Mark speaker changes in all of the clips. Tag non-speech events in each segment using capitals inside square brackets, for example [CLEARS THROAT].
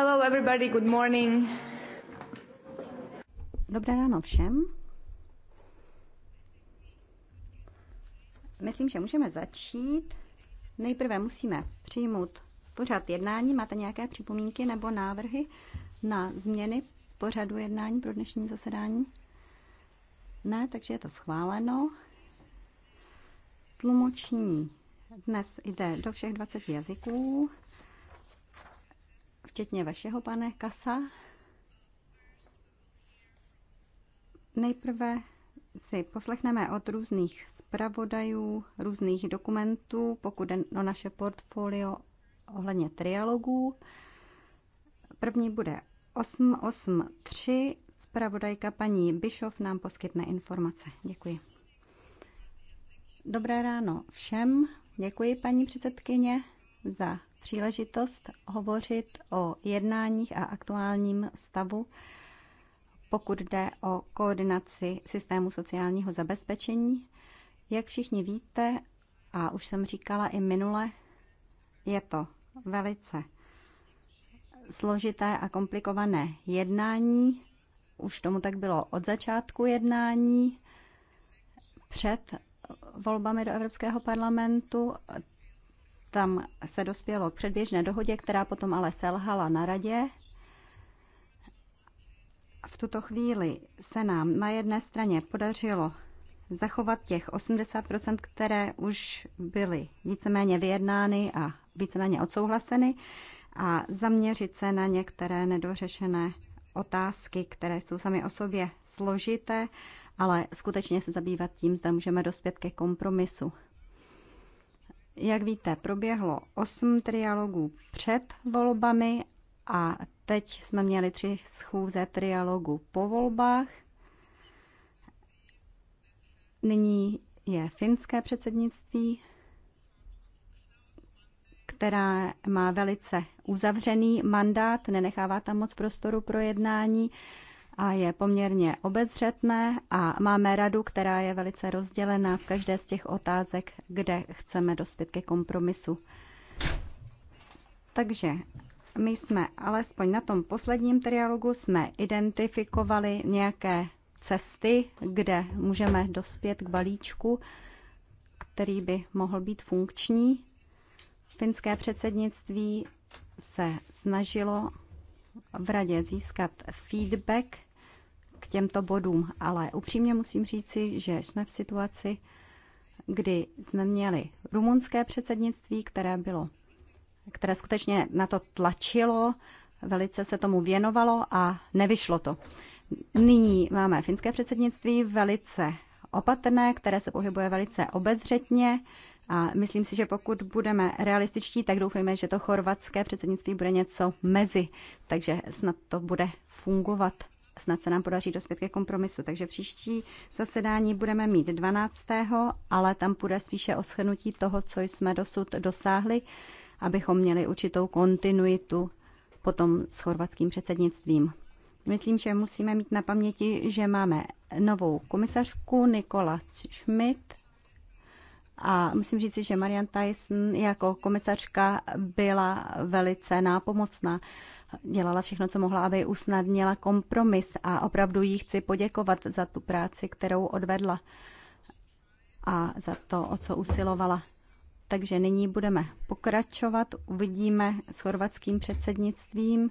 Speaker 1: Hello everybody, good morning. Dobré ráno všem. Myslím, že můžeme začít. Nejprve musíme přijmout pořad jednání. Máte nějaké připomínky nebo návrhy na změny pořadu jednání pro dnešní zasedání? Ne, takže je to schváleno. Tlumočení dnes jde do všech 20 jazyků včetně vašeho, pane Kasa. Nejprve si poslechneme od různých zpravodajů, různých dokumentů, pokud jde o naše portfolio ohledně trialogů. První bude 883. Zpravodajka paní Bischoff nám poskytne informace. Děkuji. Dobré ráno všem. Děkuji paní předsedkyně za příležitost hovořit o jednáních a aktuálním stavu, pokud jde o koordinaci systému sociálního zabezpečení. Jak všichni víte, a už jsem říkala i minule, je to velice složité a komplikované jednání. Už tomu tak bylo od začátku jednání před volbami do Evropského parlamentu. Tam se dospělo k předběžné dohodě, která potom ale selhala na radě. V tuto chvíli se nám na jedné straně podařilo zachovat těch 80%, které už byly víceméně vyjednány a víceméně odsouhlaseny a zaměřit se na některé nedořešené otázky, které jsou sami o sobě složité, ale skutečně se zabývat tím, zda můžeme dospět ke kompromisu. Jak víte, proběhlo osm trialogů před volbami a teď jsme měli tři schůze trialogu po volbách. Nyní je finské předsednictví, která má velice uzavřený mandát, nenechává tam moc prostoru pro jednání a je poměrně obezřetné a máme radu, která je velice rozdělená v každé z těch otázek, kde chceme dospět ke kompromisu. Takže my jsme alespoň na tom posledním trialogu jsme identifikovali nějaké cesty, kde můžeme dospět k balíčku, který by mohl být funkční. Finské předsednictví se snažilo v radě získat feedback k těmto bodům, ale upřímně musím říci, že jsme v situaci, kdy jsme měli rumunské předsednictví, které bylo, které skutečně na to tlačilo, velice se tomu věnovalo a nevyšlo to. Nyní máme finské předsednictví velice opatrné, které se pohybuje velice obezřetně a myslím si, že pokud budeme realističtí, tak doufejme, že to chorvatské předsednictví bude něco mezi, takže snad to bude fungovat snad se nám podaří dospět ke kompromisu. Takže příští zasedání budeme mít 12. ale tam půjde spíše o shrnutí toho, co jsme dosud dosáhli, abychom měli určitou kontinuitu potom s chorvatským předsednictvím. Myslím, že musíme mít na paměti, že máme novou komisařku Nikola Schmidt, a musím říct, že Marian Tyson jako komisařka byla velice nápomocná. Dělala všechno, co mohla, aby usnadnila kompromis a opravdu jí chci poděkovat za tu práci, kterou odvedla a za to, o co usilovala. Takže nyní budeme pokračovat, uvidíme s chorvatským předsednictvím,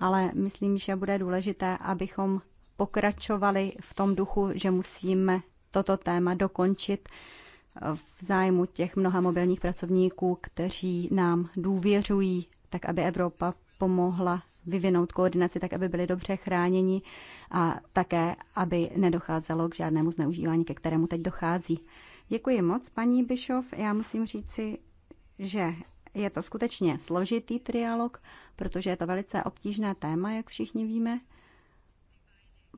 Speaker 1: ale myslím, že bude důležité, abychom pokračovali v tom duchu, že musíme toto téma dokončit v zájmu těch mnoha mobilních pracovníků, kteří nám důvěřují, tak aby Evropa pomohla vyvinout koordinaci, tak aby byli dobře chráněni a také, aby nedocházelo k žádnému zneužívání, ke kterému teď dochází. Děkuji moc, paní Bišov. Já musím říci, že je to skutečně složitý trialog, protože je to velice obtížné téma, jak všichni víme,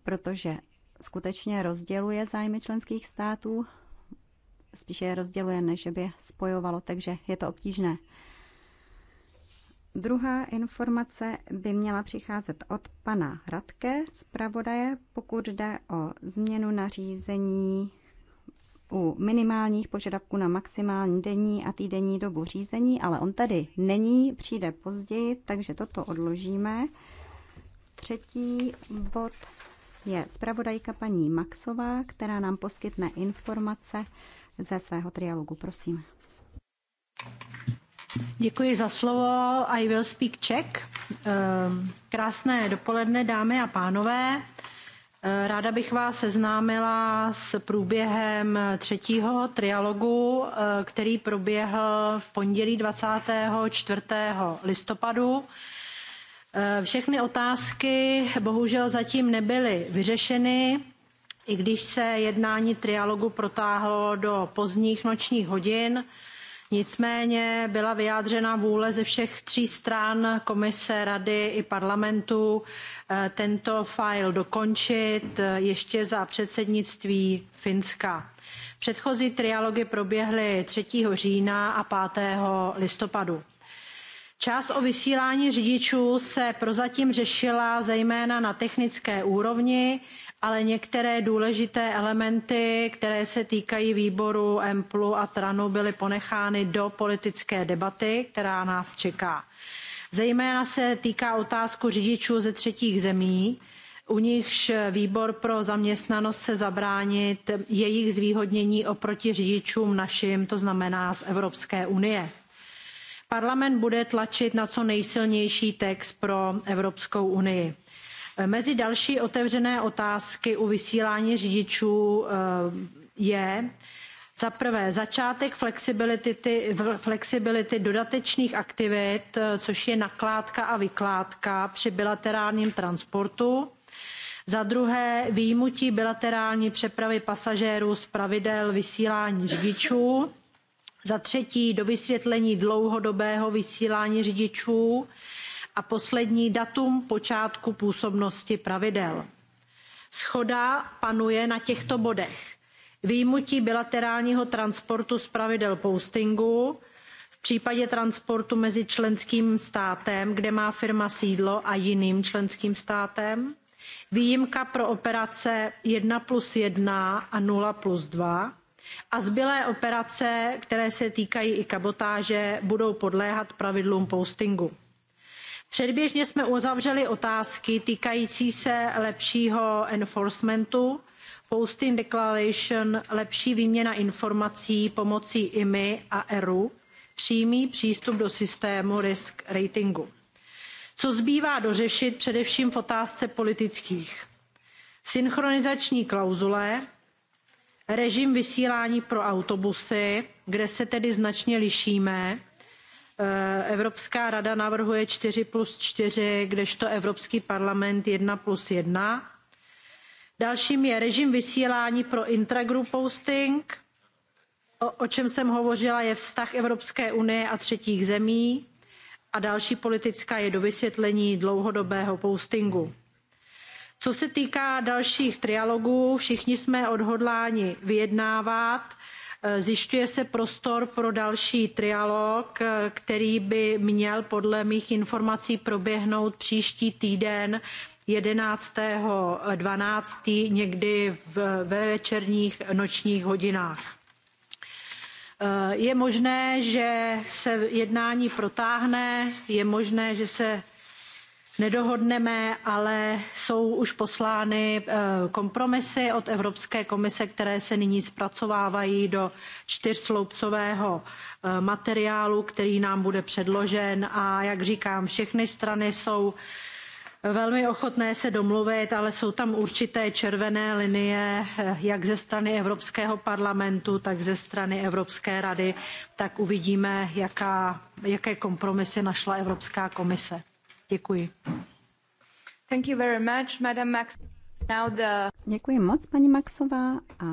Speaker 1: protože skutečně rozděluje zájmy členských států spíše je rozděluje, než by je spojovalo, takže je to obtížné. Druhá informace by měla přicházet od pana Radke, Pravodaje, pokud jde o změnu nařízení u minimálních požadavků na maximální denní a týdenní dobu řízení, ale on tady není, přijde později, takže toto odložíme. Třetí bod je zpravodajka paní Maxová, která nám poskytne informace ze svého trialogu. Prosím.
Speaker 2: Děkuji za slovo. I will speak Czech. Ehm, krásné dopoledne, dámy a pánové. Ehm, ráda bych vás seznámila s průběhem třetího trialogu, ehm, který proběhl v pondělí 24. listopadu. Všechny otázky bohužel zatím nebyly vyřešeny. I když se jednání trialogu protáhlo do pozdních nočních hodin, nicméně byla vyjádřena vůle ze všech tří stran komise, rady i parlamentu eh, tento file dokončit eh, ještě za předsednictví Finska. Předchozí trialogy proběhly 3. října a 5. listopadu. Část o vysílání řidičů se prozatím řešila zejména na technické úrovni, ale některé důležité elementy, které se týkají výboru EMPLu a TRANu, byly ponechány do politické debaty, která nás čeká. Zejména se týká otázku řidičů ze třetích zemí, u nichž výbor pro zaměstnanost se zabránit jejich zvýhodnění oproti řidičům našim, to znamená z Evropské unie. Parlament bude tlačit na co nejsilnější text pro Evropskou unii. Eh, mezi další otevřené otázky u vysílání řidičů eh, je za prvé začátek flexibility, flexibility dodatečných aktivit, eh, což je nakládka a vykládka při bilaterálním transportu. Za druhé výjimutí bilaterální přepravy pasažérů z pravidel vysílání řidičů. Za třetí dovysvětlení dlouhodobého vysílání řidičů a poslední datum počátku působnosti pravidel. Schoda panuje na těchto bodech. Výjimutí bilaterálního transportu z pravidel postingu, v případě transportu mezi členským státem, kde má firma sídlo, a jiným členským státem, výjimka pro operace 1 plus 1 a 0 plus 2 a zbylé operace, které se týkají i kabotáže, budou podléhat pravidlům postingu. Předběžně jsme uzavřeli otázky týkající se lepšího enforcementu, posting declaration, lepší výměna informací pomocí IMI a ERU, přímý přístup do systému risk ratingu. Co zbývá dořešit především v otázce politických? Synchronizační klauzule, režim vysílání pro autobusy, kde se tedy značně lišíme, Eh, Evropská rada navrhuje 4 plus 4, kdežto Evropský parlament 1 plus 1. Dalším je režim vysílání pro intragroup posting. O, o čem jsem hovořila, je vztah Evropské unie a třetích zemí. A další politická je dovysvětlení dlouhodobého postingu. Co se týká dalších trialogů, všichni jsme odhodláni vyjednávat Eh, zjišťuje se prostor pro další trialog, eh, který by měl podle mých informací proběhnout příští týden 11. 12. někdy ve večerních nočních hodinách. Eh, je možné, že se jednání protáhne, je možné, že se nedohodneme, ale jsou už poslány eh, kompromisy od Evropské komise, které se nyní zpracovávají do čtyřsloupcového eh, materiálu, který nám bude předložen a jak říkám, všechny strany jsou velmi ochotné se domluvit, ale jsou tam určité červené linie, eh, jak ze strany Evropského parlamentu, tak ze strany Evropské rady, tak uvidíme, jaká, jaké kompromisy našla Evropská komise. Děkuji. Thank you very much, Madam Max. Now the... Děkuji moc, paní
Speaker 1: Maxová. A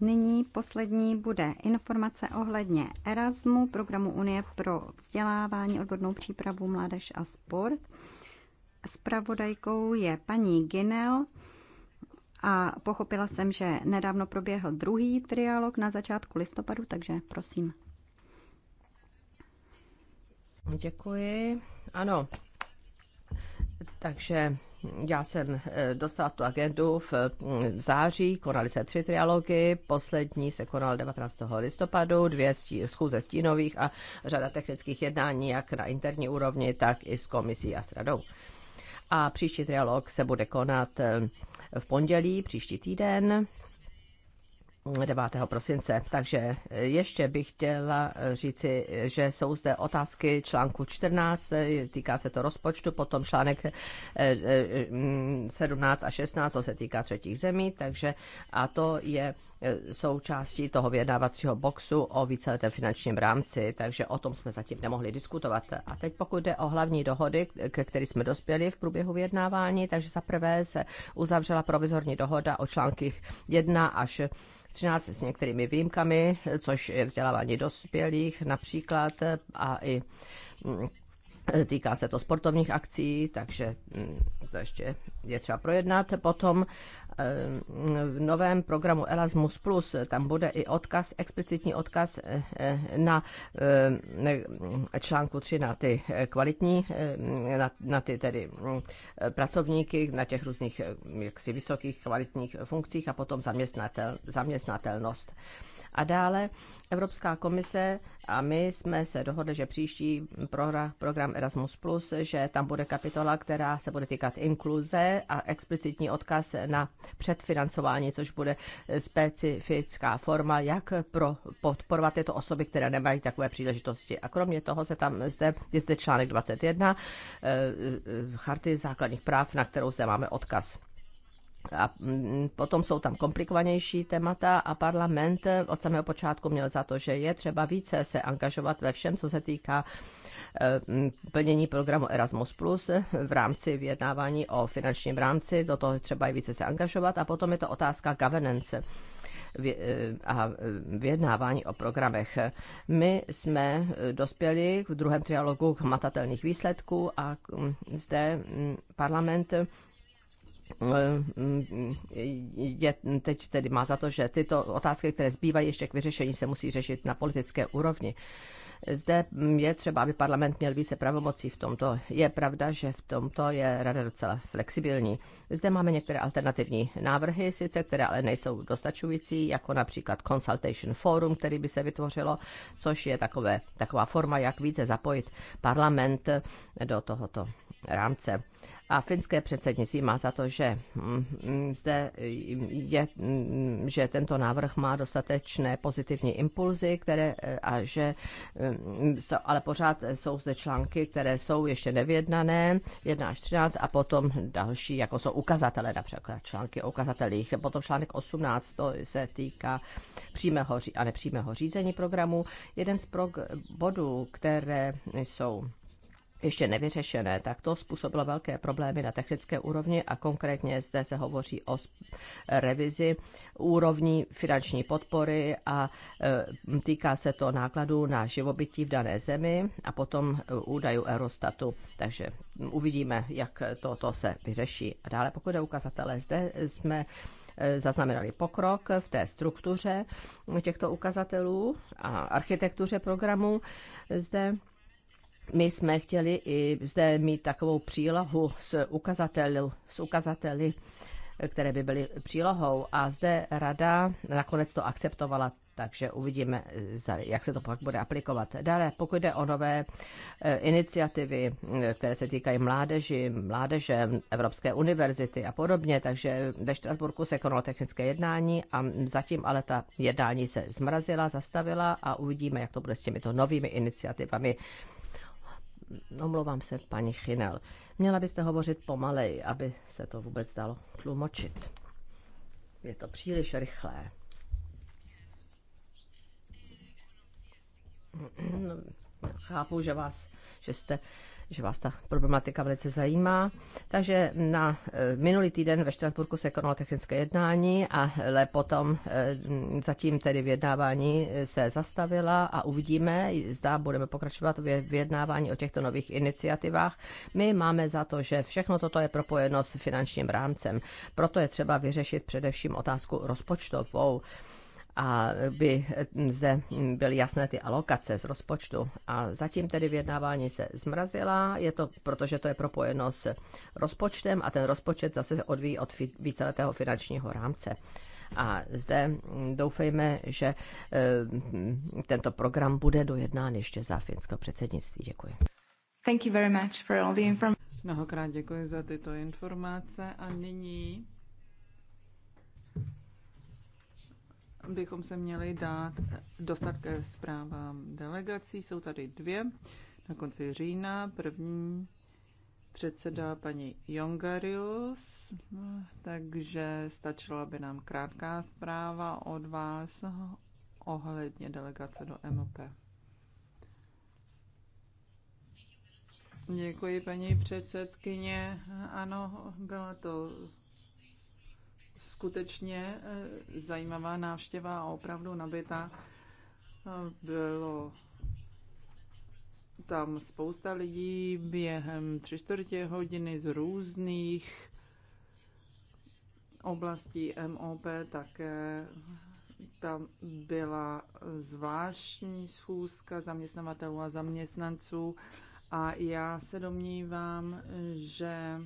Speaker 1: nyní poslední bude informace ohledně Erasmu, programu Unie pro vzdělávání, odbornou přípravu, mládež a sport. Spravodajkou je paní Ginel a pochopila jsem, že nedávno proběhl druhý trialog na začátku listopadu, takže prosím.
Speaker 3: Děkuji. Ano, takže já jsem eh, dostala tu agendu v, mm, v září, konaly se tři trialogy, poslední se konal 19. listopadu, dvě stí, schůze stínových a řada technických jednání jak na interní úrovni, tak i s komisí a s radou. A příští trialog se bude konat eh, v pondělí, příští týden 9. prosince. Takže ještě bych chtěla říci, že jsou zde otázky článku 14, týká se to rozpočtu, potom článek 17 eh, eh, a 16, co se týká třetích zemí, takže a to je eh, součástí toho vyjednávacího boxu o víceletém finančním rámci, takže o tom jsme zatím nemohli diskutovat. A teď pokud jde o hlavní dohody, ke které jsme dospěli v průběhu vyjednávání, takže za prvé se uzavřela provizorní dohoda o článkách 1 až 13 s některými výjimkami, což je vzdělávání dospělých například a i Týká se to sportovních akcí, takže mm, to ještě je třeba projednat. Potom eh, v novém programu Erasmus+, Plus tam bude i odkaz, explicitní odkaz eh, eh, na článku 3 na ty kvalitní, na, na ty tedy mm, pracovníky, na těch různých jaksi vysokých kvalitních funkcích a potom zaměstnatel, zaměstnatelnost. A dále Evropská komise a my jsme se dohodli, že příští program Erasmus+, že tam bude kapitola, která se bude týkat inkluze a explicitní odkaz na předfinancování, což bude specifická forma, jak pro podporovat tyto osoby, které nemají takové příležitosti. A kromě toho se tam zde, je zde článek 21 eh, eh, charty základních práv, na kterou zde máme odkaz a mm, potom jsou tam komplikovanější témata a parlament eh, od samého počátku měl za to, že je třeba více se angažovat ve všem, co se týká eh, mm, plnění programu Erasmus+, eh, v rámci vyjednávání o finančním rámci, do toho třeba i více se angažovat a potom je to otázka governance a vyjednávání o programech. My jsme dospěli v druhém trialogu k matatelných výsledků a mm, zde parlament Eh, eh, je, teď tedy má za to, že tyto otázky, které zbývají ještě k vyřešení, se musí řešit na politické úrovni. Zde je třeba, aby parlament měl více pravomocí v tomto. Je pravda, že v tomto je rada docela flexibilní. Zde máme některé alternativní návrhy, sice které ale nejsou dostačující, jako například Consultation Forum, který by se vytvořilo, což je takové, taková forma, jak více zapojit parlament do tohoto rámce. A finské předsednictví má za to, že mm, mm, zde je, mm, že tento návrh má dostatečné pozitivní impulzy, které, eh, a že, ale pořád jsou zde články, které jsou ještě nevědnané, 1 až 13 a potom další, jako jsou ukazatele, například články o ukazatelích. Potom článek 18, to se týká přímého a nepřímého řízení programu. Jeden z prog- bodů, které jsou ještě nevyřešené, tak to způsobilo velké problémy na technické úrovni a konkrétně zde se hovoří o revizi úrovní finanční podpory a e, týká se to nákladů na živobytí v dané zemi a potom e, údajů Eurostatu. Takže uvidíme, jak to, to se vyřeší. A dále, pokud je ukazatele, zde jsme e, zaznamenali pokrok v té struktuře těchto ukazatelů a architektuře programu. Zde my jsme chtěli i zde mít takovou přílohu s, ukazateli, s ukazateli, které by byly přílohou. A zde rada nakonec to akceptovala, takže uvidíme, jak se to pak bude aplikovat. Dále, pokud jde o nové eh, iniciativy, eh, které se týkají mládeži, mládeže, Evropské univerzity a podobně, takže ve Štrasburku se konalo technické jednání a zatím ale ta jednání se zmrazila, zastavila a uvidíme, jak to bude s těmito novými iniciativami. Omlouvám se, paní Chinel. Měla byste hovořit pomalej, aby se to vůbec dalo tlumočit. Je to příliš rychlé. No, chápu, že vás, že jste že vás ta problematika velice zajímá. Takže na e, minulý týden ve Štrasburku se konalo technické jednání, ale potom e, zatím tedy vyjednávání e, se zastavila a uvidíme, zda budeme pokračovat v vyjednávání o těchto nových iniciativách. My máme za to, že všechno toto je propojeno s finančním rámcem. Proto je třeba vyřešit především otázku rozpočtovou a by hm, zde hm, byly jasné ty alokace z rozpočtu. A zatím tedy vyjednávání se zmrazila, je to, protože to je propojeno s rozpočtem a ten rozpočet zase odvíjí od víceletého finančního rámce. A zde hm, doufejme, že tento program bude dojednán ještě za finského předsednictví. Děkuji.
Speaker 4: Thank you very much for all the information. Mnohokrát děkuji za tyto informace a nyní bychom se měli dát eh, dostat ke zprávám delegací. Jsou tady dvě. Na konci října první předseda paní Jongarius, no, takže stačila by nám krátká zpráva od vás ohledně delegace do MOP. Děkuji, paní předsedkyně. Ano, byla to skutečně eh, zajímavá návštěva a opravdu nabitá. Eh, bylo tam spousta lidí během tři čtvrtě hodiny z různých oblastí MOP také tam byla zvláštní schůzka zaměstnavatelů a zaměstnanců a já se domnívám, že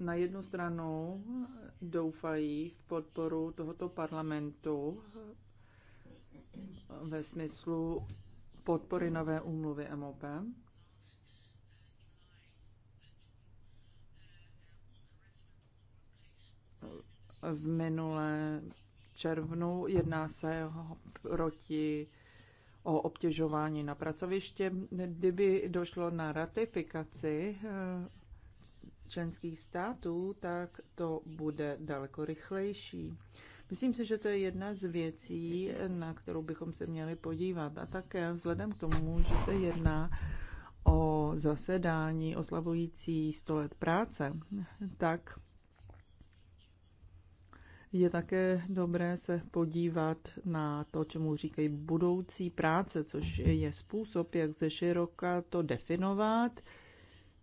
Speaker 4: na jednu stranu doufají v podporu tohoto parlamentu ve smyslu podpory nové úmluvy MOP. V minulé červnu jedná se proti o obtěžování na pracoviště. Kdyby došlo na ratifikaci členských států, tak to bude daleko rychlejší. Myslím si, že to je jedna z věcí, na kterou bychom se měli podívat. A také vzhledem k tomu, že se jedná o zasedání oslavující 100 let práce, tak je také dobré se podívat na to, čemu říkají budoucí práce, což je způsob, jak ze široka to definovat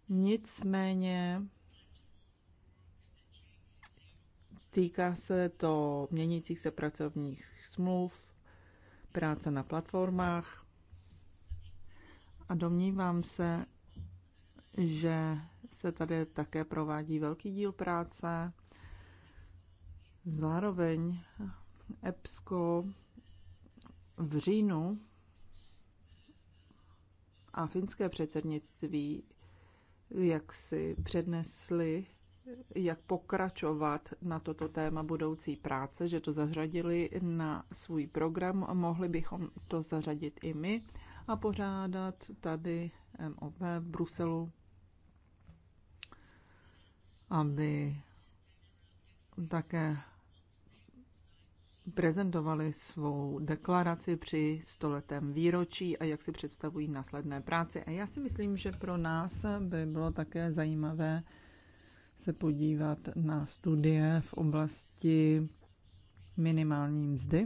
Speaker 4: Nicméně týká se to měnících se pracovních smluv, práce na platformách a domnívám se, že se tady také provádí velký díl práce. Zároveň EPSCO v říjnu a finské předsednictví jak si přednesli, jak pokračovat na toto téma budoucí práce, že to zařadili na svůj program. Mohli bychom to zařadit i my a pořádat tady MOV v Bruselu, aby také prezentovali svou deklaraci při stoletém výročí a jak si představují následné práci. A já si myslím, že pro nás by bylo také zajímavé se podívat na studie v oblasti minimální mzdy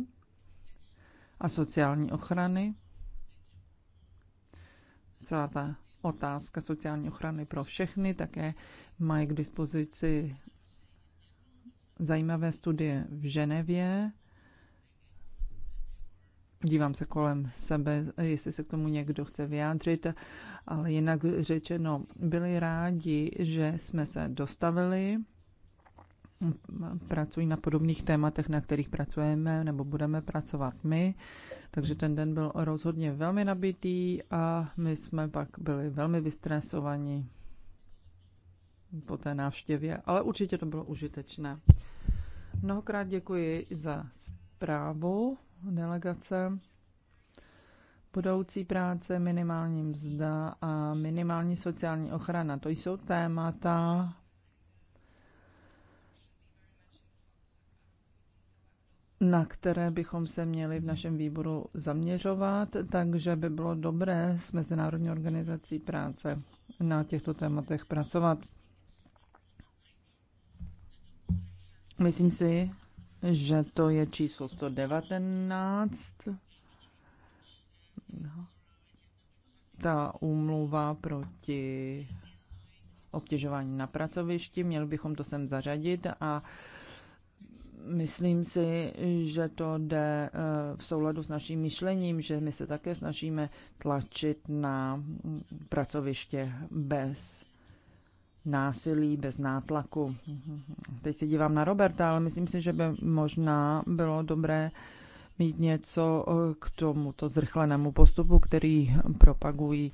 Speaker 4: a sociální ochrany. Celá ta otázka sociální ochrany pro všechny také mají k dispozici zajímavé studie v Ženevě, Dívám se kolem sebe, jestli se k tomu někdo chce vyjádřit, ale jinak řečeno, byli rádi, že jsme se dostavili, pracují na podobných tématech, na kterých pracujeme nebo budeme pracovat my. Takže ten den byl rozhodně velmi nabitý a my jsme pak byli velmi vystresovaní po té návštěvě, ale určitě to bylo užitečné. Mnohokrát děkuji za zprávu delegace, budoucí práce, minimální mzda a minimální sociální ochrana. To jsou témata, na které bychom se měli v našem výboru zaměřovat, takže by bylo dobré s Mezinárodní organizací práce na těchto tématech pracovat. Myslím si, že to je číslo 119. No. Ta úmluva proti obtěžování na pracovišti, měli bychom to sem zařadit a myslím si, že to jde eh, v souladu s naším myšlením, že my se také snažíme tlačit na pracoviště bez násilí, bez nátlaku. Teď se dívám na Roberta, ale myslím si, že by možná bylo dobré mít něco eh, k tomuto zrychlenému postupu, který propagují,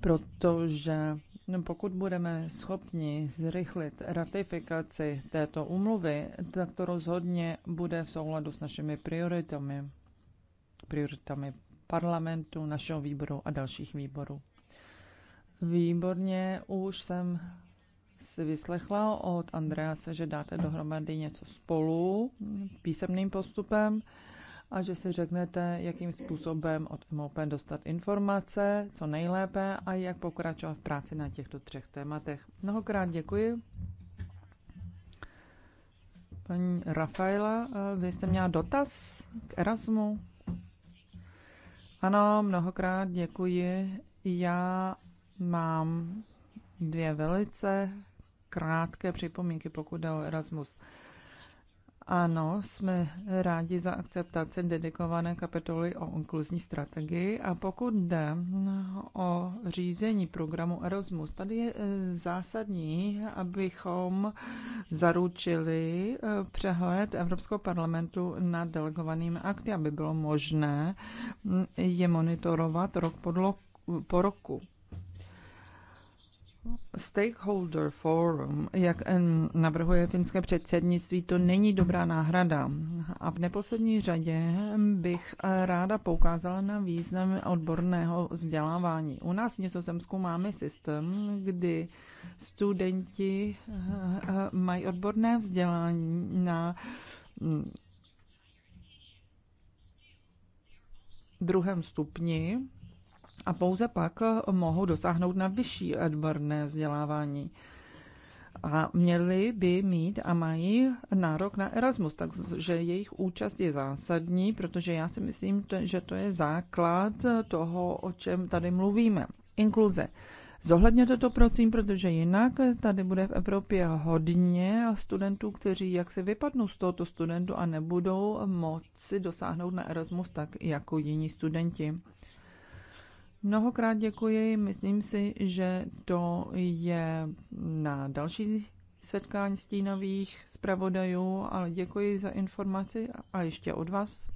Speaker 4: protože no, pokud budeme schopni zrychlit ratifikaci této úmluvy, tak to rozhodně bude v souladu s našimi prioritami, prioritami parlamentu, našeho výboru a dalších výborů. Výborně, už jsem si vyslechla od Andrease, že dáte dohromady něco spolu písemným postupem a že si řeknete, jakým způsobem od MOP dostat informace, co nejlépe a jak pokračovat v práci na těchto třech tématech. Mnohokrát děkuji. Paní Rafaela, eh, vy jste měla dotaz k Erasmu? Ano, mnohokrát děkuji. Já mám dvě velice krátké připomínky, pokud jde o Erasmus. Ano, jsme rádi za akceptaci dedikované kapitoly o inkluzní strategii a pokud jde o řízení programu Erasmus, tady je e, zásadní, abychom zaručili e, přehled Evropského parlamentu nad delegovanými akty, aby bylo možné je monitorovat rok po roku. Stakeholder Forum, jak eh, navrhuje finské předsednictví, to není dobrá náhrada. A v neposlední řadě bych eh, ráda poukázala na význam odborného vzdělávání. U nás v Nizozemsku máme systém, kdy studenti eh, mají odborné vzdělání na hm, druhém stupni a pouze pak eh, mohou dosáhnout na vyšší odborné vzdělávání. A měli by mít a mají nárok na Erasmus, takže jejich účast je zásadní, protože já si myslím, že to je základ eh, toho, o čem tady mluvíme. Inkluze. Zohledněte to prosím, protože jinak tady bude v Evropě hodně studentů, kteří jak se vypadnou z tohoto studentu a nebudou moci dosáhnout na Erasmus tak jako jiní studenti. Mnohokrát děkuji. Myslím si, že to je na další setkání stínových zpravodajů, ale děkuji za informaci a ještě od vás.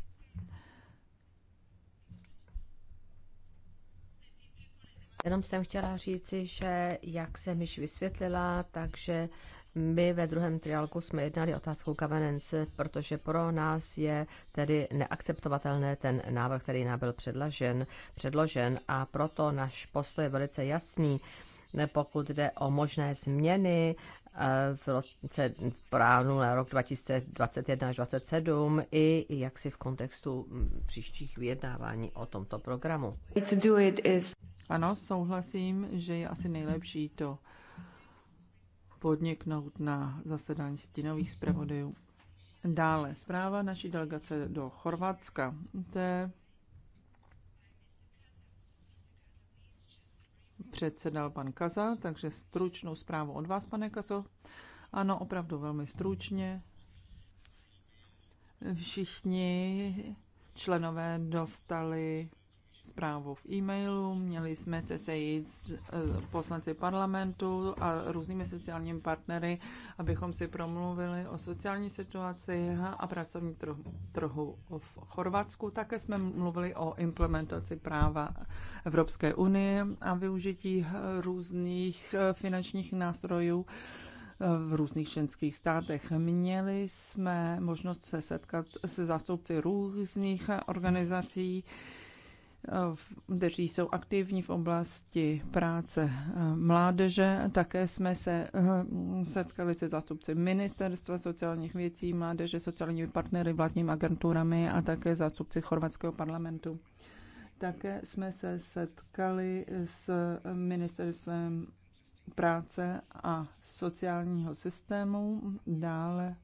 Speaker 4: Jenom jsem chtěla říci, že jak jsem
Speaker 3: již vysvětlila, takže my ve druhém triálku jsme jednali otázku governance, protože pro nás je tedy neakceptovatelné ten návrh, který nám byl předložen, předložen a proto náš postoj je velice jasný, pokud jde o možné změny eh, v roce v na rok 2021 až 2027 i jaksi v kontextu mm, příštích vyjednávání o tomto programu.
Speaker 4: Ano, souhlasím, že je asi nejlepší to podniknout na zasedání stínových zpravodajů. Dále zpráva naší delegace do Chorvatska. Té předsedal pan Kaza, takže stručnou zprávu od vás, pane Kazo. Ano, opravdu velmi stručně. Všichni členové dostali zprávu v e-mailu, měli jsme se sejít s eh, poslanci parlamentu a různými sociálními partnery, abychom si promluvili o sociální situaci a pracovní trhu v Chorvatsku. Také jsme mluvili o implementaci práva Evropské unie a využití různých eh, finančních nástrojů eh, v různých členských státech. Měli jsme možnost se setkat se zástupci různých organizací, kteří jsou aktivní v oblasti práce eh, mládeže. Také jsme se eh, setkali se zástupci Ministerstva sociálních věcí, mládeže, sociálními partnery, vládními agenturami a také zástupci chorvatského parlamentu. Také jsme se setkali s ministerstvem práce a sociálního systému, dále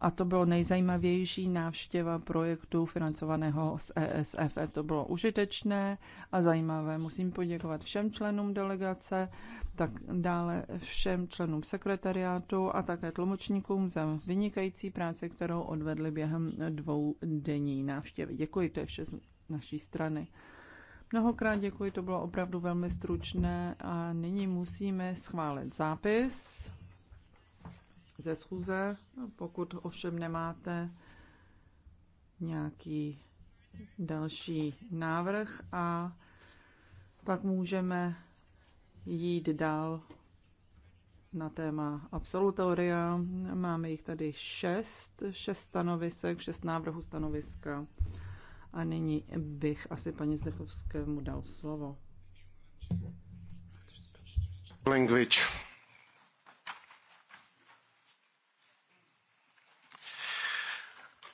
Speaker 4: a to bylo nejzajímavější návštěva projektu financovaného z ESF. To bylo užitečné a zajímavé. Musím poděkovat všem členům delegace, tak dále všem členům sekretariátu a také tlumočníkům za vynikající práci, kterou odvedli během dvou denní návštěvy. Děkuji, to je vše z naší strany. Mnohokrát děkuji, to bylo opravdu velmi stručné a nyní musíme schválit zápis ze schůze. No, pokud ovšem nemáte nějaký další návrh a pak můžeme jít dál na téma absolutoria. Máme jich tady šest, šest stanovisek, šest návrhů stanoviska. A nyní bych asi paní Zdechovskému dal slovo.
Speaker 5: Language.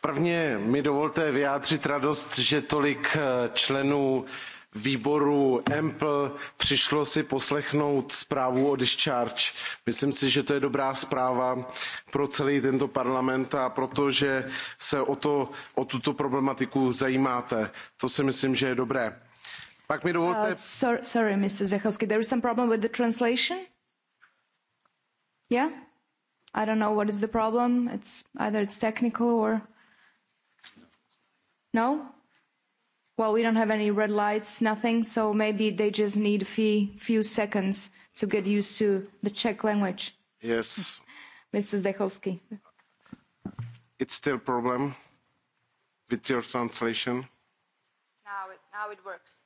Speaker 5: Prvně mi dovolte vyjádřit radost, že tolik eh, členů výboru empl přišlo si poslechnout zprávu o discharge. Myslím si, že to je dobrá zpráva pro celý tento parlament a protože se o, to, o tuto problematiku zajímáte. To si myslím, že je dobré. Pak mi dovolte... Uh,
Speaker 2: sorry, sorry, Mr. Zechowski, there is some problem with the translation? Yeah? I don't know what is the problem. It's either it's technical or no? well we don't have any red lights nothing so maybe they just need a few, few seconds to get used to the czech language yes [LAUGHS] mr Zdechowski.
Speaker 5: it's still a problem with your translation now it, now it works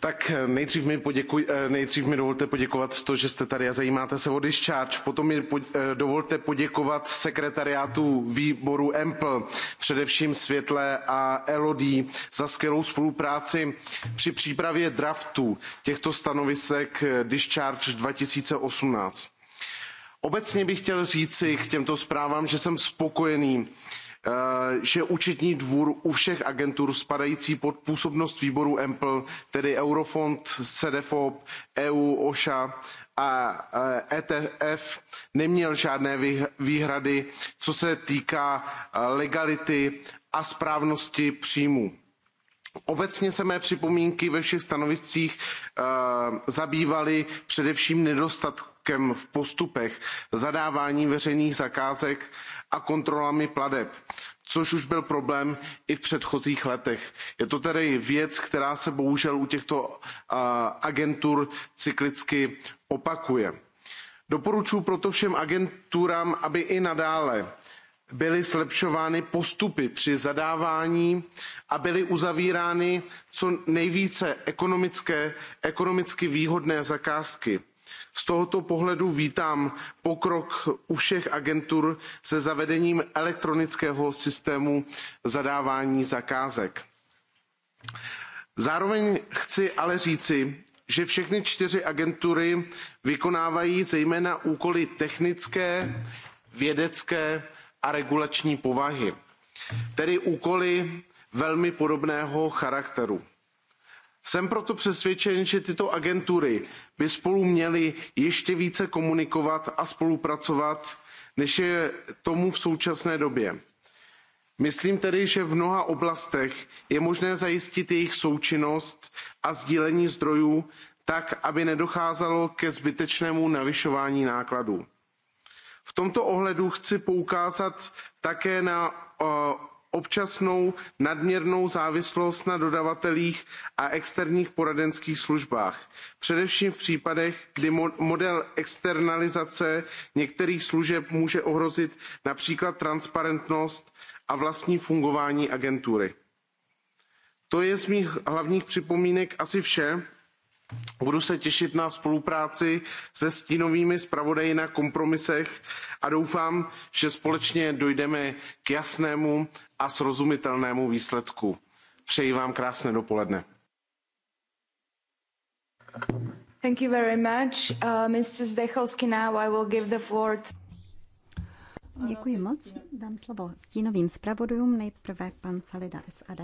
Speaker 5: tak eh, nejdřív mi, poděkuj, eh, nejdřív mi dovolte poděkovat to, že jste tady a zajímáte se o discharge. Potom mi eh, dovolte poděkovat sekretariátu výboru EMPL, především Světle a Elodie za skvělou spolupráci při přípravě draftů těchto stanovisek discharge 2018. Obecně bych chtěl říci k těmto zprávám, že jsem spokojený Eh, že účetní dvůr u všech agentur spadající pod působnost výboru EMPL, tedy Eurofond, CEDEFOP, EU, OSHA a ETF, eh, e neměl žádné výhrady, co se týká eh, legality a správnosti příjmů. Obecně se mé připomínky ve všech stanoviscích zabývaly především nedostatky pokrokem v postupech zadávání veřejných zakázek a kontrolami plateb což už byl problém i v předchozích letech. je to tedy věc která se bohužel u těchto agentur cyklicky opakuje. doporučuji proto všem agenturám aby i nadále byly zlepšovány postupy při zadávání a byly uzavírány co nejvíce ekonomicky výhodné zakázky z tohoto pohledu vítám pokrok u všech agentur se zavedením elektronického systému zadávání zakázek. zároveň chci ale říci že všechny čtyři agentury vykonávají zejména úkoly technické vědecké a regulační povahy tedy úkoly velmi podobného charakteru jsem proto přesvědčen že tyto agentury by spolu měly ještě více komunikovat a spolupracovat než je tomu v současné době. myslím tedy že v mnoha oblastech je možné zajistit jejich součinnost a sdílení zdrojů tak aby nedocházelo ke zbytečnému navyšování nákladů. v tomto ohledu chci poukázat také na eh, občasnou nadměrnou závislost na dodavatelích a externích poradenských službách především v případech kdy model externalizace některých služeb může ohrozit například transparentnost a vlastní fungování agentury. to je z mých hlavních připomínek asi vše budu se těšit na spolupráci se stínovými zpravodaji na kompromisech a doufám že společně dojdeme k jasnému a srozumitelnému výsledku. přeji vám krásné dopoledne.
Speaker 2: Thank you very much. Uh, Mr. Zdechovský, now I will give the floor
Speaker 1: Děkuji moc. Dám slovo stínovým zpravodajům. Nejprve pan Salida SAD.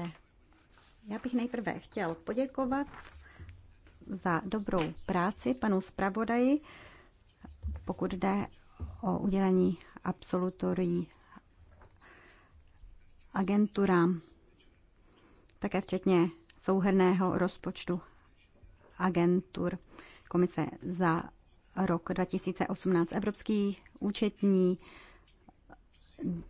Speaker 1: Já bych nejprve chtěl poděkovat za dobrou práci panu zpravodaji, pokud jde o udělení absolutorií agenturám, také včetně souhrného rozpočtu agentur komise za rok 2018. Evropský účetní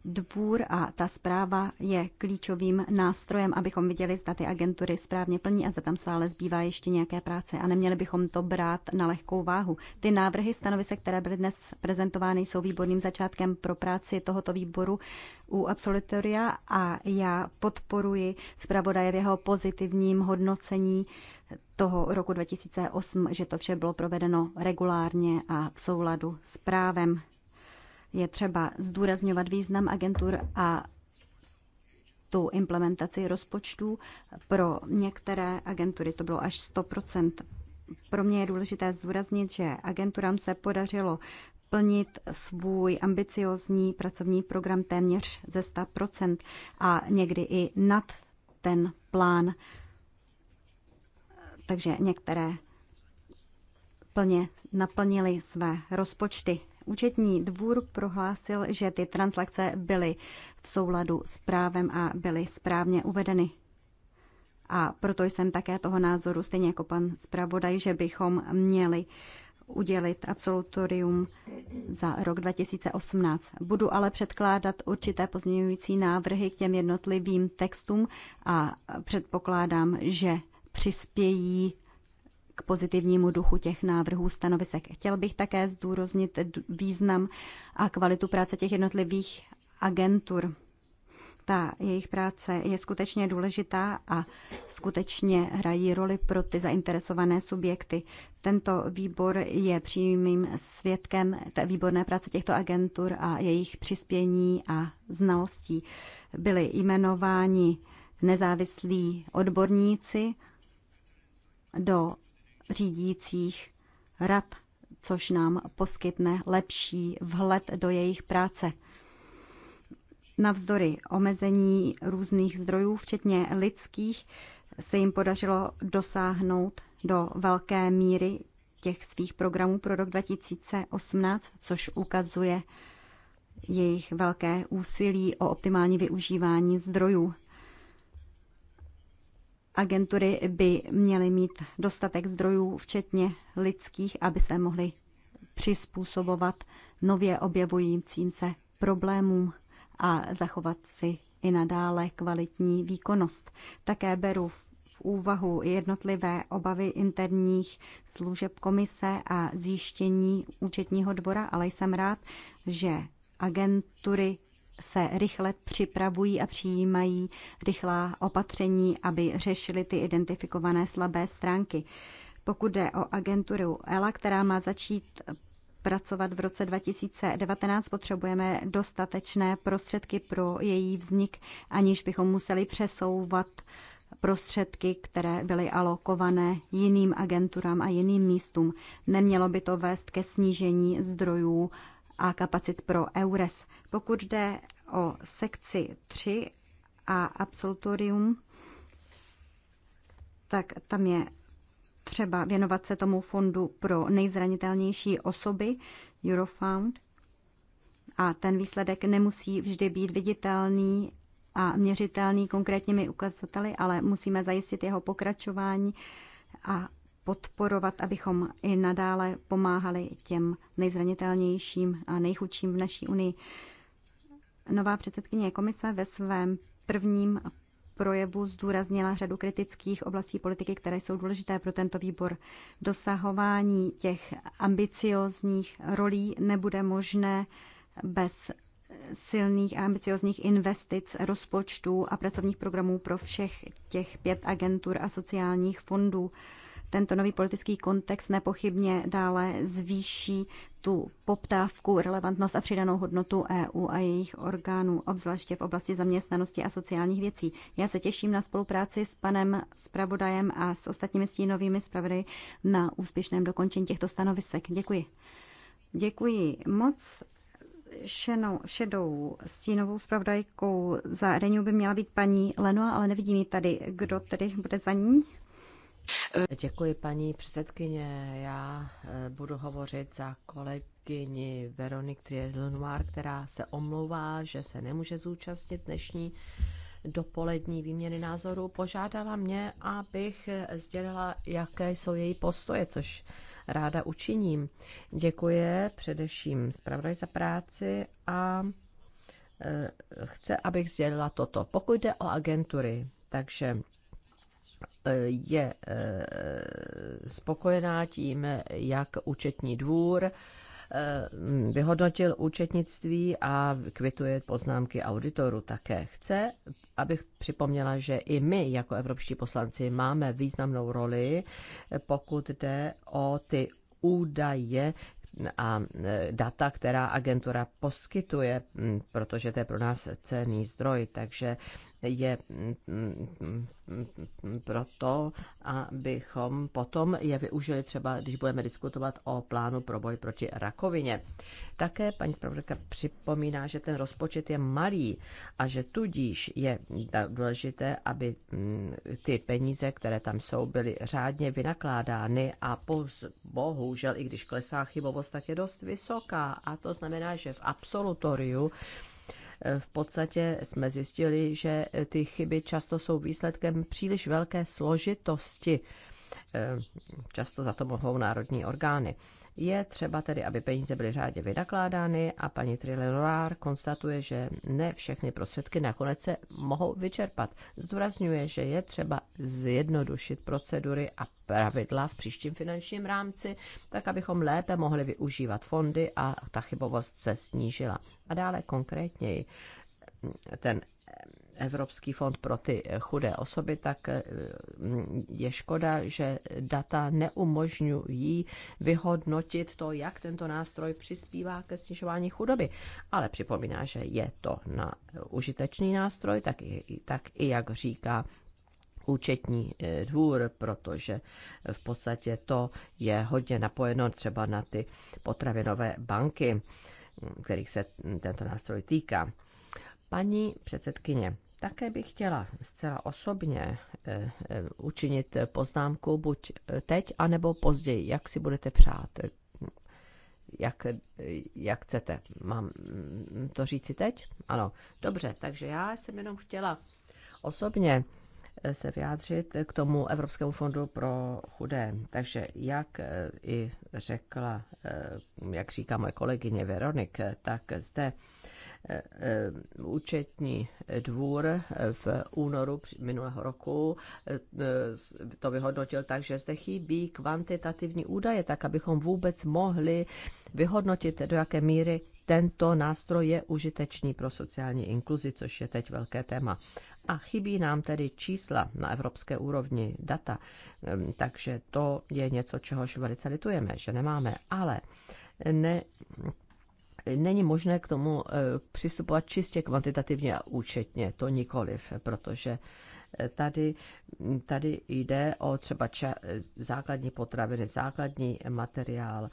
Speaker 1: dvůr a ta zpráva je klíčovým nástrojem, abychom viděli, zda ty agentury správně plní a zda tam stále zbývá ještě nějaké práce a neměli bychom to brát na lehkou váhu. Ty návrhy stanovisek, které byly dnes prezentovány, jsou výborným začátkem pro práci tohoto výboru u absolutoria a já podporuji zpravodaje v jeho pozitivním hodnocení toho roku 2008, že to vše bylo provedeno regulárně a v souladu s právem. Je třeba zdůrazňovat význam agentur a tu implementaci rozpočtů. Pro některé agentury to bylo až 100 Pro mě je důležité zdůraznit, že agenturám se podařilo plnit svůj ambiciozní pracovní program téměř ze 100 a někdy i nad ten plán. Takže některé plně naplnili své rozpočty. Účetní dvůr prohlásil, že ty transakce byly v souladu s právem a byly správně uvedeny. A proto jsem také toho názoru, stejně jako pan zpravodaj, že bychom měli udělit absolutorium za rok 2018. Budu ale předkládat určité pozměňující návrhy k těm jednotlivým textům a předpokládám, že přispějí k pozitivnímu duchu těch návrhů stanovisek. Chtěl bych také zdůraznit význam a kvalitu práce těch jednotlivých agentur. Ta jejich práce je skutečně důležitá a skutečně hrají roli pro ty zainteresované subjekty. Tento výbor je přímým svědkem té výborné práce těchto agentur a jejich přispění a znalostí. Byli jmenováni nezávislí odborníci do řídících rad, což nám poskytne lepší vhled do jejich práce. Navzdory omezení různých zdrojů, včetně lidských, se jim podařilo dosáhnout do velké míry těch svých programů pro rok 2018, což ukazuje jejich velké úsilí o optimální využívání zdrojů agentury by měly mít dostatek zdrojů, včetně lidských, aby se mohly přizpůsobovat nově objevujícím se problémům a zachovat si i nadále kvalitní výkonnost. Také beru v úvahu jednotlivé obavy interních služeb komise a zjištění účetního dvora, ale jsem rád, že agentury se rychle připravují a přijímají rychlá opatření, aby řešili ty identifikované slabé stránky. Pokud jde o agenturu ELA, která má začít pracovat v roce 2019, potřebujeme dostatečné prostředky pro její vznik, aniž bychom museli přesouvat prostředky, které byly alokované jiným agenturám a jiným místům. Nemělo by to vést ke snížení zdrojů a kapacit pro EURES. Pokud jde o sekci 3 a absolutorium, tak tam je třeba věnovat se tomu fondu pro nejzranitelnější osoby, Eurofound, a ten výsledek nemusí vždy být viditelný a měřitelný konkrétními ukazateli, ale musíme zajistit jeho pokračování a podporovat, abychom i nadále pomáhali těm nejzranitelnějším a nejchudším v naší unii. Nová předsedkyně komise ve svém prvním projevu zdůraznila řadu kritických oblastí politiky, které jsou důležité pro tento výbor. Dosahování těch ambiciozních rolí nebude možné bez silných a ambiciozních investic, rozpočtů a pracovních programů pro všech těch pět agentur a sociálních fondů. Tento nový politický kontext nepochybně dále zvýší tu poptávku, relevantnost a přidanou hodnotu EU a jejich orgánů, obzvláště v oblasti zaměstnanosti a sociálních věcí. Já se těším na spolupráci s panem Spravodajem a s ostatními stínovými zpravody na úspěšném dokončení těchto stanovisek. Děkuji. Děkuji moc šenou, šedou stínovou zpravodajkou za Reniu by měla být paní Lenoa, ale nevidím ji tady. Kdo tedy bude za ní? Děkuji, paní předsedkyně. Já
Speaker 3: eh, budu hovořit za kolegyni Veronik Triedlnoir, která se omlouvá, že se nemůže zúčastnit dnešní dopolední výměny názorů. Požádala mě, abych sdělila, jaké jsou její postoje, což ráda učiním. Děkuje především zpravodaj za práci a eh, chce, abych sdělila toto. Pokud jde o agentury, takže je eh, spokojená tím, jak účetní dvůr eh, vyhodnotil účetnictví a kvituje poznámky auditoru také. Chce, abych připomněla, že i my jako evropští poslanci máme významnou roli, pokud jde o ty údaje, a eh, data, která agentura poskytuje, protože to je pro nás cený zdroj. Takže je mm, mm, proto, abychom potom je využili třeba, když budeme diskutovat o plánu pro boj proti rakovině. Také paní zpravodajka připomíná, že ten rozpočet je malý a že tudíž je důležité, aby mm, ty peníze, které tam jsou, byly řádně vynakládány a poz, bohužel, i když klesá chybovost, tak je dost vysoká a to znamená, že v absolutoriu v podstatě jsme zjistili, že ty chyby často jsou výsledkem příliš velké složitosti Eh, často za to mohou národní orgány. Je třeba tedy, aby peníze byly řádně vynakládány a paní Trillerár konstatuje, že ne všechny prostředky nakonec se mohou vyčerpat. Zdůrazňuje, že je třeba zjednodušit procedury a pravidla v příštím finančním rámci, tak abychom lépe mohli využívat fondy a ta chybovost se snížila. A dále konkrétněji ten Evropský fond pro ty chudé osoby, tak eh, je škoda, že data neumožňují vyhodnotit to, jak tento nástroj přispívá ke snižování chudoby. Ale připomíná, že je to na eh, užitečný nástroj, tak i, tak i jak říká účetní eh, dvůr, protože v podstatě to je hodně napojeno třeba na ty potravinové banky, kterých se tento nástroj týká. Paní předsedkyně, také bych chtěla zcela osobně eh, eh, učinit poznámku buď eh, teď, anebo později, jak si budete přát, jak, jak chcete. Mám mm, to říci teď? Ano, dobře, takže já jsem jenom chtěla osobně se vyjádřit k tomu Evropskému fondu pro chudé. Takže jak i řekla, jak říká moje kolegyně Veronik, tak zde Eh, eh, účetní dvůr eh, v únoru minulého roku to vyhodnotil tak, že zde chybí kvantitativní údaje, tak abychom vůbec mohli vyhodnotit, do jaké míry tento nástroj je užitečný pro sociální inkluzi, což je teď velké téma. A chybí nám tedy čísla na evropské úrovni, data, ehm, takže to je něco, čehož velice litujeme, že nemáme, ale ne, není možné k tomu eh, přistupovat čistě kvantitativně a účetně, to nikoliv, protože eh, tady, tady jde o třeba ča, eh, základní potraviny, základní materiál,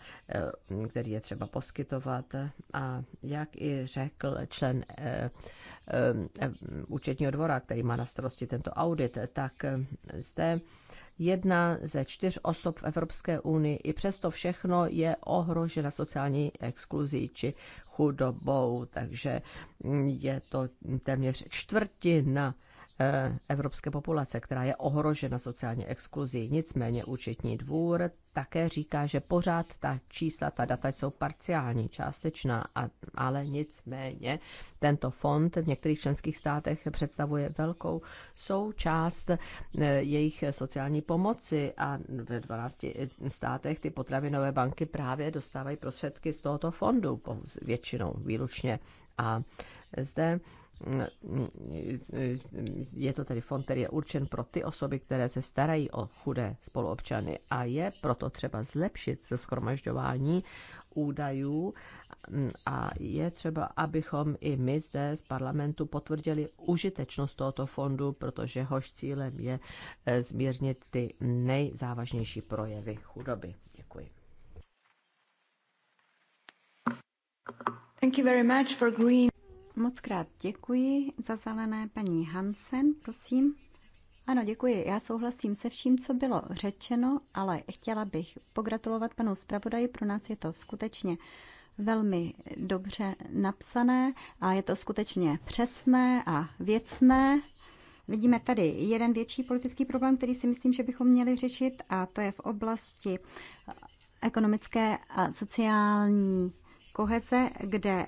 Speaker 3: který je třeba poskytovat. A jak i řekl člen účetního dvora, který má na starosti tento audit, tak zde jedna ze čtyř osob v Evropské unii. I přesto všechno je ohrožena sociální exkluzí či chudobou, takže je to téměř čtvrtina Eh, evropské populace, která je ohrožena sociální exkluzí. Nicméně účetní dvůr také říká, že pořád ta čísla, ta data jsou parciální, částečná, a, ale nicméně tento fond v některých členských státech představuje velkou součást eh, jejich sociální pomoci a ve 12 eh, státech ty potravinové banky právě dostávají prostředky z tohoto fondu, většinou výlučně. A zde je to tedy fond, který je určen pro ty osoby, které se starají o chudé spoluobčany a je proto třeba zlepšit ze schromažďování údajů a je třeba, abychom i my zde z parlamentu potvrdili užitečnost tohoto fondu, protože hož cílem je eh, zmírnit ty nejzávažnější projevy chudoby. Děkuji.
Speaker 2: Thank you very much for green.
Speaker 1: Moc krát děkuji za zelené paní Hansen, prosím. Ano, děkuji. Já souhlasím se vším, co bylo řečeno, ale chtěla bych pogratulovat panu zpravodaji. Pro nás je to skutečně velmi dobře napsané a je to skutečně přesné a věcné. Vidíme tady jeden větší politický problém, který si myslím, že bychom měli řešit, a to je v oblasti ekonomické a sociální koheze, kde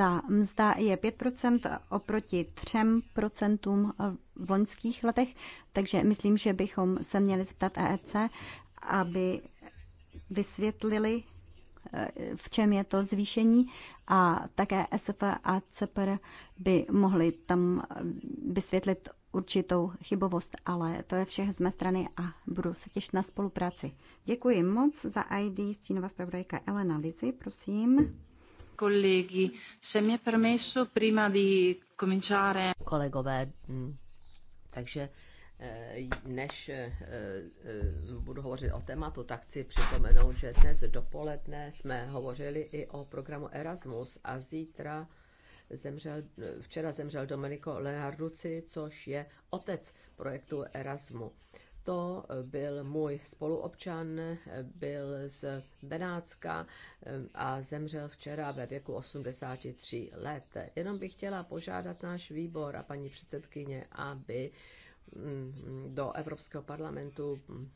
Speaker 1: ta mzda je 5% oproti 3% v loňských letech, takže myslím, že bychom se měli zeptat EEC, aby vysvětlili, eh, v čem je to zvýšení a také SF a CPR by mohli tam eh, vysvětlit určitou chybovost, ale to je všech z mé strany a budu se těšit na spolupráci. Děkuji moc za ID stínová zpravodajka Elena Lizy, prosím
Speaker 2: colleghi, se mi è permesso
Speaker 3: prima di cominciare... Kolegové, mm, takže eh, než eh, eh, budu hovořit o tématu, tak chci připomenout, že dnes dopoledne jsme hovořili i o programu Erasmus a zítra zemřel, včera zemřel Domenico Lenarduci, což je otec projektu Erasmu to byl můj spoluobčan, byl z Benátska a zemřel včera ve věku 83 let. Jenom bych chtěla požádat náš výbor a paní předsedkyně, aby mm, do Evropského parlamentu mm,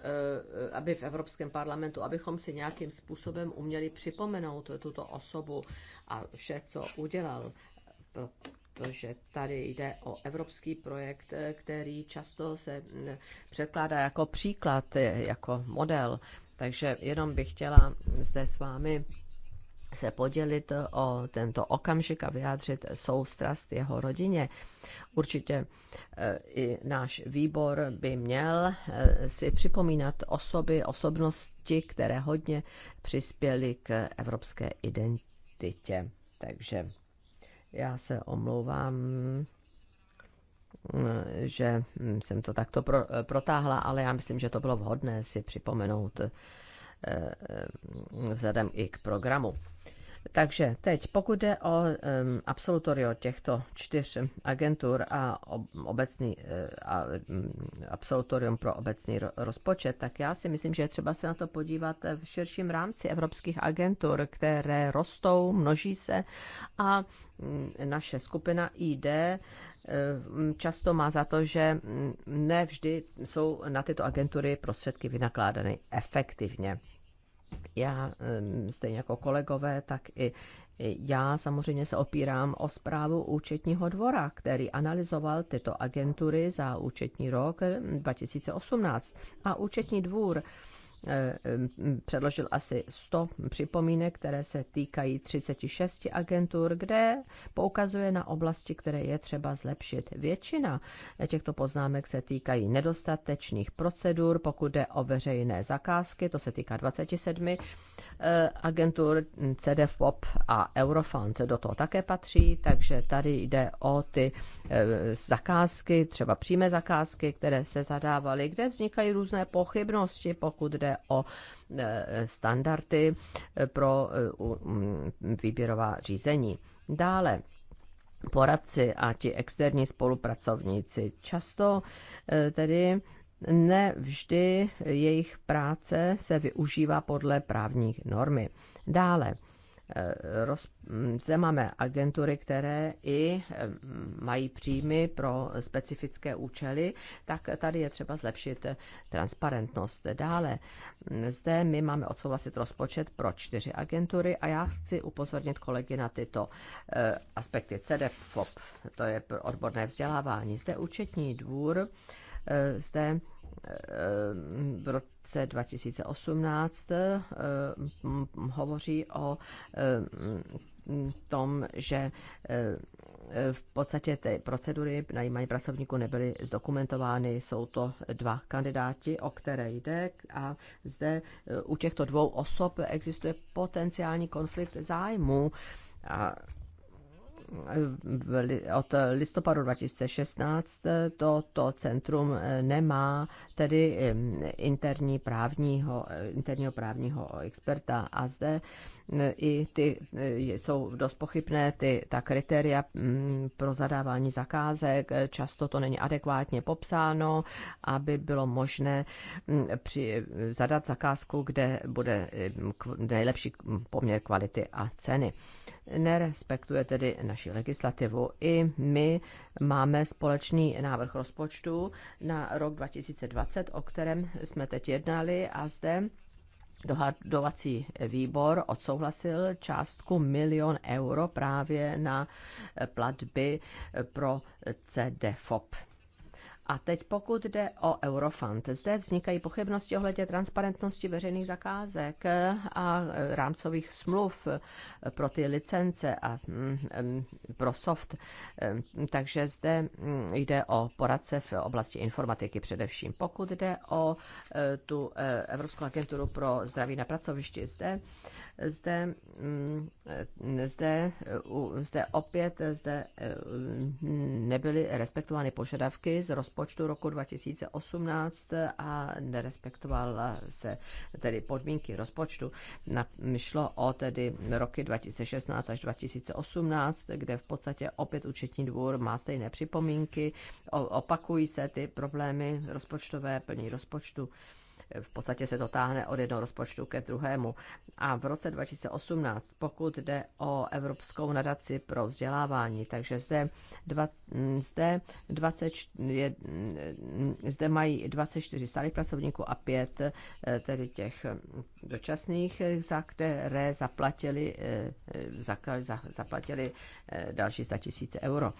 Speaker 3: eh, aby v Evropském parlamentu, abychom si nějakým způsobem uměli připomenout tuto osobu a vše, co udělal, protože tady jde o evropský projekt, který často se předkládá jako příklad, jako model. Takže jenom bych chtěla zde s vámi se podělit o tento okamžik a vyjádřit soustrast jeho rodině. Určitě eh, i náš výbor by měl eh, si připomínat osoby, osobnosti, které hodně přispěly k evropské identitě. Takže já se omlouvám, že jsem to takto pro, protáhla, ale já myslím, že to bylo vhodné si připomenout eh, eh, vzhledem i k programu. Takže teď, pokud jde o um, absolutorio těchto čtyř agentur a obecný e, a, absolutorium pro obecný rozpočet, tak já si myslím, že je třeba se na to podívat v širším rámci evropských agentur, které rostou, množí se a naše skupina ID e, často má za to, že ne vždy jsou na tyto agentury prostředky vynakládány efektivně já, stejně jako kolegové, tak i já samozřejmě se opírám o zprávu účetního dvora, který analyzoval tyto agentury za účetní rok 2018. A účetní dvůr Eh, předložil asi 100 připomínek, které se týkají 36 agentur, kde poukazuje na oblasti, které je třeba zlepšit. Většina těchto poznámek se týkají nedostatečných procedur, pokud jde o veřejné zakázky, to se týká 27 Eh, agentur CDFOP a Eurofund do toho také patří, takže tady jde o ty eh, zakázky, třeba přímé zakázky, které se zadávaly, kde vznikají různé pochybnosti, pokud jde o eh, standardy pro mm, výběrová řízení. Dále poradci a ti externí spolupracovníci. Často tedy ne vždy jejich práce se využívá podle právních normy. Dále, eh, roz, zde máme agentury, které i eh, mají příjmy pro specifické účely, tak tady je třeba zlepšit transparentnost. Dále, zde my máme odsouhlasit rozpočet pro čtyři agentury a já chci upozornit kolegy na tyto eh, aspekty. CDFOP, to je odborné vzdělávání. Zde účetní dvůr Eh, zde eh, v roce 2018 eh, hovoří o tom, že v podstatě ty procedury najímání pracovníků nebyly zdokumentovány. Jsou to dva kandidáti, o které jde a zde u těchto dvou osob existuje potenciální konflikt zájmů. A od listopadu 2016 toto centrum nemá tedy interní právního, interního právního experta a zde i ty jsou dost pochybné ty, ta kritéria pro zadávání zakázek, často to není adekvátně popsáno, aby bylo možné při, zadat zakázku, kde bude nejlepší poměr kvality a ceny nerespektuje tedy naši legislativu. I my máme společný návrh rozpočtu na rok 2020, o kterém jsme teď jednali a zde dohadovací výbor odsouhlasil částku milion euro právě na platby pro CDFOP. A teď pokud jde o Eurofund, zde vznikají pochybnosti ohledně transparentnosti veřejných zakázek a rámcových smluv pro ty licence a mm, mm, pro soft. Ehm, takže zde mm, jde o poradce v oblasti informatiky především. Pokud jde o e, tu e, Evropskou agenturu pro zdraví na pracovišti, zde zde, mm, e, zde, zde opět e, zde e, mm, nebyly respektovány požadavky z rozpočtu roku 2018 a nerespektovala se tedy podmínky rozpočtu. Šlo o tedy roky 2016 až 2018, kde v podstatě opět účetní dvůr má stejné připomínky, opakují se ty problémy rozpočtové, plní rozpočtu v podstatě se to táhne od jednoho rozpočtu ke druhému. A v roce 2018, pokud jde o Evropskou nadaci pro vzdělávání, takže zde, dva, zde, 20, je, zde mají 24 stálých pracovníků a 5 eh, tedy těch hm, dočasných, za které zaplatili, eh, za, za, zaplatili eh, další 100 tisíce euro.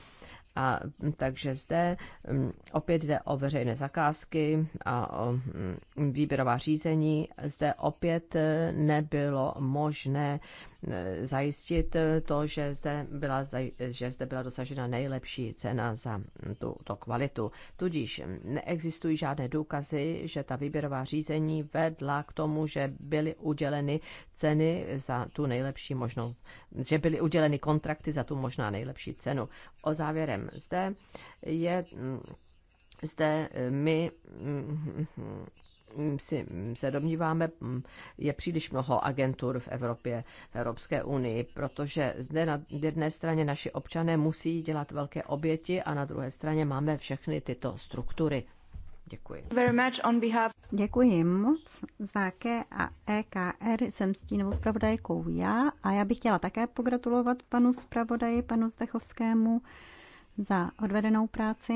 Speaker 3: A mm, takže zde mm, opět jde o veřejné zakázky a o mm, výběrová řízení. Zde opět e, nebylo možné E, zajistit e, to, že zde byla, že zde byla dosažena nejlepší cena za tu, to kvalitu. Tudíž neexistují žádné důkazy, že ta výběrová řízení vedla k tomu, že byly uděleny ceny za tu nejlepší možnou, že byly uděleny kontrakty za tu možná nejlepší cenu. O závěrem zde je zde e, my Mm, si, mm, se domníváme, mm, je příliš mnoho agentur v Evropě, v Evropské unii, protože zde na jedné straně naši občané musí dělat velké oběti a na druhé straně máme všechny tyto struktury. Děkuji. Very
Speaker 1: much on behalf... Děkuji moc. Za K a EKR jsem stínovou zpravodajkou já a já bych chtěla také pogratulovat panu zpravodaji, panu Zdechovskému za odvedenou práci.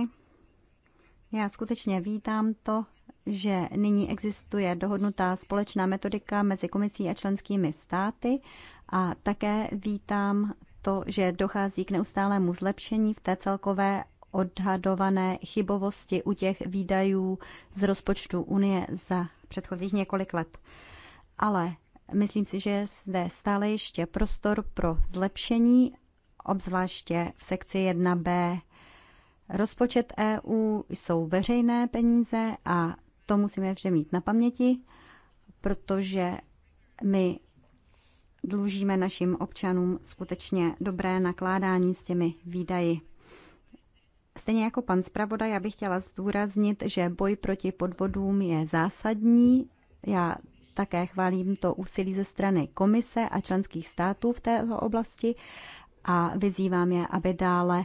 Speaker 1: Já skutečně vítám to, že nyní existuje dohodnutá společná metodika mezi komisí a členskými státy a také vítám to, že dochází k neustálému zlepšení v té celkové odhadované chybovosti u těch výdajů z rozpočtu Unie za předchozích několik let. Ale myslím si, že je zde stále ještě prostor pro zlepšení, obzvláště v sekci 1b. Rozpočet EU jsou veřejné peníze a to musíme vše mít na paměti, protože my dlužíme našim občanům skutečně dobré nakládání s těmi výdaji. Stejně jako pan Spravoda, já bych chtěla zdůraznit, že boj proti podvodům je zásadní. Já také chválím to úsilí ze strany komise a členských států v této oblasti a vyzývám je, aby dále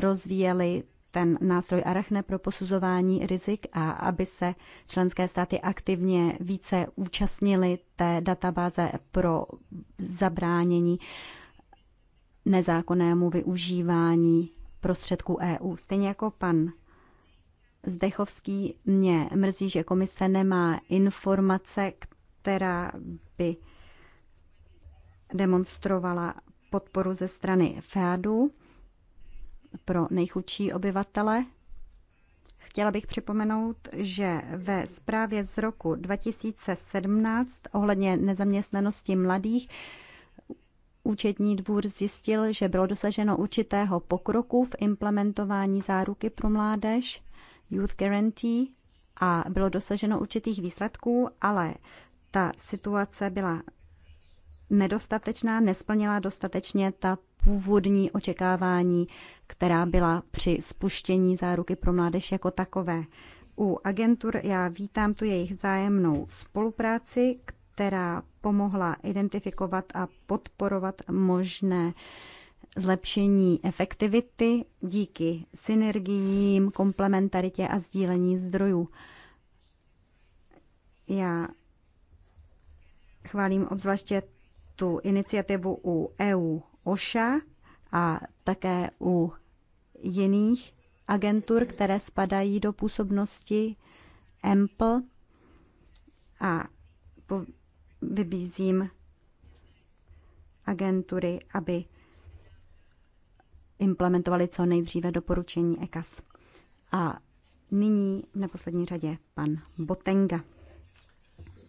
Speaker 1: rozvíjeli ten nástroj Arachne pro posuzování rizik a aby se členské státy aktivně více účastnily té databáze pro zabránění nezákonnému využívání prostředků EU. Stejně jako pan Zdechovský mě mrzí, že komise nemá informace, která by demonstrovala podporu ze strany FEADu pro nejchudší obyvatele. Chtěla bych připomenout, že ve zprávě z roku 2017 ohledně nezaměstnanosti mladých Účetní dvůr zjistil, že bylo dosaženo určitého pokroku v implementování záruky pro mládež, Youth Guarantee, a bylo dosaženo určitých výsledků, ale ta situace byla nedostatečná, nesplnila dostatečně ta původní očekávání, která byla při spuštění záruky pro mládež jako takové. U agentur já vítám tu jejich vzájemnou spolupráci, která pomohla identifikovat a podporovat možné zlepšení efektivity díky synergiím, komplementaritě a sdílení zdrojů. Já chválím obzvláště tu iniciativu u EU OŠA a také u jiných agentur, které spadají do působnosti EMPL a vybízím agentury, aby implementovali co nejdříve doporučení ECAS. A nyní v neposlední řadě pan Botenga.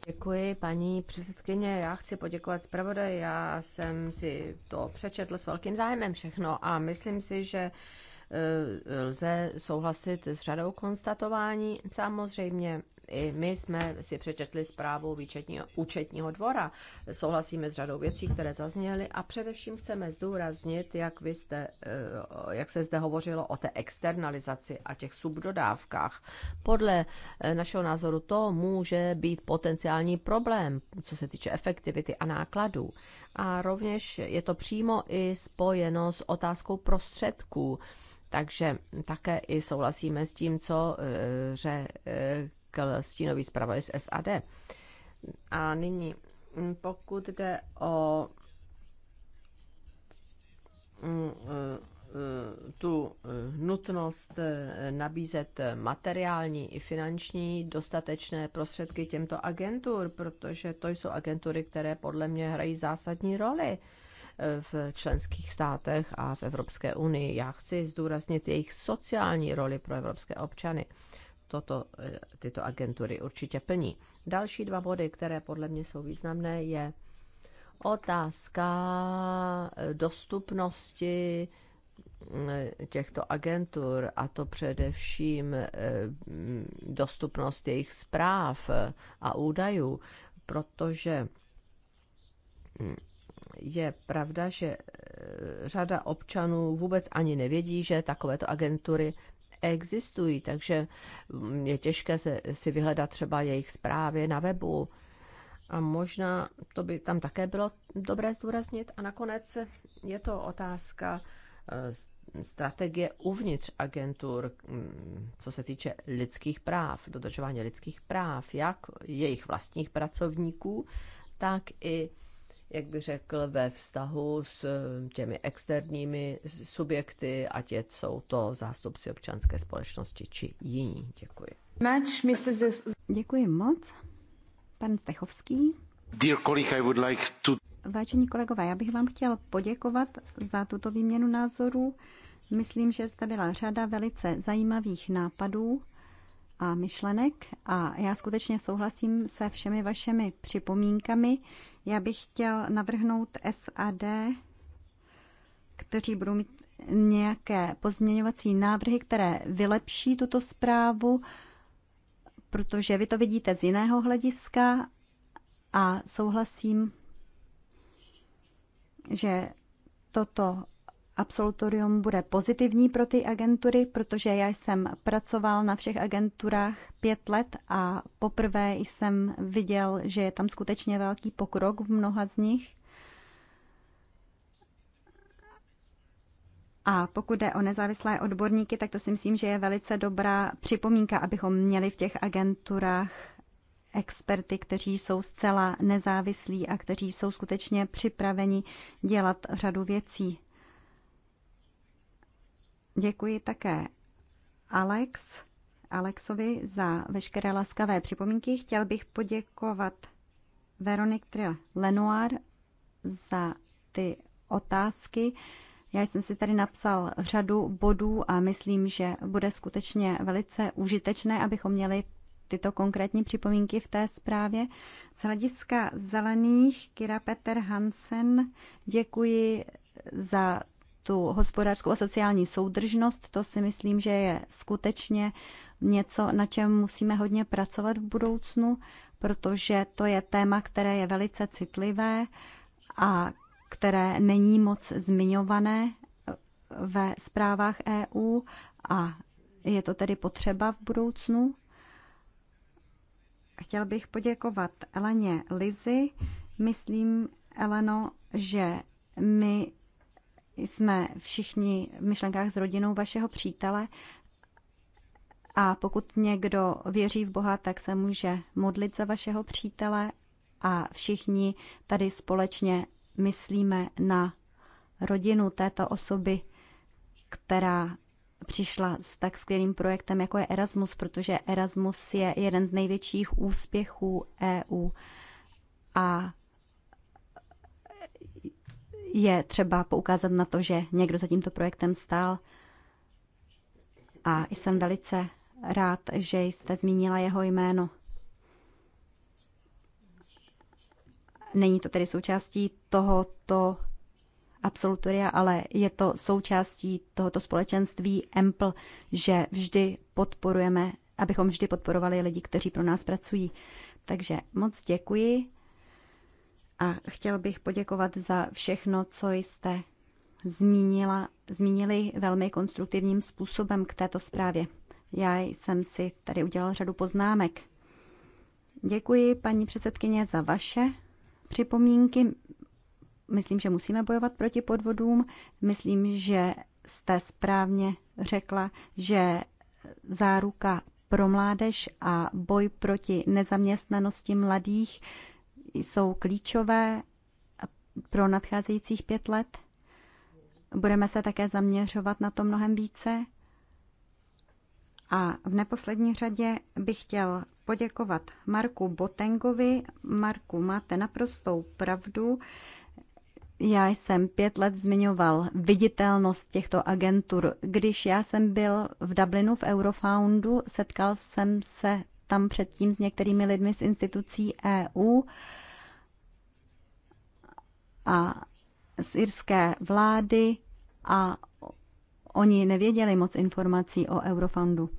Speaker 3: Děkuji, paní předsedkyně. Já chci poděkovat zpravodaji. Já jsem si to přečetl s velkým zájmem všechno a myslím si, že e, lze souhlasit s řadou konstatování. Samozřejmě i my jsme si přečetli zprávu výčetního, účetního dvora. Souhlasíme s řadou věcí, které zazněly a především chceme zdůraznit, jak, vy jste, eh, jak se zde hovořilo o té externalizaci a těch subdodávkách. Podle eh, našeho názoru to může být potenciální problém, co se týče efektivity a nákladů. A rovněž je to přímo i spojeno s otázkou prostředků. Takže také i souhlasíme s tím, co eh, řekl stínový zpravodaj z SAD. A nyní, pokud jde o mm, e, e, tu nutnost e, nabízet materiální i finanční dostatečné prostředky těmto agentur, protože to jsou agentury, které podle mě hrají zásadní roli v členských státech a v Evropské unii. Já chci zdůraznit jejich sociální roli pro evropské občany toto, e, tyto agentury určitě plní. Další dva body, které podle mě jsou významné, je otázka e, dostupnosti e, těchto agentur, a to především dostupnost jejich zpráv a údajů, protože hm, je pravda, že řada občanů vůbec ani nevědí, že takovéto agentury existují, takže mm, je těžké si vyhledat třeba jejich zprávy na webu. A možná to by tam také bylo dobré zdůraznit. A nakonec je to otázka eh, strategie uvnitř agentur, mm, co se týče lidských práv, dodržování lidských práv, jak jejich vlastních pracovníků, tak i jak by řekl, ve vztahu s eh, těmi externími
Speaker 1: subjekty,
Speaker 3: ať je, jsou to zástupci občanské společnosti či jiní.
Speaker 5: Děkuji.
Speaker 1: Děkuji moc. Pan Stechovský.
Speaker 5: Dear colleague, I would like to...
Speaker 1: Vážení kolegové, já bych vám chtěl poděkovat za tuto výměnu názorů. Myslím, že zde byla řada velice zajímavých nápadů a myšlenek a já skutečně souhlasím se všemi vašemi připomínkami. Já bych chtěl navrhnout SAD, kteří budou mít nějaké pozměňovací návrhy, které vylepší tuto zprávu, protože vy to vidíte z jiného hlediska a souhlasím, že toto absolutorium bude pozitivní pro ty agentury, protože já jsem pracoval na všech agenturách pět let a poprvé jsem viděl, že je tam skutečně velký pokrok v mnoha z nich. A pokud jde o nezávislé odborníky, tak to si myslím, že je velice dobrá připomínka, abychom měli v těch agenturách experty, kteří jsou zcela nezávislí a kteří jsou skutečně připraveni dělat řadu věcí. Děkuji také Alex, Alexovi za veškeré laskavé připomínky. Chtěl bych poděkovat Veronik Trill Lenoir za ty otázky. Já jsem si tady napsal řadu bodů a myslím, že bude skutečně velice užitečné, abychom měli tyto konkrétní připomínky v té zprávě. Z hlediska zelených Kira Peter Hansen děkuji za tu hospodářskou a sociální soudržnost, to si myslím, že je skutečně něco, na čem musíme hodně pracovat v budoucnu, protože to je téma, které je velice citlivé a které není moc zmiňované ve zprávách EU a je to tedy potřeba v budoucnu. Chtěl bych poděkovat Eleně Lizy. Myslím, Eleno, že my jsme všichni v myšlenkách s rodinou vašeho přítele a pokud někdo věří v Boha, tak se může modlit za vašeho přítele a všichni tady společně myslíme na rodinu této osoby, která přišla s tak skvělým projektem, jako je Erasmus, protože Erasmus je jeden z největších úspěchů EU a je třeba poukázat na to, že někdo za tímto projektem stál. A jsem velice rád, že jste zmínila jeho jméno. Není to tedy součástí tohoto absolutoria, ale je to součástí tohoto společenství EMPL, že vždy podporujeme, abychom vždy podporovali lidi, kteří pro nás pracují. Takže moc děkuji a chtěl bych poděkovat za všechno, co jste zmínila, zmínili velmi konstruktivním způsobem k této zprávě. Já jsem si tady udělal řadu poznámek. Děkuji, paní předsedkyně, za vaše připomínky. Myslím, že musíme bojovat proti podvodům. Myslím, že jste správně řekla, že záruka pro mládež a boj proti nezaměstnanosti mladých jsou klíčové pro nadcházejících pět let. Budeme se také zaměřovat na to mnohem více. A v neposlední řadě bych chtěl poděkovat Marku Botengovi. Marku, máte naprostou pravdu. Já jsem pět let zmiňoval viditelnost těchto agentur. Když já jsem byl v Dublinu v Eurofoundu, setkal jsem se tam předtím s některými lidmi z institucí EU a z irské vlády a oni nevěděli moc informací o Eurofondu.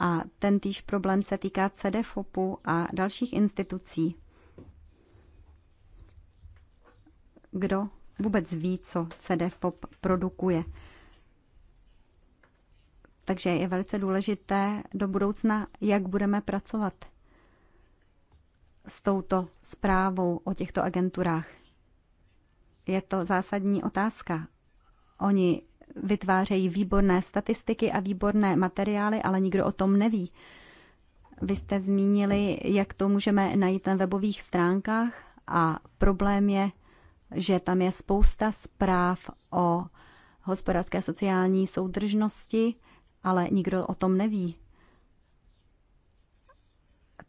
Speaker 1: A ten týž problém se týká CDFOPu a dalších institucí. Kdo vůbec ví, co CDFOP produkuje? Takže je velice důležité do budoucna, jak budeme pracovat s touto zprávou o těchto agenturách. Je to zásadní otázka. Oni vytvářejí výborné statistiky a výborné materiály, ale nikdo o tom neví. Vy jste zmínili, jak to můžeme najít na webových stránkách a problém je, že tam je spousta zpráv o hospodářské sociální soudržnosti, ale nikdo o tom neví.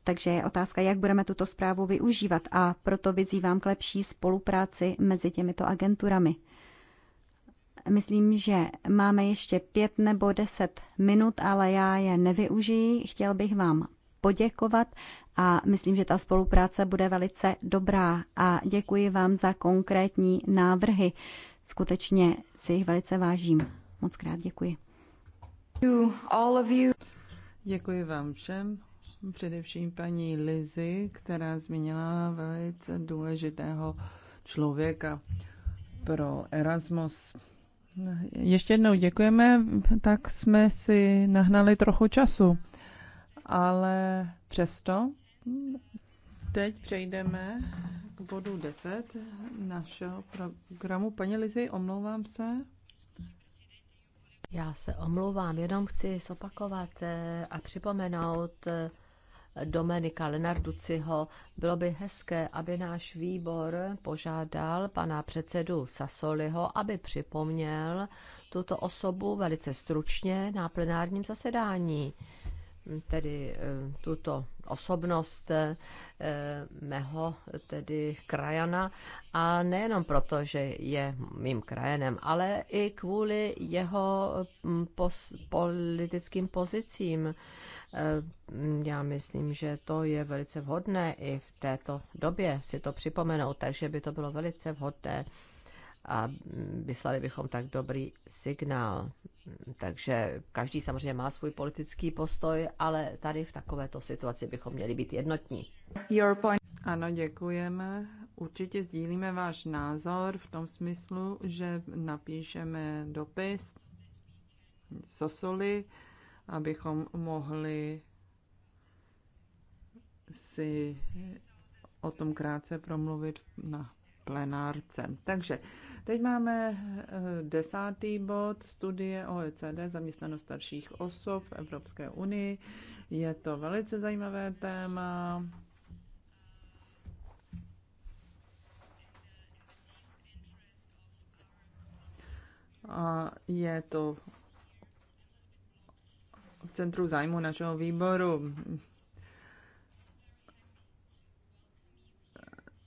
Speaker 1: Takže je otázka, jak budeme tuto zprávu využívat a proto vyzývám k lepší spolupráci mezi těmito agenturami. Myslím, že máme ještě pět nebo deset minut, ale já je nevyužiji. Chtěl bych vám poděkovat a myslím, že ta spolupráce bude velice dobrá a děkuji vám za konkrétní návrhy. Skutečně si jich velice vážím. Moc krát děkuji.
Speaker 4: Děkuji vám všem, především paní Lizy, která zmínila velice důležitého člověka pro Erasmus. Ještě jednou děkujeme, tak jsme si nahnali trochu času, ale přesto teď přejdeme k bodu 10 našeho programu. Paní Lizy, omlouvám se. Já se omlouvám, jenom chci zopakovat eh, a
Speaker 3: připomenout eh, Domenika Lenarduciho. Bylo by hezké, aby náš výbor požádal pana předsedu Sasoliho, aby připomněl tuto osobu velice stručně na plenárním zasedání tedy eh, tuto osobnost eh, mého tedy krajana a nejenom proto, že je mým krajenem, ale i kvůli jeho mm, pos- politickým pozicím. Eh, já myslím, že to je velice vhodné i v této době si to připomenout, takže by to bylo velice vhodné a vyslali bychom tak dobrý signál. Takže každý samozřejmě má svůj politický postoj, ale tady v takovéto situaci bychom měli být jednotní.
Speaker 4: Your point. Ano, děkujeme. Určitě sdílíme váš názor v tom smyslu, že napíšeme dopis Sosoli, abychom mohli si o tom krátce promluvit na plenárce. Takže Teď máme eh, desátý bod studie OECD zaměstnanost starších osob v Evropské unii. Je to velice zajímavé téma. A je to v centru zájmu našeho výboru.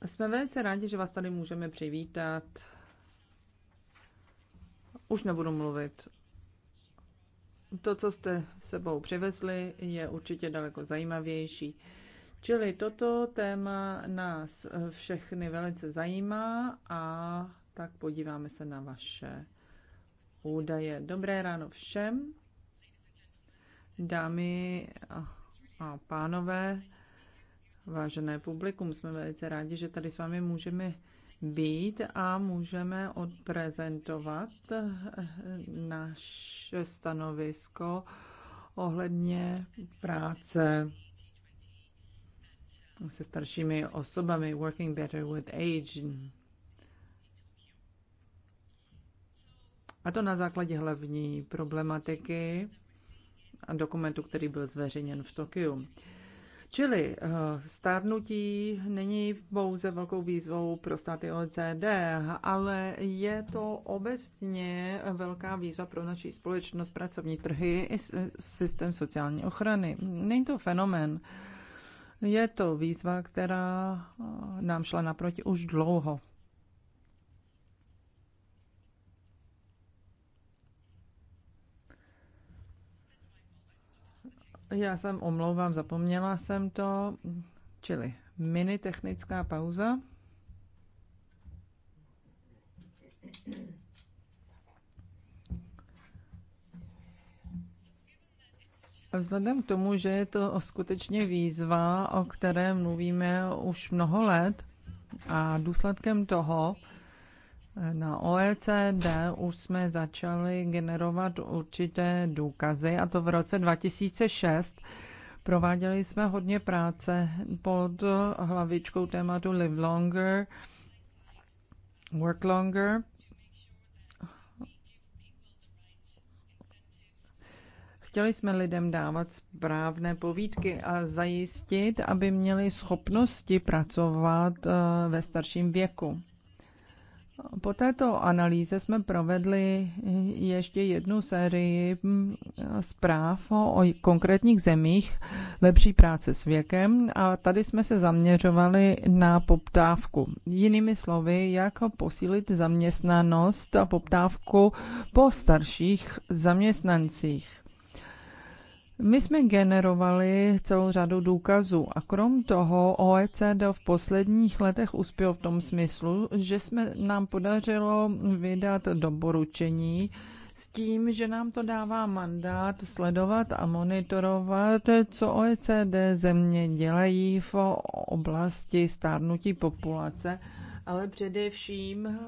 Speaker 4: Jsme velice rádi, že vás tady můžeme přivítat už nebudu mluvit. To, co jste sebou přivezli, je určitě daleko zajímavější. Čili toto téma nás všechny velice zajímá a tak podíváme se na vaše údaje. Dobré ráno všem, dámy a pánové, vážené publikum, jsme velice rádi, že tady s vámi můžeme být a můžeme odprezentovat naše stanovisko ohledně práce se staršími osobami, Working Better with Age. A to na základě hlavní problematiky a dokumentu, který byl zveřejněn v Tokiu. Čili eh, stárnutí není pouze velkou výzvou pro státy OECD, ale je to obecně velká výzva pro naši společnost, pracovní trhy i systém sociální ochrany. Není to fenomén. Je to výzva, která eh, nám šla naproti už dlouho. Já jsem omlouvám, zapomněla jsem to, čili mini technická pauza. Vzhledem k tomu, že je to skutečně výzva, o které mluvíme už mnoho let a důsledkem toho na OECD už jsme začali generovat určité důkazy, a to v roce 2006. Prováděli jsme hodně práce pod hlavičkou tématu Live Longer, Work Longer. Chtěli jsme lidem dávat správné povídky a zajistit, aby měli schopnosti pracovat eh, ve starším věku. Po této analýze jsme provedli ještě jednu sérii hm, zpráv o konkrétních zemích lepší práce s věkem a tady jsme se zaměřovali na poptávku. Jinými slovy, jak posílit zaměstnanost a poptávku po starších zaměstnancích. My jsme generovali celou řadu důkazů a krom toho OECD v posledních letech uspěl v tom smyslu, že jsme nám podařilo vydat doporučení s tím, že nám to dává mandát sledovat a monitorovat, co OECD země dělají v oblasti stárnutí populace, ale především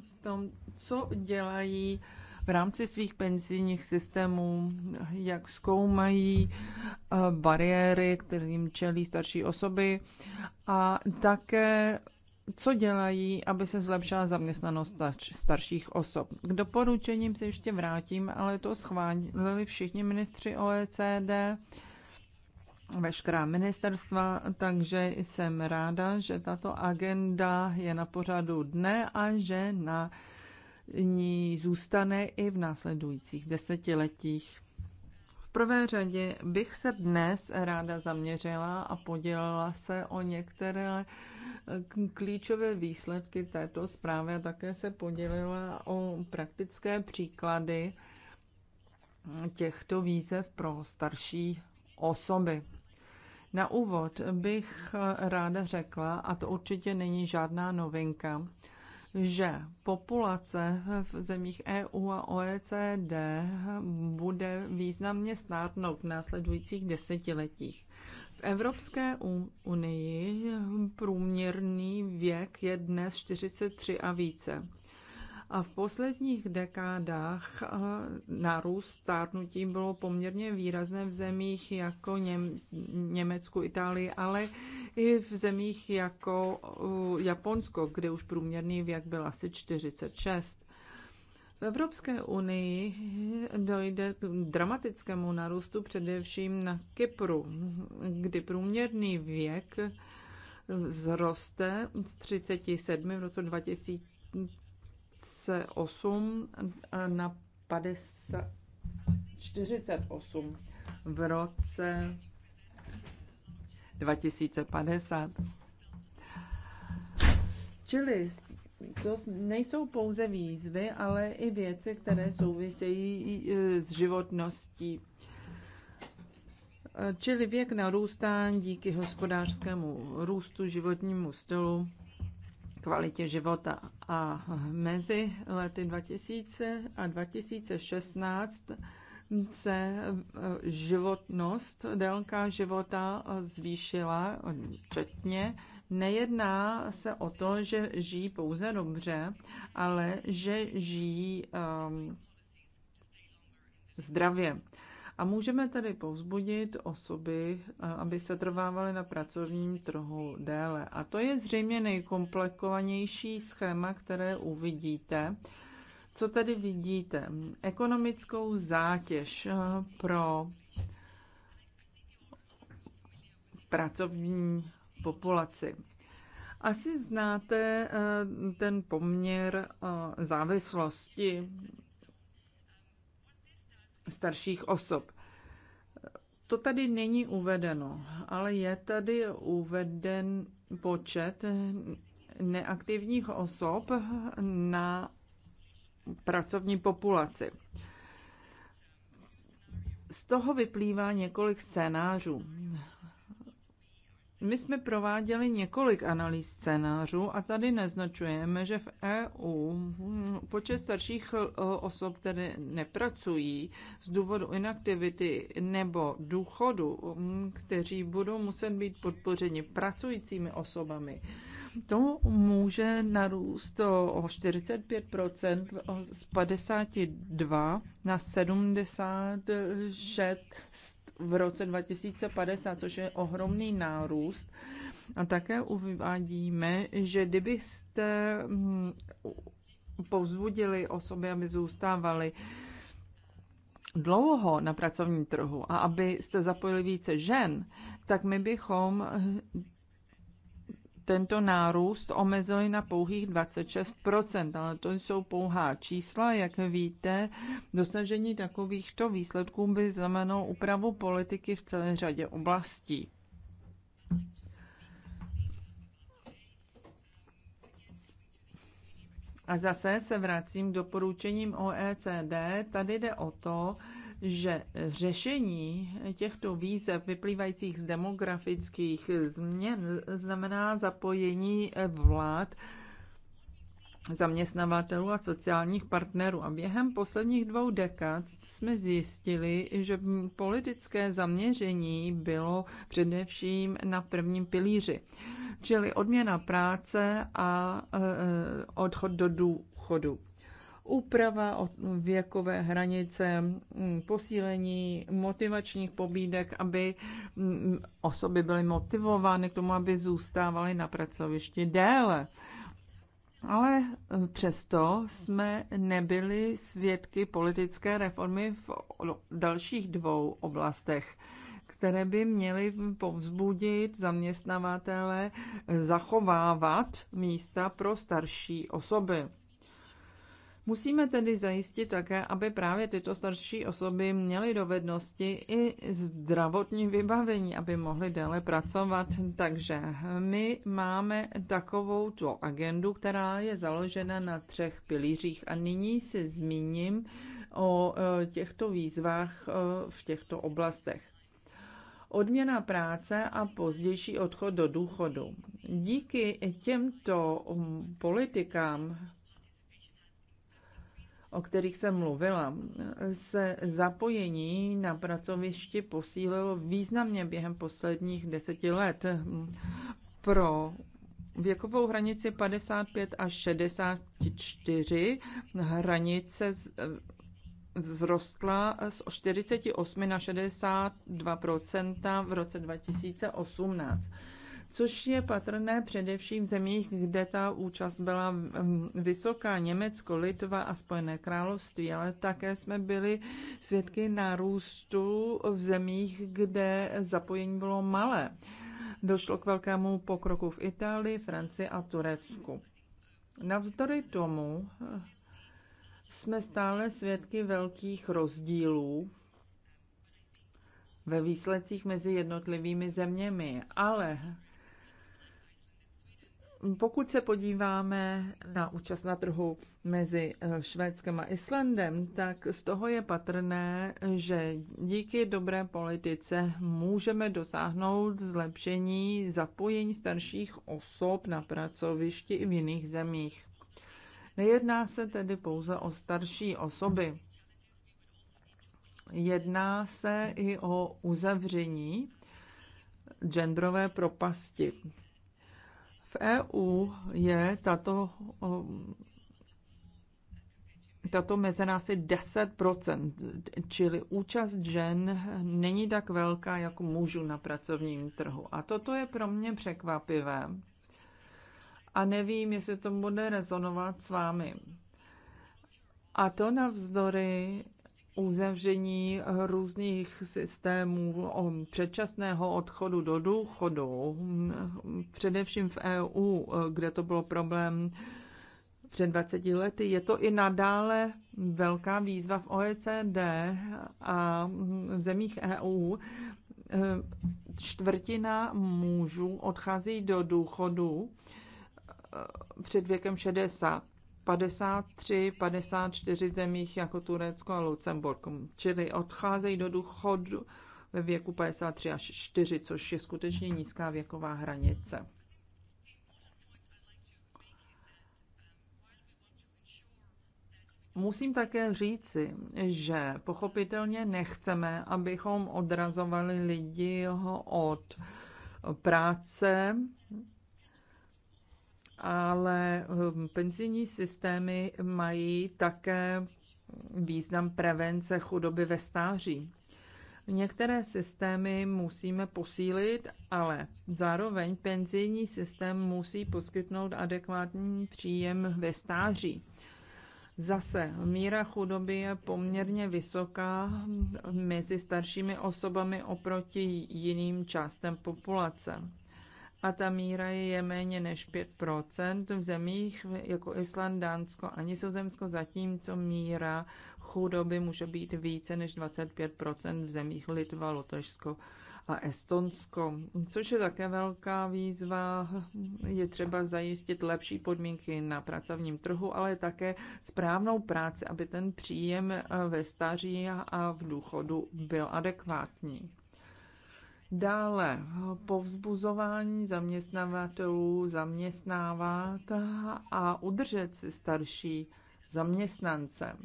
Speaker 4: v tom, co dělají v rámci svých penzijních systémů, jak zkoumají eh, bariéry, kterým čelí starší osoby a také co dělají, aby se zlepšila zaměstnanost starších osob. K doporučením se ještě vrátím, ale to schválili všichni ministři OECD, veškerá ministerstva, takže jsem ráda, že tato agenda je na pořadu dne a že na ní zůstane i v následujících desetiletích. V prvé řadě bych se dnes ráda zaměřila a podělila se o některé eh, klíčové výsledky této zprávy a také se podělila o praktické příklady těchto výzev pro starší osoby. Na úvod bych eh, ráda řekla, a to určitě není žádná novinka, že populace v zemích EU a OECD bude významně stárnout v následujících desetiletích. V Evropské unii průměrný věk je dnes 43 a více. A v posledních dekádách eh, nárůst stárnutí bylo poměrně výrazné v zemích jako Něm, Německu, Itálii, ale i v zemích jako eh, Japonsko, kde už průměrný věk byl asi 46. V Evropské unii dojde k dramatickému narůstu především na Kypru, kdy průměrný věk vzroste z 37 v roce 2000 48 eh, na 48 v roce 2050. Čili to nejsou pouze výzvy, ale i věci, které souvisejí eh, s životností. Eh, čili věk narůstá díky hospodářskému růstu, životnímu stylu kvalitě života. A mezi lety 2000 a 2016 se e, životnost, délka života zvýšila četně. Nejedná se o to, že žijí pouze dobře, ale že žijí um, zdravě. A můžeme tedy povzbudit osoby, eh, aby se trvávaly na pracovním trhu déle. A to je zřejmě nejkomplikovanější schéma, které uvidíte. Co tedy vidíte? Ekonomickou zátěž eh, pro pracovní populaci. Asi znáte eh, ten poměr závislosti starších osob. To tady není uvedeno, ale je tady uveden počet neaktivních osob na pracovní populaci. Z toho vyplývá několik scénářů. My jsme prováděli několik analýz scénářů a tady naznačujeme, že v EU počet starších eh, osob, které nepracují z důvodu inaktivity nebo důchodu, kteří budou muset být podpořeni pracujícími osobami, to může narůst o 45 z 52 na 76 v roce 2050, což je ohromný nárůst. A také uvádíme, že kdybyste mm, povzbudili osoby, aby zůstávali dlouho na pracovním trhu a aby jste zapojili více žen, tak my bychom tento nárůst omezili na pouhých 26%, ale to jsou pouhá čísla. Jak víte, dosažení takovýchto výsledků by znamenalo úpravu politiky v celé řadě oblastí. A zase se vracím k doporučením OECD. Tady jde o to, že řešení těchto výzev vyplývajících z demografických změn znamená zapojení vlád, zaměstnavatelů a sociálních partnerů. A během posledních dvou dekád jsme zjistili, že politické zaměření bylo především na prvním pilíři, čili odměna práce a e, odchod do důchodu úprava věkové hranice, mm, posílení motivačních pobídek, aby mm, osoby byly motivovány k tomu, aby zůstávaly na pracovišti déle. Ale e, přesto jsme nebyli svědky politické reformy v dalších dvou oblastech které by měly povzbudit zaměstnavatele zachovávat místa pro starší osoby. Musíme tedy zajistit také, aby právě tyto starší osoby měly dovednosti i zdravotní vybavení, aby mohly déle pracovat. Takže my máme takovou tu agendu, která je založena na třech pilířích. A nyní se zmíním o e, těchto výzvách e, v těchto oblastech odměna práce a pozdější odchod do důchodu. Díky těmto politikám o kterých jsem mluvila, se zapojení na pracovišti posílilo významně během posledních deseti let. Pro věkovou hranici 55 až 64 hranice vzrostla z 48 na 62 v roce 2018 což je patrné především v zemích, kde ta účast byla mm, vysoká, Německo, Litva a Spojené království, ale také jsme byli svědky nárůstu v zemích, kde zapojení bylo malé. Došlo k velkému pokroku v Itálii, Francii a Turecku. Navzdory tomu eh, jsme stále svědky velkých rozdílů ve výsledcích mezi jednotlivými zeměmi, ale pokud se podíváme na účast na trhu mezi eh, Švédskem a Islandem, tak z toho je patrné, že díky dobré politice můžeme dosáhnout zlepšení zapojení starších osob na pracovišti i v jiných zemích. Nejedná se tedy pouze o starší osoby. Jedná se i o uzavření genderové propasti. V EU je tato, tato mezera asi 10%, čili účast žen není tak velká jako mužů na pracovním trhu. A toto je pro mě překvapivé. A nevím, jestli to bude rezonovat s vámi. A to navzdory uzavření různých systémů předčasného odchodu do důchodu, především v EU, kde to bylo problém před 20 lety, je to i nadále velká výzva v OECD a v zemích EU. Čtvrtina mužů odchází do důchodu před věkem 60 53, 54 zemích jako Turecko a Lucemburg, čili odcházejí do důchodu ve věku 53 až 4, což je skutečně nízká věková hranice. Musím také říci, že pochopitelně nechceme, abychom odrazovali lidi od práce, ale hm, penzijní systémy mají také význam prevence chudoby ve stáří. Některé systémy musíme posílit, ale zároveň penzijní systém musí poskytnout adekvátní příjem ve stáří. Zase míra chudoby je poměrně vysoká mezi staršími osobami oproti jiným částem populace a ta míra je méně než 5% v zemích jako Island, Dánsko a Nizozemsko, zatímco míra chudoby může být více než 25% v zemích Litva, Lotyšsko a Estonsko, což je také velká výzva. Je třeba zajistit lepší podmínky na pracovním trhu, ale také správnou práci, aby ten příjem ve staří a v důchodu byl adekvátní. Dále povzbuzování zaměstnavatelů zaměstnávat a udržet si starší zaměstnance.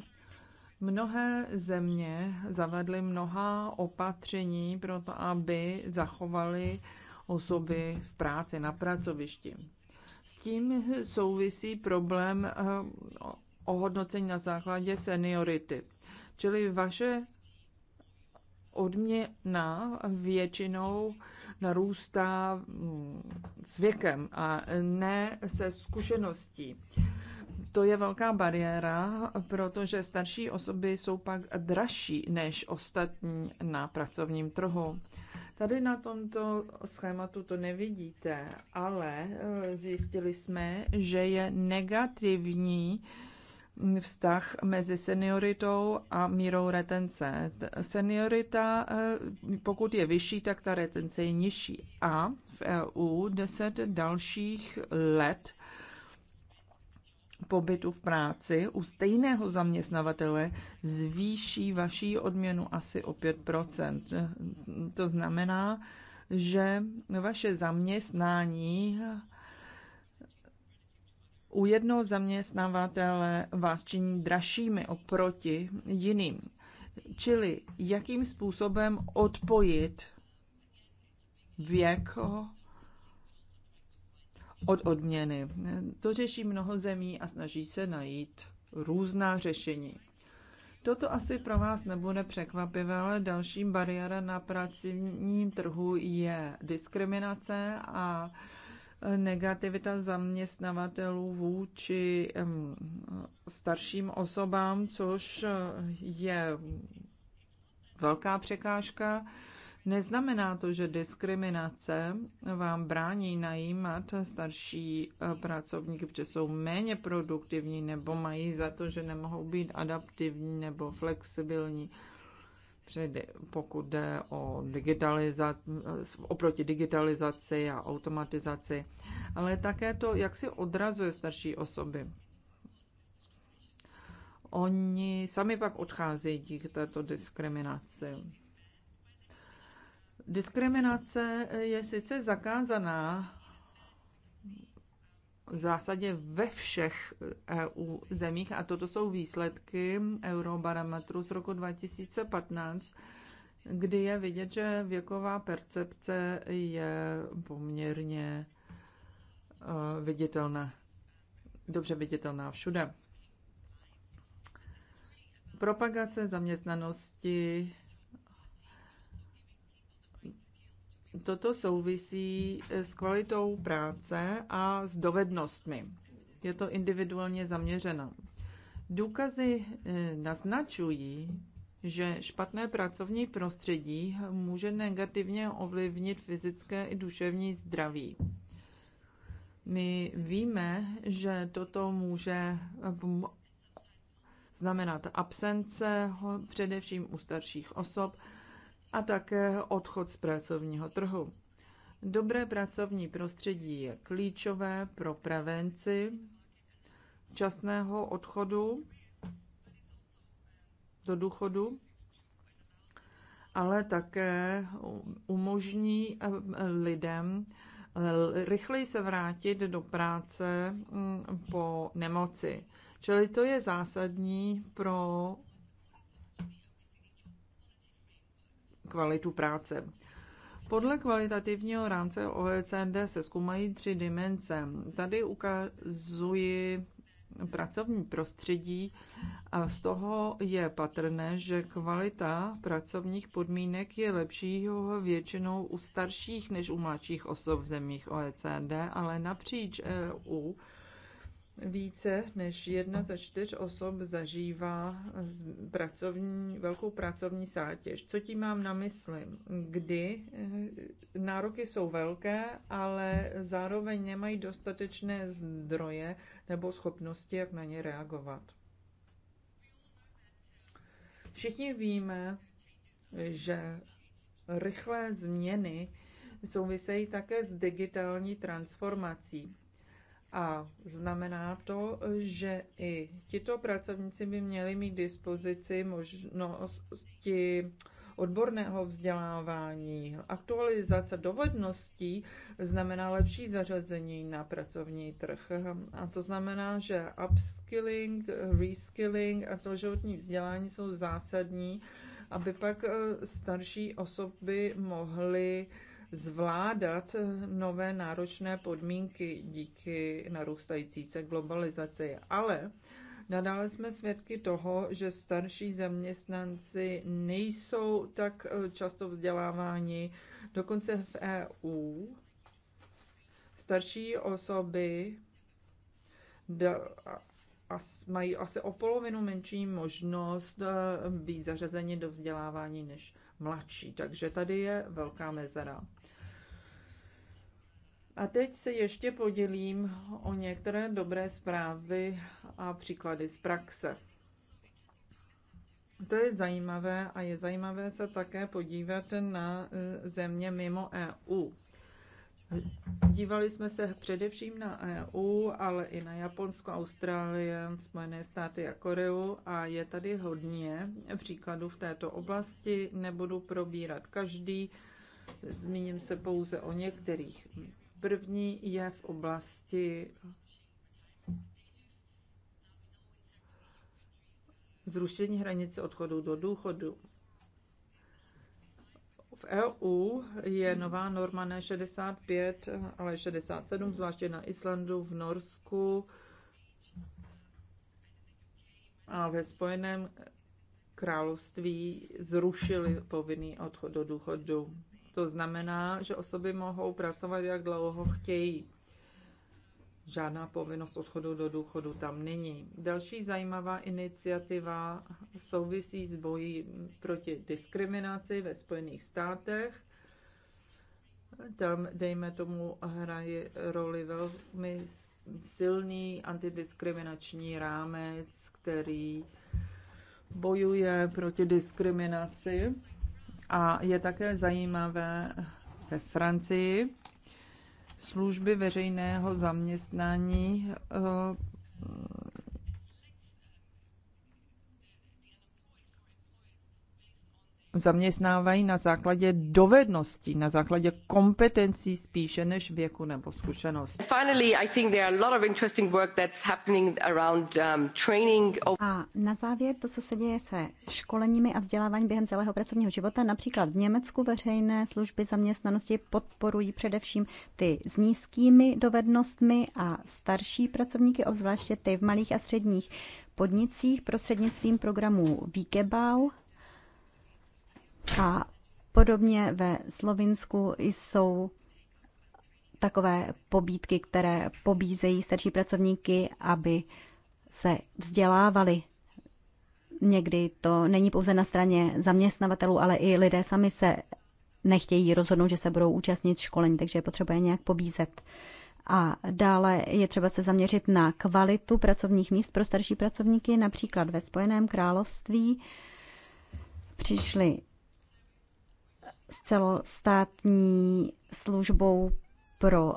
Speaker 4: Mnohé země zavedly mnoha opatření pro to, aby zachovali osoby v práci na pracovišti. S tím souvisí problém eh, ohodnocení na základě seniority. Čili vaše odměna většinou narůstá mm, s věkem a ne se zkušeností. To je velká bariéra, protože starší osoby jsou pak dražší než ostatní na pracovním trhu. Tady na tomto schématu to nevidíte, ale e, zjistili jsme, že je negativní vztah mezi senioritou a mírou retence. Seniorita, eh, pokud je vyšší, tak ta retence je nižší. A v EU 10 dalších let pobytu v práci u stejného zaměstnavatele zvýší vaší odměnu asi o 5 To znamená, že vaše zaměstnání u jednoho zaměstnavatele vás činí dražšími oproti jiným. Čili jakým způsobem odpojit věk od odměny. To řeší mnoho zemí a snaží se najít různá řešení. Toto asi pro vás nebude překvapivé, ale další bariéra na pracovním trhu je diskriminace a negativita zaměstnavatelů vůči starším osobám, což je velká překážka. Neznamená to, že diskriminace vám brání najímat starší eh, pracovníky, protože jsou méně produktivní nebo mají za to, že nemohou být adaptivní nebo flexibilní. Před, pokud jde o digitalizaci, oproti digitalizaci a automatizaci, ale také to, jak si odrazuje starší osoby. Oni sami pak odcházejí díky této diskriminaci. Diskriminace je sice zakázaná, zásadě ve všech eh, EU zemích a toto jsou výsledky Eurobarometru z roku 2015, kdy je vidět, že věková percepce je poměrně eh, viditelná, dobře viditelná všude. Propagace zaměstnanosti toto souvisí eh, s kvalitou práce a s dovednostmi. Je to individuálně zaměřeno. Důkazy eh, naznačují, že špatné pracovní prostředí může negativně ovlivnit fyzické i duševní zdraví. My víme, že toto může eh, znamenat absence především u starších osob a také odchod z pracovního trhu. Dobré pracovní prostředí je klíčové pro prevenci časného odchodu do důchodu, ale také umožní eh, lidem eh, rychleji se vrátit do práce mm, po nemoci. Čili to je zásadní pro kvalitu práce. Podle kvalitativního rámce OECD se zkoumají tři dimenze. Tady ukazuji pracovní prostředí a z toho je patrné, že kvalita pracovních podmínek je lepšího většinou u starších než u mladších osob v zemích OECD, ale napříč EU více než jedna ze čtyř osob zažívá pracovní, velkou pracovní zátěž. Co tím mám na mysli? Kdy eh, nároky jsou velké, ale zároveň nemají dostatečné zdroje nebo schopnosti, jak na ně reagovat. Všichni víme, že rychlé změny souvisejí také s digitální transformací. A znamená to, že i tito pracovníci by měli mít dispozici možnosti odborného vzdělávání. Aktualizace dovedností znamená lepší zařazení na pracovní trh. A to znamená, že upskilling, reskilling a celoživotní vzdělání jsou zásadní, aby pak eh, starší osoby mohly uh, zvládat eh, nové náročné podmínky díky narůstající se globalizaci. Ale nadále jsme svědky toho, že starší zaměstnanci nejsou tak eh, často vzděláváni, dokonce v EU. Starší osoby mají asi o polovinu menší možnost eh, být zařazeni do vzdělávání než mladší. Takže tady je velká mezera. A teď se ještě podělím o některé dobré zprávy a příklady z praxe. To je zajímavé a je zajímavé se také podívat na e, země mimo EU. Dívali jsme se především na EU, ale i na Japonsko, Austrálie, Spojené státy a Koreu a je tady hodně příkladů v této oblasti. Nebudu probírat každý, zmíním se pouze o některých. První je v oblasti zrušení hranice odchodu do důchodu. V EU je nová norma ne 65, ale 67, zvláště na Islandu, v Norsku a ve Spojeném království zrušili povinný odchod do důchodu. To znamená, že osoby mohou pracovat, jak dlouho chtějí. Žádná povinnost odchodu do důchodu tam není. Další zajímavá iniciativa souvisí s bojí proti diskriminaci ve Spojených státech. Tam, dejme tomu, hraje roli velmi silný antidiskriminační rámec, který bojuje proti diskriminaci a je také zajímavé ve Francii, služby veřejného zaměstnání eh, zaměstnávají na základě dovedností, na základě kompetencí spíše než věku nebo zkušenosti.
Speaker 3: Um,
Speaker 1: a na závěr to, co se děje se školeními a vzděláváním během celého pracovního života, například v Německu veřejné služby zaměstnanosti podporují především ty s nízkými dovednostmi a starší pracovníky, obzvláště ty v malých a středních podnicích prostřednictvím programů Víkebau, a podobně ve Slovinsku jsou takové pobídky, které pobízejí starší pracovníky, aby se vzdělávali. Někdy to není pouze na straně zaměstnavatelů, ale i lidé sami se nechtějí rozhodnout, že se budou účastnit školení, takže je potřeba je nějak pobízet. A dále je třeba se zaměřit na kvalitu pracovních míst pro starší pracovníky. Například ve Spojeném království přišli s celostátní službou pro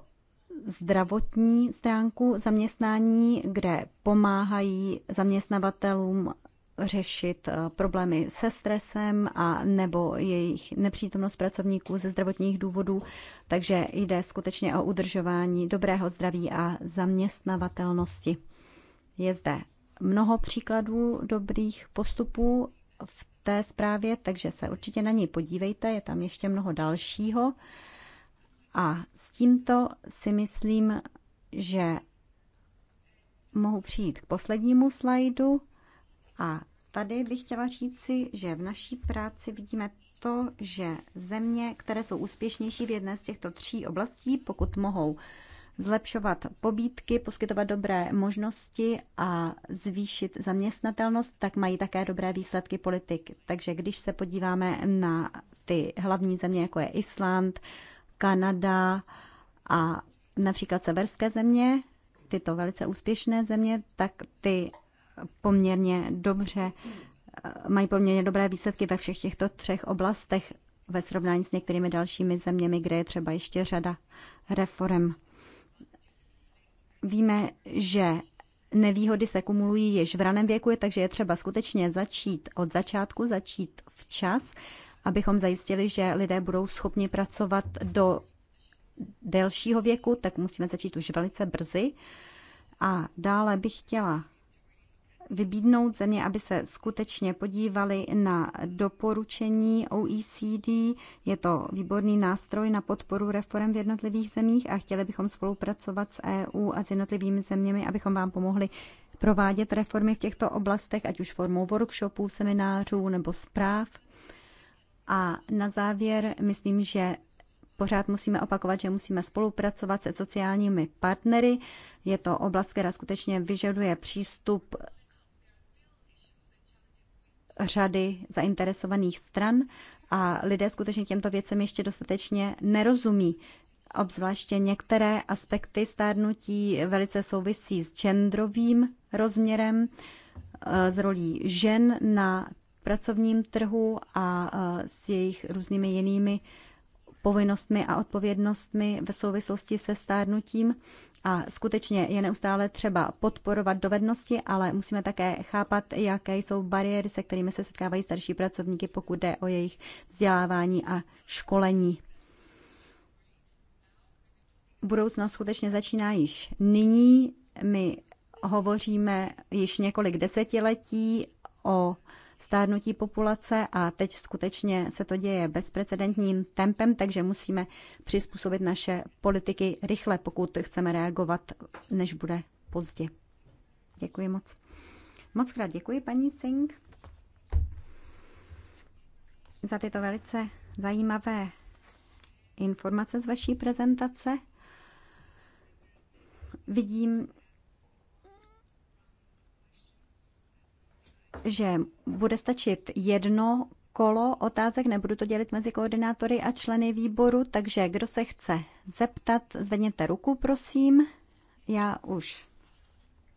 Speaker 1: zdravotní stránku zaměstnání, kde pomáhají zaměstnavatelům řešit eh, problémy se stresem a nebo jejich nepřítomnost pracovníků ze zdravotních důvodů. Takže jde skutečně o udržování dobrého zdraví a zaměstnavatelnosti. Je zde mnoho příkladů dobrých postupů v té zprávě, takže se určitě na ní podívejte, je tam ještě mnoho dalšího. A s tímto si myslím, že mohu přijít k poslednímu slajdu. A tady bych chtěla říci, že v naší práci vidíme to, že země, které jsou úspěšnější v jedné z těchto tří oblastí, pokud mohou zlepšovat pobídky, poskytovat dobré možnosti a zvýšit zaměstnatelnost, tak mají také dobré výsledky politik. Takže když se podíváme na ty hlavní země, jako je Island, Kanada a například severské země, tyto velice úspěšné země, tak ty poměrně dobře mají poměrně dobré výsledky ve všech těchto třech oblastech ve srovnání s některými dalšími zeměmi, kde je třeba ještě řada reform. Víme, že nevýhody se kumulují již v raném věku, takže je třeba skutečně začít od začátku, začít včas, abychom zajistili, že lidé budou schopni pracovat do delšího věku, tak musíme začít už velice brzy. A dále bych chtěla vybídnout země, aby se skutečně podívali na doporučení OECD. Je to výborný nástroj na podporu reform v jednotlivých zemích a chtěli bychom spolupracovat s EU a s jednotlivými zeměmi, abychom vám pomohli provádět reformy v těchto oblastech, ať už formou workshopů, seminářů nebo zpráv. A na závěr myslím, že pořád musíme opakovat, že musíme spolupracovat se sociálními partnery. Je to oblast, která skutečně vyžaduje přístup řady zainteresovaných stran a lidé skutečně těmto věcem ještě dostatečně nerozumí. Obzvláště některé aspekty stárnutí velice souvisí s genderovým rozměrem, eh, s rolí žen na pracovním trhu a eh, s jejich různými jinými povinnostmi a odpovědnostmi v souvislosti se stárnutím. A skutečně je neustále třeba podporovat dovednosti, ale musíme také chápat, jaké jsou bariéry, se kterými se setkávají starší pracovníky, pokud jde o jejich vzdělávání a školení. Budoucnost skutečně začíná již nyní. My hovoříme již několik desetiletí o stárnutí populace a teď skutečně se to děje bezprecedentním tempem, takže musíme přizpůsobit naše politiky rychle, pokud chceme reagovat, než bude pozdě. Děkuji moc. Moc krát děkuji, paní Singh, za tyto velice zajímavé informace z vaší prezentace. Vidím, že bude stačit jedno kolo otázek, nebudu to dělit mezi koordinátory a členy výboru, takže kdo se chce zeptat, zvedněte ruku, prosím. Já už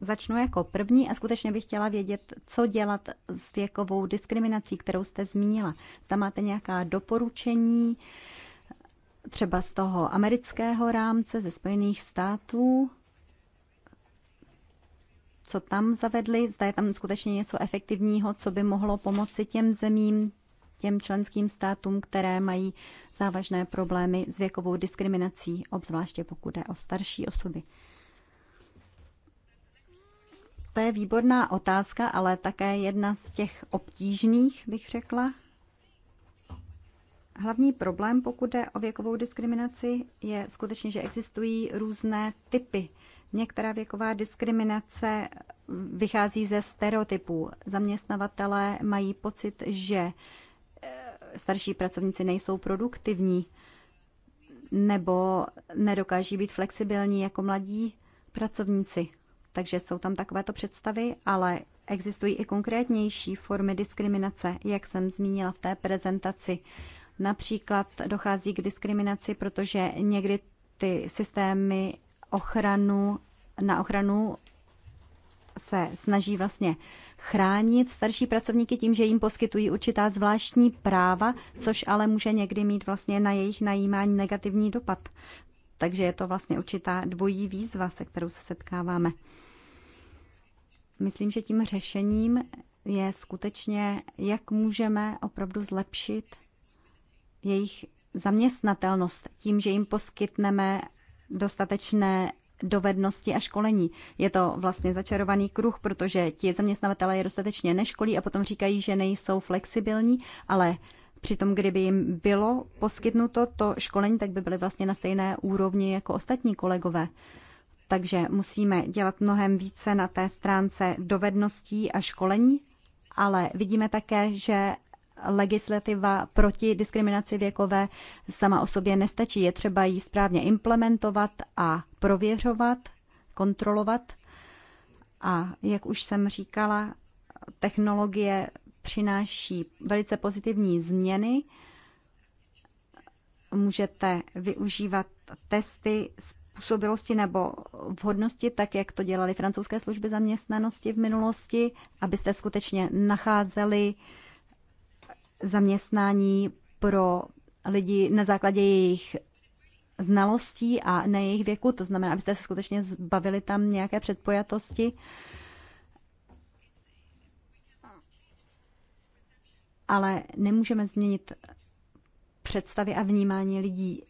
Speaker 1: začnu jako první a skutečně bych chtěla vědět, co dělat s věkovou diskriminací, kterou jste zmínila. Zda máte nějaká doporučení, třeba z toho amerického rámce ze Spojených států, co tam zavedli, zda je tam skutečně něco efektivního, co by mohlo pomoci těm zemím, těm členským státům, které mají závažné problémy s věkovou diskriminací, obzvláště pokud jde o starší osoby. To je výborná otázka, ale také jedna z těch obtížných, bych řekla. Hlavní problém, pokud jde o věkovou diskriminaci, je skutečně, že existují různé typy Některá věková diskriminace vychází ze stereotypů. Zaměstnavatelé mají pocit, že eh, starší pracovníci nejsou produktivní nebo nedokáží být flexibilní jako mladí pracovníci. Takže jsou tam takovéto představy, ale existují i konkrétnější formy diskriminace, jak jsem zmínila v té prezentaci. Například dochází k diskriminaci, protože někdy ty systémy ochranu, na ochranu se snaží vlastně chránit starší pracovníky tím, že jim poskytují určitá zvláštní práva, což ale může někdy mít vlastně na jejich najímání negativní dopad. Takže je to vlastně určitá dvojí výzva, se kterou se setkáváme. Myslím, že tím řešením je skutečně, jak můžeme opravdu zlepšit jejich zaměstnatelnost tím, že jim poskytneme dostatečné dovednosti a školení. Je to vlastně začarovaný kruh, protože ti zaměstnavatele je dostatečně neškolí a potom říkají, že nejsou flexibilní, ale Přitom, kdyby jim bylo poskytnuto to školení, tak by byly vlastně na stejné úrovni jako ostatní kolegové. Takže musíme dělat mnohem více na té stránce dovedností a školení, ale vidíme také, že legislativa proti diskriminaci věkové sama o sobě nestačí. Je třeba ji správně implementovat a prověřovat, kontrolovat. A jak už jsem říkala, technologie přináší velice pozitivní změny. Můžete využívat testy způsobilosti nebo vhodnosti, tak jak to dělali francouzské služby zaměstnanosti v minulosti, abyste skutečně nacházeli uh, zaměstnání pro lidi na základě jejich znalostí a ne jejich věku, to znamená, abyste se skutečně zbavili tam nějaké předpojatosti. Ale nemůžeme změnit představy a vnímání lidí.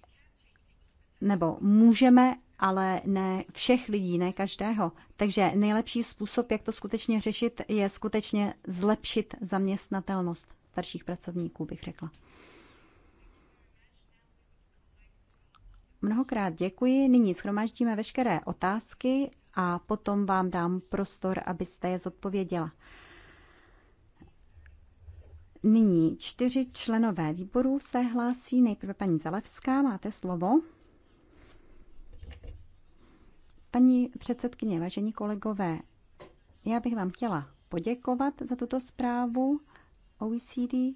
Speaker 1: Nebo můžeme, ale ne všech lidí, ne každého. Takže nejlepší způsob, jak to skutečně řešit, je skutečně zlepšit zaměstnatelnost starších pracovníků, bych řekla. Mnohokrát děkuji. Nyní schromáždíme veškeré otázky a potom vám dám prostor, abyste je zodpověděla. Nyní čtyři členové výboru se hlásí. Nejprve paní Zalevská, máte slovo. Paní předsedkyně, vážení kolegové, já bych vám chtěla poděkovat za tuto zprávu. OECD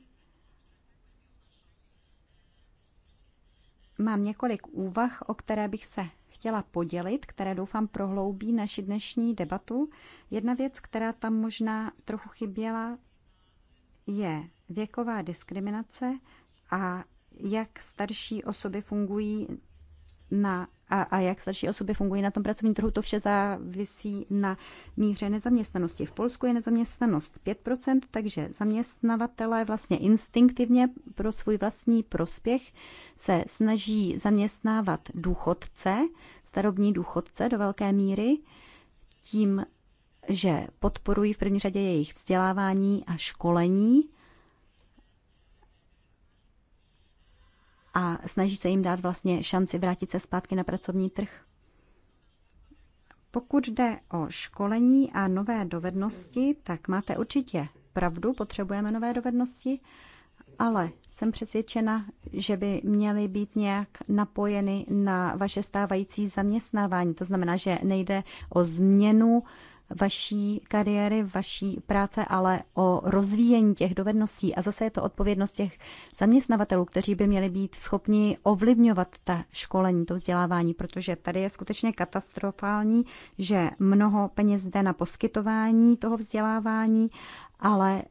Speaker 1: mám několik úvah, o které bych se chtěla podělit, které doufám prohloubí naši dnešní debatu. Jedna věc, která tam možná trochu chyběla, je věková diskriminace a jak starší osoby fungují na a, a jak starší osoby fungují na tom pracovním trhu, to vše závisí na míře nezaměstnanosti. V Polsku je nezaměstnanost 5%, takže zaměstnavatelé vlastně instinktivně pro svůj vlastní prospěch se snaží zaměstnávat důchodce, starobní důchodce do velké míry, tím, že podporují v první řadě jejich vzdělávání a školení, a snaží se jim dát vlastně šanci vrátit se zpátky na pracovní trh. Pokud jde o školení a nové dovednosti, tak máte určitě pravdu, potřebujeme nové dovednosti, ale jsem přesvědčena, že by měly být nějak napojeny na vaše stávající zaměstnávání. To znamená, že nejde o změnu vaší kariéry, vaší práce, ale o rozvíjení těch dovedností. A zase je to odpovědnost těch zaměstnavatelů, kteří by měli být schopni ovlivňovat ta školení, to vzdělávání, protože tady je skutečně katastrofální, že mnoho peněz jde na poskytování toho vzdělávání, ale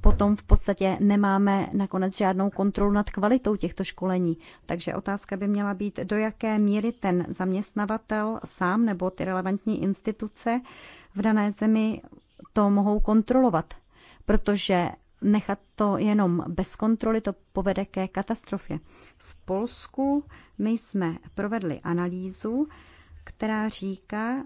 Speaker 1: potom v podstatě nemáme nakonec žádnou kontrolu nad kvalitou těchto školení. Takže otázka by měla být, do jaké míry ten zaměstnavatel sám nebo ty relevantní instituce v dané zemi to mohou kontrolovat. Protože nechat to jenom bez kontroly, to povede ke katastrofě. V Polsku my jsme provedli analýzu, která říká,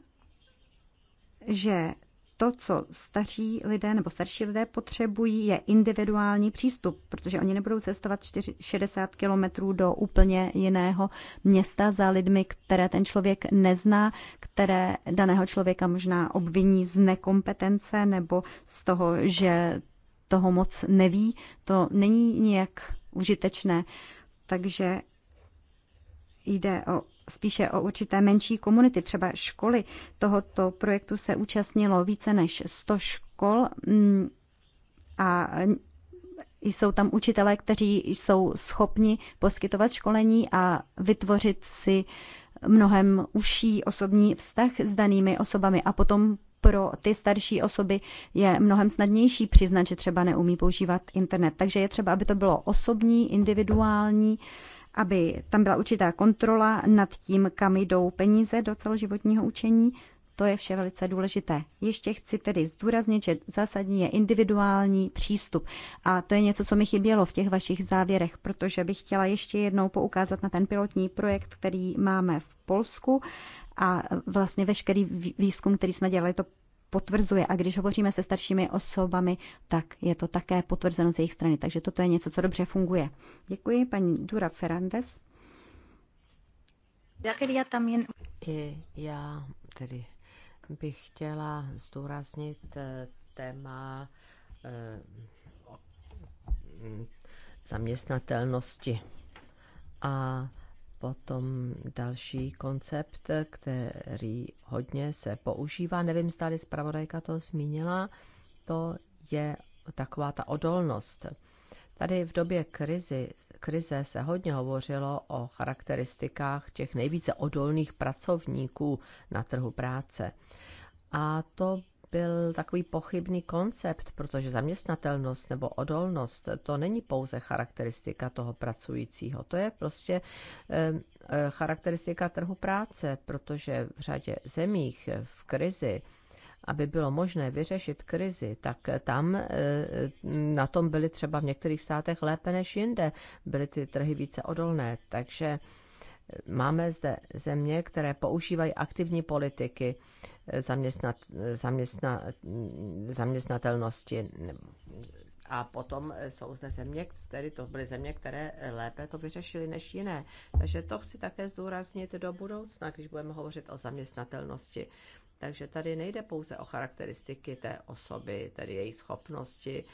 Speaker 1: že to, co staří lidé nebo starší lidé potřebují, je individuální přístup, protože oni nebudou cestovat 60 kilometrů do úplně jiného města za lidmi, které ten člověk nezná, které daného člověka možná obviní z nekompetence nebo z toho, že toho moc neví. To není nijak užitečné. Takže jde o spíše o určité menší komunity, třeba školy. Tohoto projektu se účastnilo více než 100 škol mm, a jsou tam učitelé, kteří jsou schopni poskytovat školení a vytvořit si mnohem užší osobní vztah s danými osobami a potom pro ty starší osoby je mnohem snadnější přiznat, že třeba neumí používat internet. Takže je třeba, aby to bylo osobní, individuální aby tam byla určitá kontrola nad tím, kam jdou peníze do celoživotního učení. To je vše velice důležité. Ještě chci tedy zdůraznit, že zásadní je individuální přístup. A to je něco, co mi chybělo v těch vašich závěrech, protože bych chtěla ještě jednou poukázat na ten pilotní projekt, který máme v Polsku. A vlastně veškerý výzkum, který jsme dělali, to potvrzuje. A když hovoříme se staršími osobami, tak je to také potvrzeno z jejich strany. Takže toto je něco, co dobře funguje. Děkuji, paní Dura Ferrandes.
Speaker 3: I já tedy bych chtěla zdůraznit eh, téma eh, mm, zaměstnatelnosti. A Potom další koncept, který hodně se používá, nevím, zda zpravodajka to zmínila, to je taková ta odolnost. Tady v době krizi, krize se hodně hovořilo o charakteristikách těch nejvíce odolných pracovníků na trhu práce. A to byl takový pochybný koncept, protože zaměstnatelnost nebo odolnost to není pouze charakteristika toho pracujícího, to je prostě eh, eh, charakteristika trhu práce, protože v řadě zemích eh, v krizi aby bylo možné vyřešit krizi, tak tam na tom byly třeba v některých státech lépe než jinde. Byly ty trhy více odolné, takže Máme zde země, které používají aktivní politiky eh, zaměstnat, eh, zaměstna, mm, zaměstnatelnosti. A potom eh, jsou zde země, které to byly země, které lépe to vyřešily než jiné. Takže to chci také zdůraznit do budoucna, když budeme hovořit o zaměstnatelnosti. Takže tady nejde pouze o charakteristiky té osoby, tedy její schopnosti,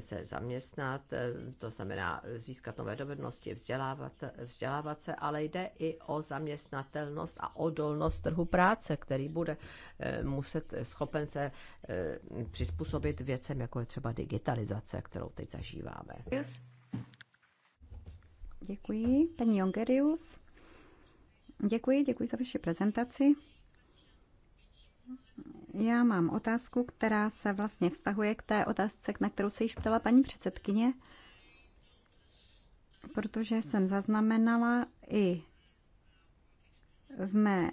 Speaker 3: se zaměstnat, eh, to znamená získat nové dovednosti, vzdělávat, vzdělávat se, ale jde i o zaměstnatelnost a odolnost trhu práce, který bude eh, muset eh, schopen se přizpůsobit věcem, jako je třeba digitalizace, kterou teď zažíváme.
Speaker 1: Děkuji, paní Jongerius. Děkuji, děkuji za vaši prezentaci. Já mám otázku, která se vlastně vztahuje k té otázce, na kterou se již ptala paní předsedkyně, protože jsem zaznamenala i v mé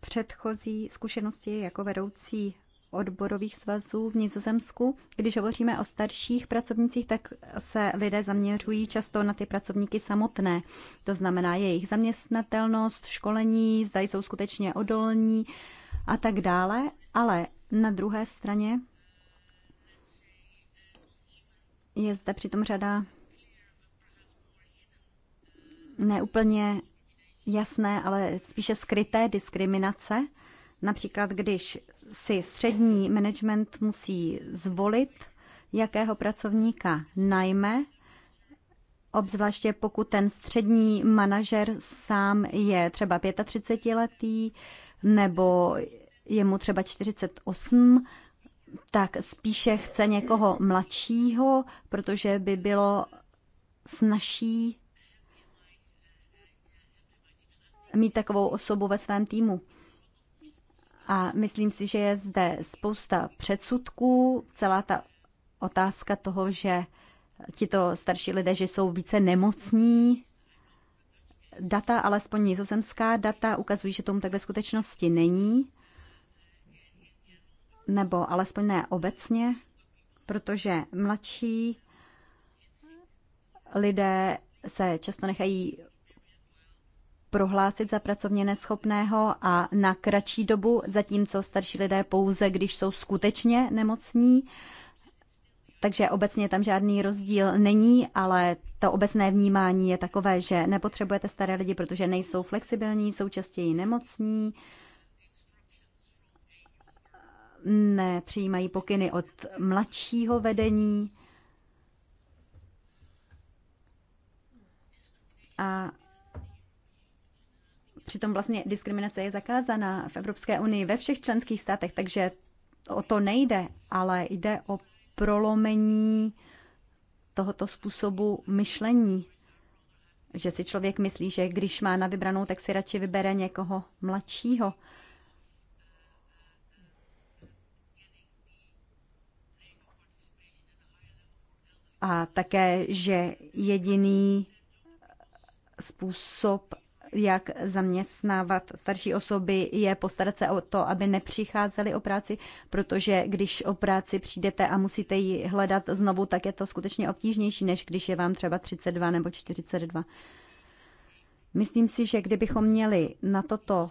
Speaker 1: předchozí zkušenosti jako vedoucí odborových svazů v Nizozemsku. Když hovoříme o starších pracovnicích, tak se lidé zaměřují často na ty pracovníky samotné. To znamená jejich zaměstnatelnost, školení, zda jsou skutečně odolní, a tak dále, ale na druhé straně je zde přitom řada neúplně jasné, ale spíše skryté diskriminace. Například, když si střední management musí zvolit, jakého pracovníka najme, obzvláště pokud ten střední manažer sám je třeba 35-letý, nebo je mu třeba 48, tak spíše chce někoho mladšího, protože by bylo snažší mít takovou osobu ve svém týmu. A myslím si, že je zde spousta předsudků, celá ta otázka toho, že tito starší lidé, že jsou více nemocní, data, alespoň nizozemská data, ukazují, že tomu tak ve skutečnosti není, nebo alespoň ne obecně, protože mladší lidé se často nechají prohlásit za pracovně neschopného a na kratší dobu, zatímco starší lidé pouze, když jsou skutečně nemocní takže obecně tam žádný rozdíl není, ale to obecné vnímání je takové, že nepotřebujete staré lidi, protože nejsou flexibilní, jsou častěji nemocní, nepřijímají pokyny od mladšího vedení a přitom vlastně diskriminace je zakázaná v Evropské unii ve všech členských státech, takže o to nejde, ale jde o prolomení tohoto způsobu myšlení. Že si člověk myslí, že když má na vybranou, tak si radši vybere někoho mladšího. A také, že jediný způsob jak zaměstnávat starší osoby, je postarat se o to, aby nepřicházeli o práci, protože když o práci přijdete a musíte ji hledat znovu, tak je to skutečně obtížnější, než když je vám třeba 32 nebo 42. Myslím si, že kdybychom měli na toto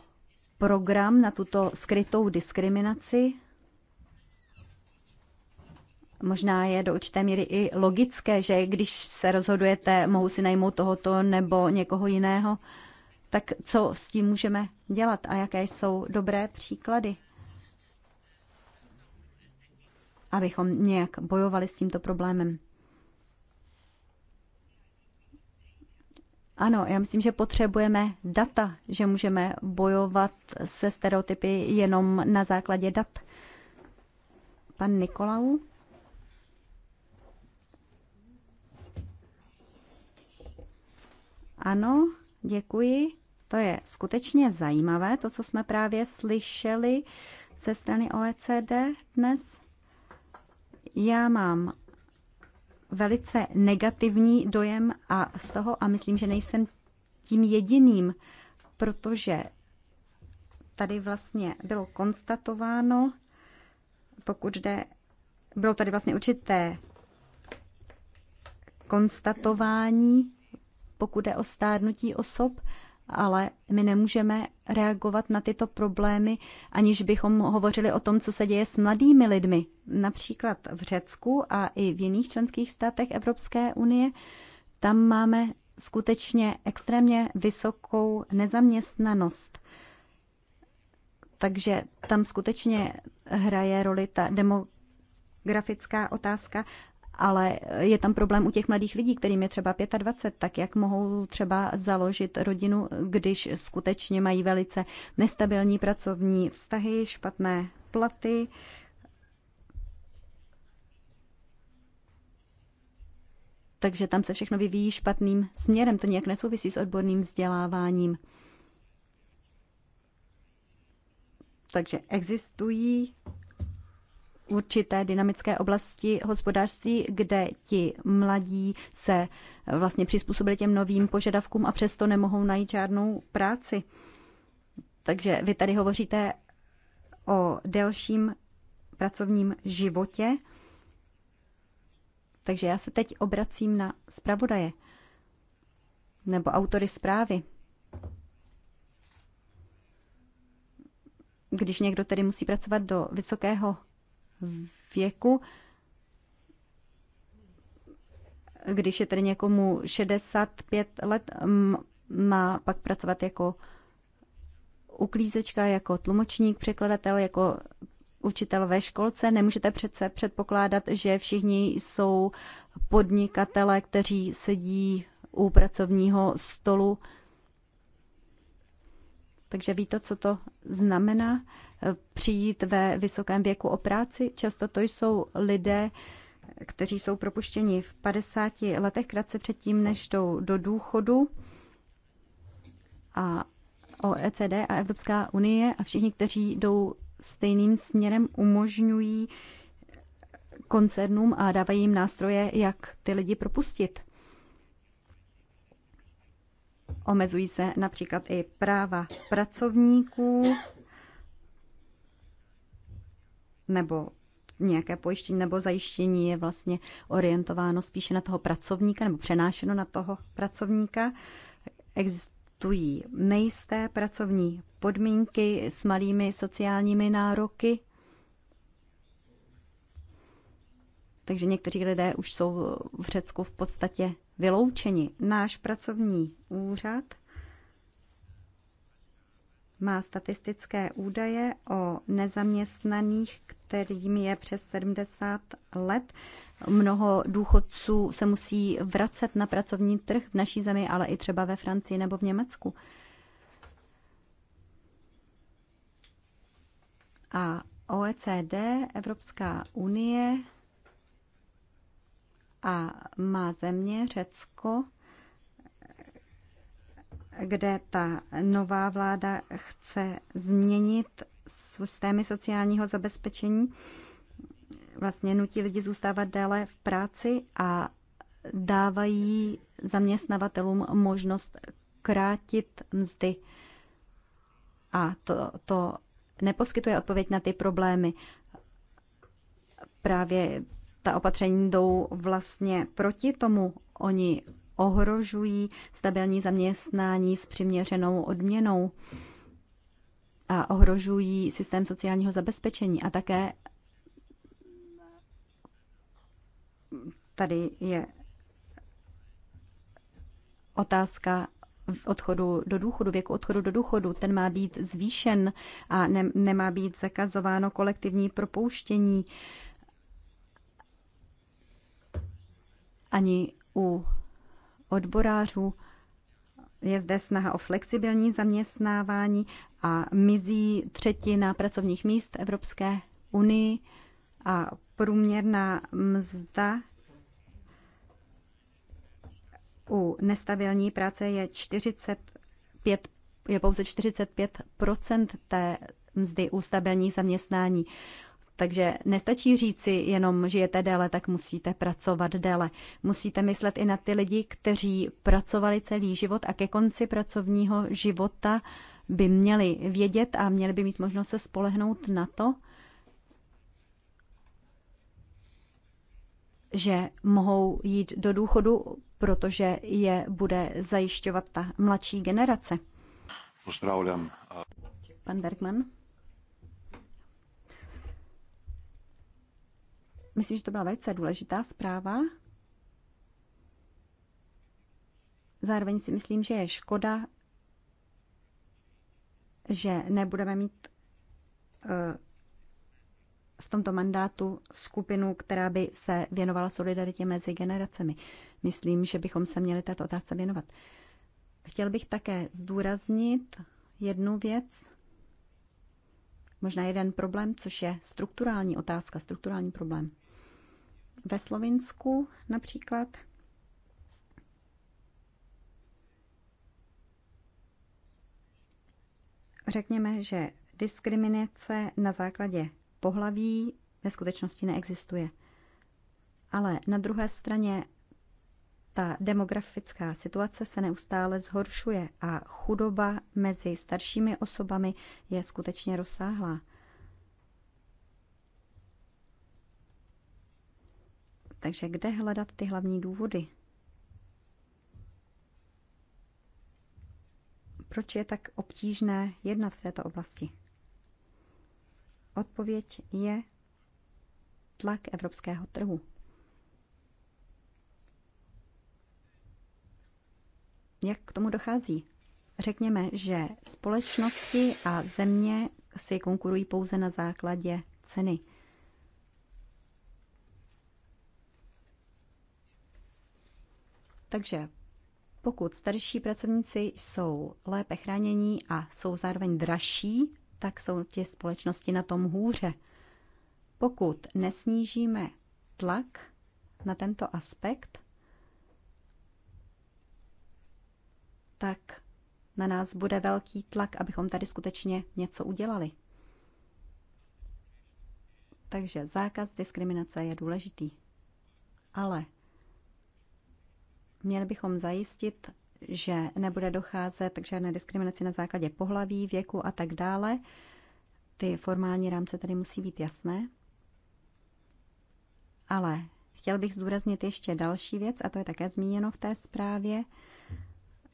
Speaker 1: program, na tuto skrytou diskriminaci, Možná je do určité míry i logické, že když se rozhodujete, mohu si najmout tohoto nebo někoho jiného, tak co s tím můžeme dělat a jaké jsou dobré příklady, abychom nějak bojovali s tímto problémem. Ano, já myslím, že potřebujeme data, že můžeme bojovat se stereotypy jenom na základě dat. Pan Nikolau? Ano, děkuji. To je skutečně zajímavé, to, co jsme právě slyšeli ze strany OECD dnes. Já mám velice negativní dojem a z toho, a myslím, že nejsem tím jediným, protože tady vlastně bylo konstatováno, pokud jde, bylo tady vlastně určité konstatování, pokud jde o stárnutí osob, ale my nemůžeme reagovat na tyto problémy, aniž bychom hovořili o tom, co se děje s mladými lidmi. Například v Řecku a i v jiných členských státech Evropské unie, tam máme skutečně extrémně vysokou nezaměstnanost. Takže tam skutečně hraje roli ta demografická otázka ale je tam problém u těch mladých lidí, kterým je třeba 25, tak jak mohou třeba založit rodinu, když skutečně mají velice nestabilní pracovní vztahy, špatné platy, takže tam se všechno vyvíjí špatným směrem. To nějak nesouvisí s odborným vzděláváním. Takže existují určité dynamické oblasti hospodářství, kde ti mladí se vlastně přizpůsobili těm novým požadavkům a přesto nemohou najít žádnou práci. Takže vy tady hovoříte o delším pracovním životě. Takže já se teď obracím na zpravodaje nebo autory zprávy. Když někdo tedy musí pracovat do vysokého věku. Když je tedy někomu 65 let, má pak pracovat jako uklízečka, jako tlumočník, překladatel, jako učitel ve školce. Nemůžete přece předpokládat, že všichni jsou podnikatele, kteří sedí u pracovního stolu. Takže víte, co to znamená? přijít ve vysokém věku o práci. Často to jsou lidé, kteří jsou propuštěni v 50 letech, krátce předtím, než jdou do důchodu. A OECD a Evropská unie a všichni, kteří jdou stejným směrem, umožňují koncernům a dávají jim nástroje, jak ty lidi propustit. Omezují se například i práva pracovníků, nebo nějaké pojištění nebo zajištění je vlastně orientováno spíše na toho pracovníka nebo přenášeno na toho pracovníka. Existují nejisté pracovní podmínky s malými sociálními nároky. Takže někteří lidé už jsou v Řecku v podstatě vyloučeni. Náš pracovní úřad má statistické údaje o nezaměstnaných, kterým je přes 70 let. Mnoho důchodců se musí vracet na pracovní trh v naší zemi, ale i třeba ve Francii nebo v Německu. A OECD, Evropská unie a má země Řecko, kde ta nová vláda chce změnit systémy sociálního zabezpečení vlastně nutí lidi zůstávat déle v práci a dávají zaměstnavatelům možnost krátit mzdy. A to, to neposkytuje odpověď na ty problémy. Právě ta opatření jdou vlastně proti tomu. Oni ohrožují stabilní zaměstnání s přiměřenou odměnou a ohrožují systém sociálního zabezpečení a také tady je otázka odchodu do důchodu, věku odchodu do důchodu, ten má být zvýšen a ne, nemá být zakazováno kolektivní propouštění ani u odborářů je zde snaha o flexibilní zaměstnávání a mizí třetina pracovních míst Evropské unii a průměrná mzda u nestabilní práce je 45, je pouze 45 té mzdy u stabilní zaměstnání. Takže nestačí říci jenom, žijete déle, tak musíte pracovat déle. Musíte myslet i na ty lidi, kteří pracovali celý život a ke konci pracovního života by měli vědět a měli by mít možnost se spolehnout na to, že mohou jít do důchodu, protože je bude zajišťovat ta mladší generace.
Speaker 2: Pozdravljam.
Speaker 1: Pan Bergman. Myslím, že to byla velice důležitá zpráva. Zároveň si myslím, že je škoda, že nebudeme mít eh, v tomto mandátu skupinu, která by se věnovala solidaritě mezi generacemi. Myslím, že bychom se měli této otázce věnovat. Chtěl bych také zdůraznit jednu věc, možná jeden problém, což je strukturální otázka, strukturální problém ve Slovinsku například. Řekněme, že diskriminace na základě pohlaví ve skutečnosti neexistuje. Ale na druhé straně ta demografická situace se neustále zhoršuje a chudoba mezi staršími osobami je skutečně rozsáhlá. Takže kde hledat ty hlavní důvody? Proč je tak obtížné jednat v této oblasti? Odpověď je tlak evropského trhu. Jak k tomu dochází? Řekněme, že společnosti a země si konkurují pouze na základě ceny – Takže pokud starší pracovníci jsou lépe chránění a jsou zároveň dražší, tak jsou ti společnosti na tom hůře. Pokud nesnížíme tlak na tento aspekt, tak na nás bude velký tlak, abychom tady skutečně něco udělali. Takže zákaz diskriminace je důležitý. Ale Měli bychom zajistit, že nebude docházet k žádné diskriminaci na základě pohlaví, věku a tak dále. Ty formální rámce tady musí být jasné. Ale chtěl bych zdůraznit ještě další věc, a to je také zmíněno v té zprávě,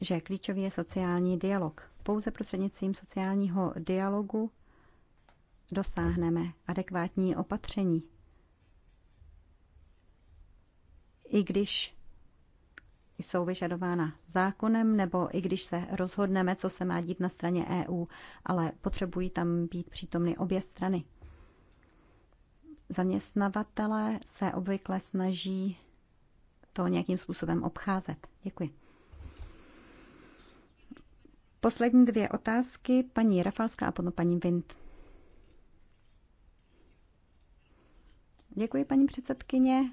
Speaker 1: že klíčový je sociální dialog. Pouze prostřednictvím sociálního dialogu dosáhneme adekvátní opatření. I když jsou vyžadována zákonem, nebo i když se rozhodneme, co se má dít na straně EU, ale potřebují tam být přítomny obě strany. Zaměstnavatele se obvykle snaží to nějakým způsobem obcházet. Děkuji. Poslední dvě otázky, paní Rafalská a potom paní Vint. Děkuji, paní předsedkyně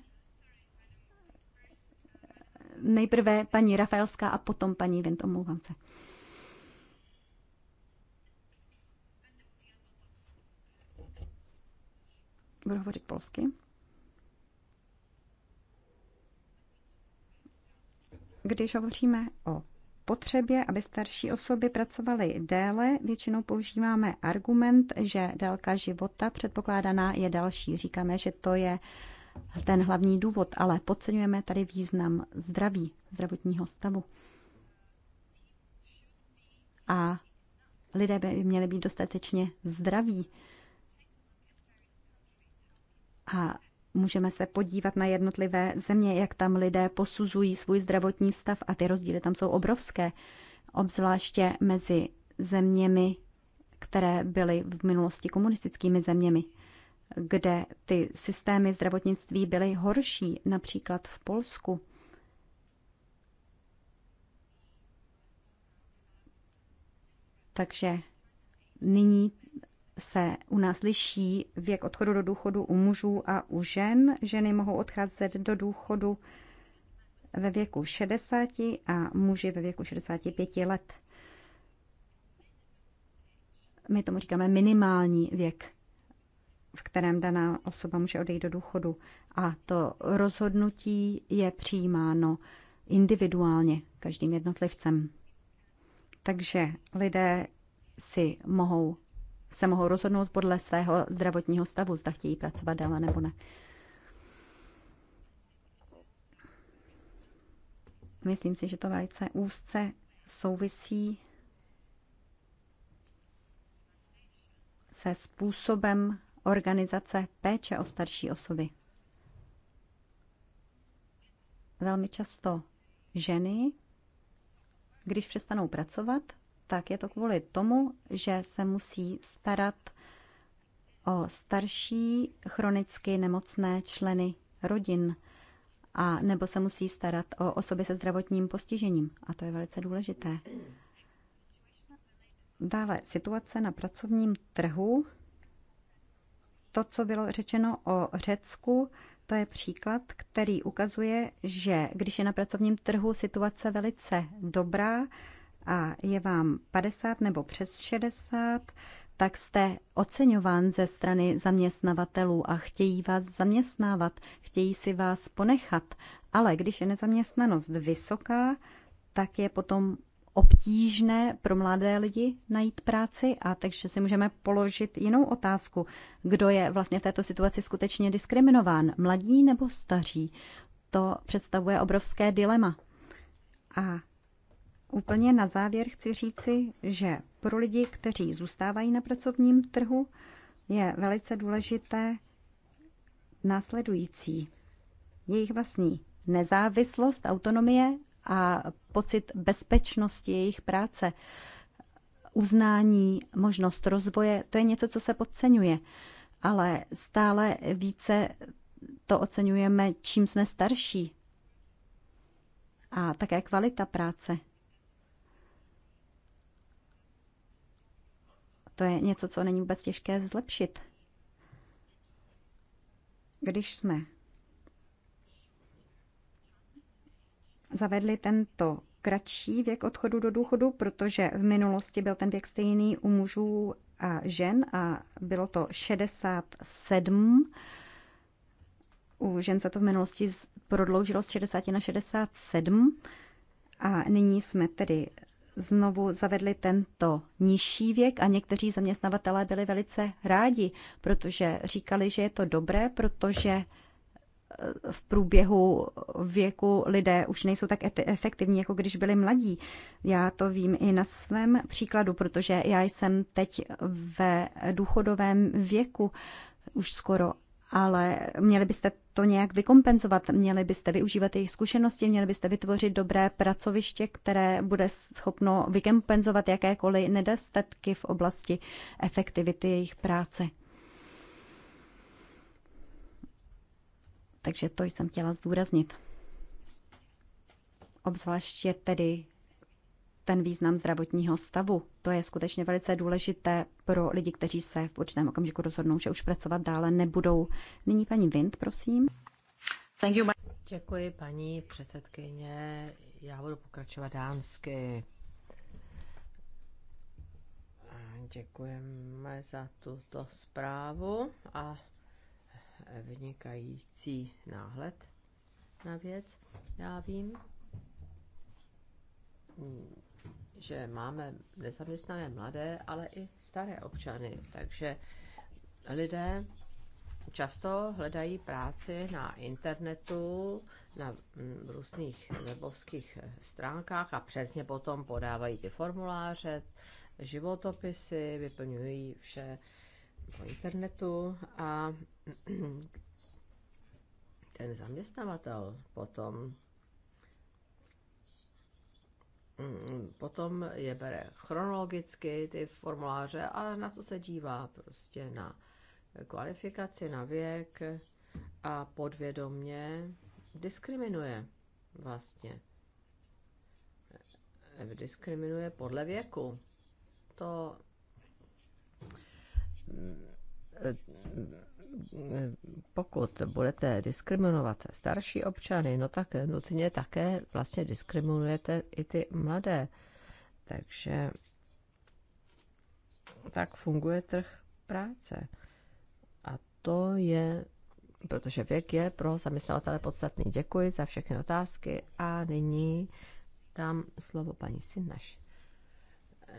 Speaker 1: nejprve paní Rafaelská a potom paní Vint, omlouvám se. Budu hovořit polsky. Když hovoříme o potřebě, aby starší osoby pracovaly déle, většinou používáme argument, že délka života předpokládaná je další. Říkáme, že to je uh, ten hlavní důvod, ale podceňujeme tady význam zdraví, zdravotního stavu. A lidé by měli být dostatečně zdraví. A můžeme se podívat na jednotlivé země, jak tam lidé posuzují svůj zdravotní stav a ty rozdíly tam jsou obrovské, obzvláště mezi zeměmi, které byly v minulosti komunistickými zeměmi kde ty systémy zdravotnictví byly horší, například v Polsku. Takže nyní se u nás liší věk odchodu do důchodu u mužů a u žen. Ženy mohou odcházet do důchodu ve věku 60 a muži ve věku 65 let. My tomu říkáme minimální věk v kterém daná osoba může odejít do důchodu. A to rozhodnutí je přijímáno individuálně každým jednotlivcem. Takže lidé si mohou, se mohou rozhodnout podle svého zdravotního stavu, zda chtějí pracovat dále nebo ne. Myslím si, že to velice úzce souvisí se způsobem organizace péče o starší osoby. Velmi často ženy, když přestanou pracovat, tak je to kvůli tomu, že se musí starat o starší chronicky nemocné členy rodin a nebo se musí starat o osoby se zdravotním postižením. A to je velice důležité. Dále situace na pracovním trhu to, co bylo řečeno o Řecku, to je příklad, který ukazuje, že když je na pracovním trhu situace velice dobrá a je vám 50 nebo přes 60, tak jste oceňován ze strany zaměstnavatelů a chtějí vás zaměstnávat, chtějí si vás ponechat. Ale když je nezaměstnanost vysoká, tak je potom obtížné pro mladé lidi najít práci a takže si můžeme položit jinou otázku. Kdo je vlastně v této situaci skutečně diskriminován? Mladí nebo staří? To představuje obrovské dilema. A úplně na závěr chci říci, že pro lidi, kteří zůstávají na pracovním trhu, je velice důležité následující. Jejich vlastní nezávislost, autonomie a pocit bezpečnosti jejich práce, uznání, možnost rozvoje, to je něco, co se podceňuje. Ale stále více to oceňujeme, čím jsme starší. A také kvalita práce. To je něco, co není vůbec těžké zlepšit. Když jsme zavedli tento kratší věk odchodu do důchodu, protože v minulosti byl ten věk stejný u mužů a žen a bylo to 67. U žen se to v minulosti prodloužilo z 60 na 67 a nyní jsme tedy znovu zavedli tento nižší věk a někteří zaměstnavatelé byli velice rádi, protože říkali, že je to dobré, protože v průběhu věku lidé už nejsou tak efektivní, jako když byli mladí. Já to vím i na svém příkladu, protože já jsem teď ve důchodovém věku už skoro, ale měli byste to nějak vykompenzovat, měli byste využívat jejich zkušenosti, měli byste vytvořit dobré pracoviště, které bude schopno vykompenzovat jakékoliv nedostatky v oblasti efektivity jejich práce. Takže to jsem chtěla zdůraznit. Obzvláště tedy ten význam zdravotního stavu. To je skutečně velice důležité pro lidi, kteří se v určitém okamžiku rozhodnou, že už pracovat dále nebudou. Nyní paní Vint, prosím.
Speaker 3: Thank you. Děkuji, paní předsedkyně. Já budu pokračovat dánsky. Děkujeme za tuto zprávu a vynikající náhled na věc. Já vím, že máme nezaměstnané mladé, ale i staré občany, takže lidé často hledají práci na internetu, na mm, různých webovských stránkách a přesně potom podávají ty formuláře, životopisy, vyplňují vše po internetu a [CLEARS THROAT] ten zaměstnavatel potom mm, potom je bere chronologicky ty formuláře a na co se dívá, prostě na kvalifikaci, na věk a podvědomně diskriminuje vlastně. Diskriminuje podle věku. To pokud budete diskriminovat starší občany, no tak nutně také vlastně diskriminujete i ty mladé. Takže tak funguje trh práce. A to je, protože věk je pro zaměstnavatele podstatný. Děkuji za všechny otázky a nyní dám slovo paní Sinnaš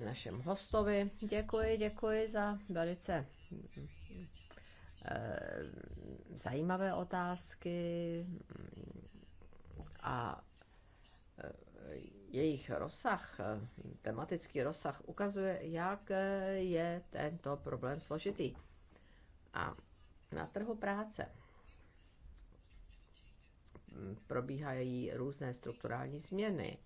Speaker 3: našem hostovi. Děkuji, děkuji za velice eh, zajímavé otázky a eh, jejich rozsah, eh, tematický rozsah ukazuje, jak je tento problém složitý. A na trhu práce probíhají různé strukturální změny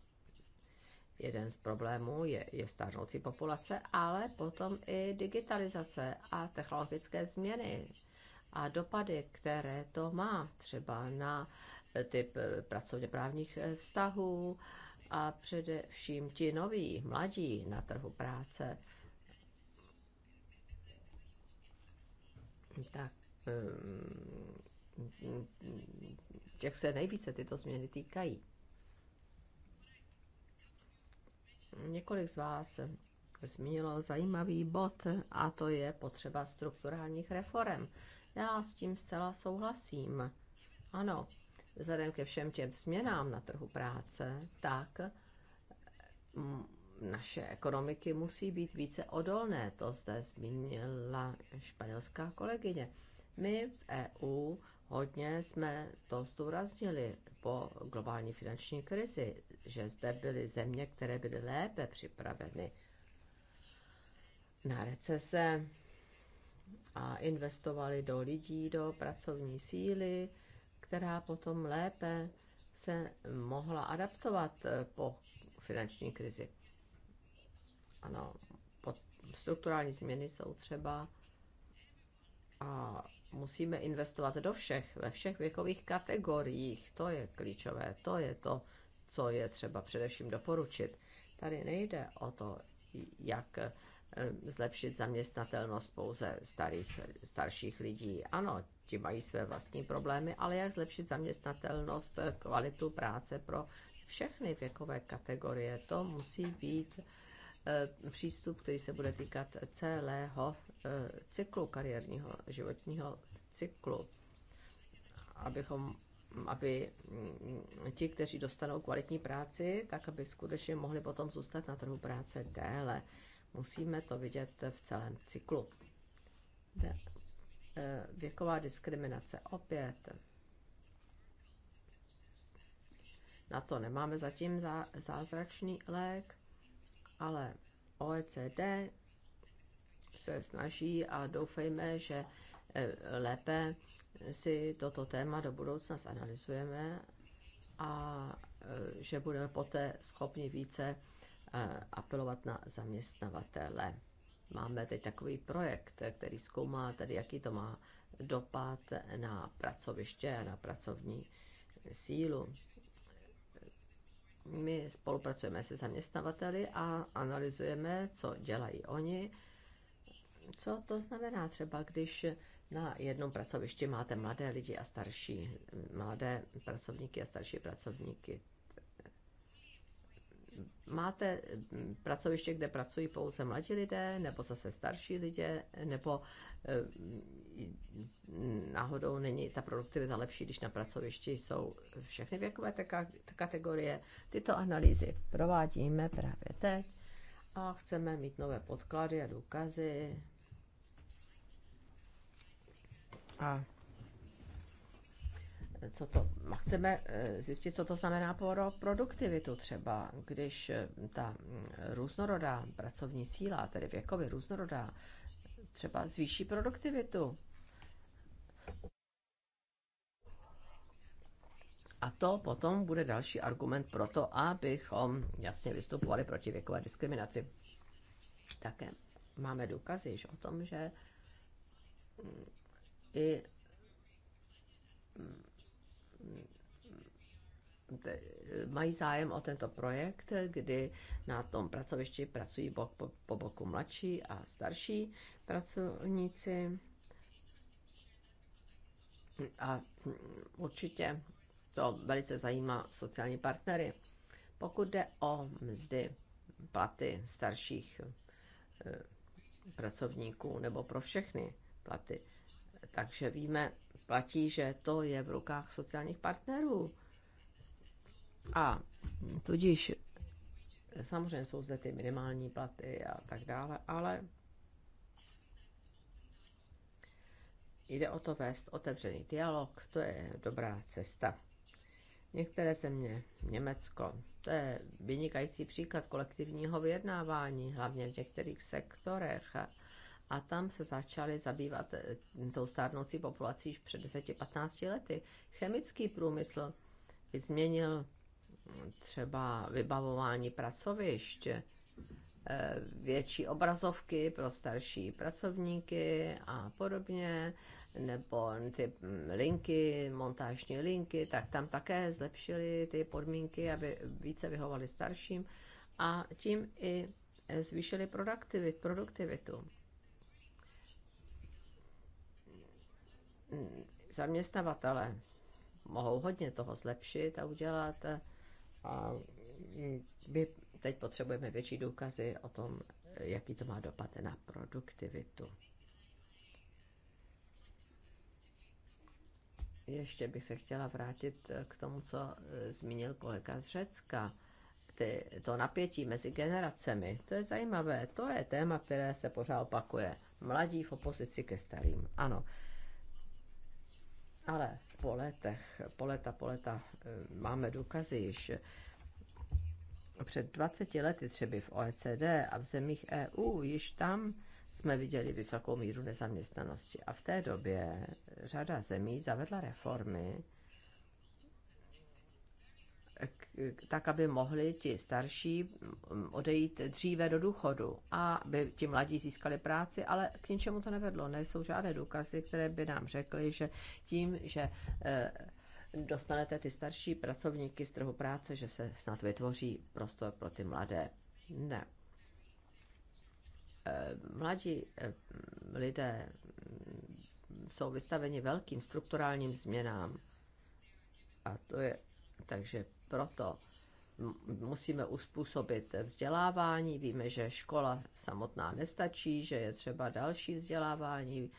Speaker 3: Jeden z problémů je, je stárnoucí populace, ale potom i digitalizace a technologické změny a dopady, které to má třeba na eh, typ eh, pracovně právních eh, vztahů a především ti noví, mladí na trhu práce. Tak ehm, těch se nejvíce tyto změny týkají. Několik z vás zmínilo zajímavý bod a to je potřeba strukturálních reform. Já s tím zcela souhlasím. Ano, vzhledem ke všem těm směnám na trhu práce, tak mm, naše ekonomiky musí být více odolné, to zde zmínila španělská kolegyně. My v EU Hodně jsme to zdůraznili po globální finanční krizi, že zde byly země, které byly lépe připraveny na recese a investovali do lidí, do pracovní síly, která potom lépe se mohla adaptovat eh, po finanční krizi. Ano, strukturální změny jsou třeba a musíme investovat do všech, ve všech věkových kategoriích. To je klíčové, to je to, co je třeba především doporučit. Tady nejde o to, jak eh, zlepšit zaměstnatelnost pouze starých, starších lidí. Ano, ti mají své vlastní problémy, ale jak zlepšit zaměstnatelnost, eh, kvalitu práce pro všechny věkové kategorie, to musí být Eh, přístup, který se bude týkat celého eh, cyklu kariérního životního cyklu, abychom aby mm, ti, kteří dostanou kvalitní práci, tak aby skutečně mohli potom zůstat na trhu práce déle. Musíme to vidět v celém cyklu. Eh, věková diskriminace opět. Na to nemáme zatím zázračný lék, ale OECD se snaží a doufejme, že eh, lépe si toto téma do budoucna zanalizujeme a eh, že budeme poté schopni více eh, apelovat na zaměstnavatele. Máme teď takový projekt, který zkoumá tady, jaký to má dopad na pracoviště a na pracovní sílu my spolupracujeme se zaměstnavateli a analyzujeme, co dělají oni. Co to znamená třeba, když na jednom pracovišti máte mladé lidi a starší, mladé pracovníky a starší pracovníky. Máte pracoviště, kde pracují pouze mladí lidé, nebo zase starší lidé, nebo Eh, náhodou není ta produktivita lepší, když na pracovišti jsou všechny věkové te kategorie. Tyto analýzy provádíme právě teď a chceme mít nové podklady a důkazy. A co to, a chceme eh, zjistit, co to znamená pro produktivitu třeba, když eh, ta hm, různorodá pracovní síla, tedy věkově různorodá třeba zvýší produktivitu. A to potom bude další argument pro to, abychom jasně vystupovali proti věkové diskriminaci. Také máme důkazy již o tom, že i mají zájem o tento projekt, kdy na tom pracovišti pracují bok po, po boku mladší a starší pracovníci. A určitě to velice zajímá sociální partnery. Pokud jde o mzdy, platy starších eh, pracovníků nebo pro všechny platy, takže víme, platí, že to je v rukách sociálních partnerů a tudíž samozřejmě jsou zde ty minimální platy a tak dále, ale jde o to vést otevřený dialog, to je dobrá cesta. Některé země, Německo, to je vynikající příklad kolektivního vyjednávání, hlavně v některých sektorech. A tam se začaly zabývat eh, tou stárnoucí populací již před 10-15 lety. Chemický průmysl změnil třeba vybavování pracovišť, eh, větší obrazovky pro starší pracovníky a podobně, nebo ty mm, linky, montážní linky, tak tam také zlepšili ty podmínky, aby více vyhovali starším a tím i zvýšili produktivitu. Zaměstnavatele mohou hodně toho zlepšit a udělat eh, a mm, my teď potřebujeme větší důkazy o tom, jaký to má dopad na produktivitu. Ještě bych se chtěla vrátit eh, k tomu, co eh, zmínil kolega z Řecka. Ty, to napětí mezi generacemi, to je zajímavé. To je téma, které se pořád opakuje. Mladí v opozici ke starým. Ano, ale po letech, po leta, po leta eh, máme důkazy že Před 20 lety třeba v OECD a v zemích EU již tam jsme viděli vysokou míru nezaměstnanosti. A v té době řada zemí zavedla reformy, tak aby mohli ti starší mm, odejít dříve do důchodu a by ti mladí získali práci, ale k ničemu to nevedlo. Nejsou žádné důkazy, které by nám řekly, že tím, že eh, dostanete ty starší pracovníky z trhu práce, že se snad vytvoří prostor pro ty mladé. Ne. Eh, mladí eh, lidé mm, jsou vystaveni velkým strukturálním změnám. A to je, takže proto musíme uspůsobit vzdělávání. Víme, že škola samotná nestačí, že je třeba další vzdělávání,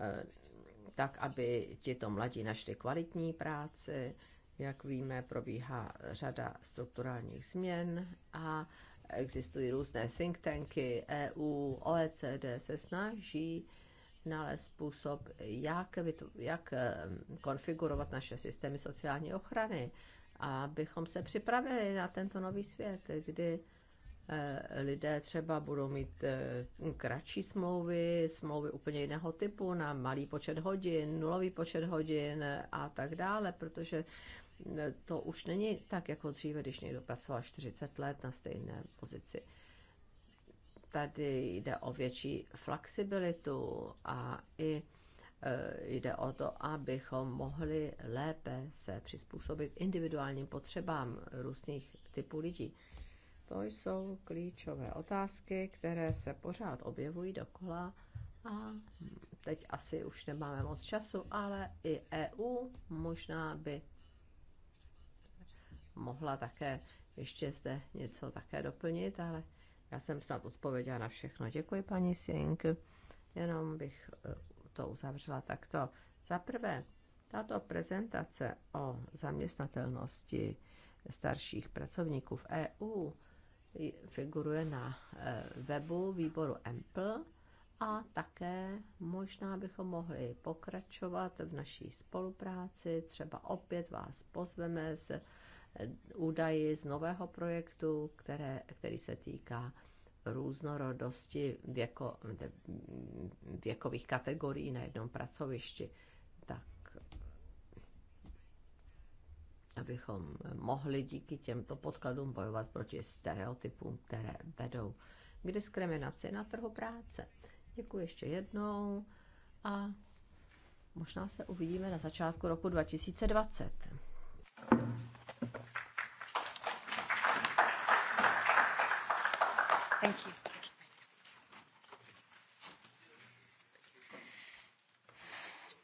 Speaker 3: e, tak aby tito mladí našli kvalitní práci. Jak víme, probíhá řada strukturálních změn a existují různé think tanky, EU, OECD se snaží nalézt způsob, jak, jak eh, konfigurovat naše systémy sociální ochrany, abychom se připravili na tento nový svět, kdy eh, lidé třeba budou mít eh, kratší smlouvy, smlouvy úplně jiného typu na malý počet hodin, nulový počet hodin a tak dále, protože to už není tak jako dříve, když někdo pracoval 40 let na stejné pozici tady jde o větší flexibilitu a i e, jde o to, abychom mohli lépe se přizpůsobit individuálním potřebám různých typů lidí. To jsou klíčové otázky, které se pořád objevují dokola a teď asi už nemáme moc času, ale i EU možná by mohla také ještě zde něco také doplnit, ale já jsem snad odpověděla na všechno. Děkuji, paní Sink. Jenom bych eh, to uzavřela takto. Za prvé, tato prezentace o zaměstnatelnosti starších pracovníků v EU figuruje na eh, webu výboru EMPL a také možná bychom mohli pokračovat v naší spolupráci. Třeba opět vás pozveme s údaji z nového projektu, které, který se týká různorodosti věko, věkových kategorií na jednom pracovišti, tak abychom mohli díky těmto podkladům bojovat proti stereotypům, které vedou k diskriminaci na trhu práce. Děkuji ještě jednou a možná se uvidíme na začátku roku 2020.
Speaker 1: Thank you.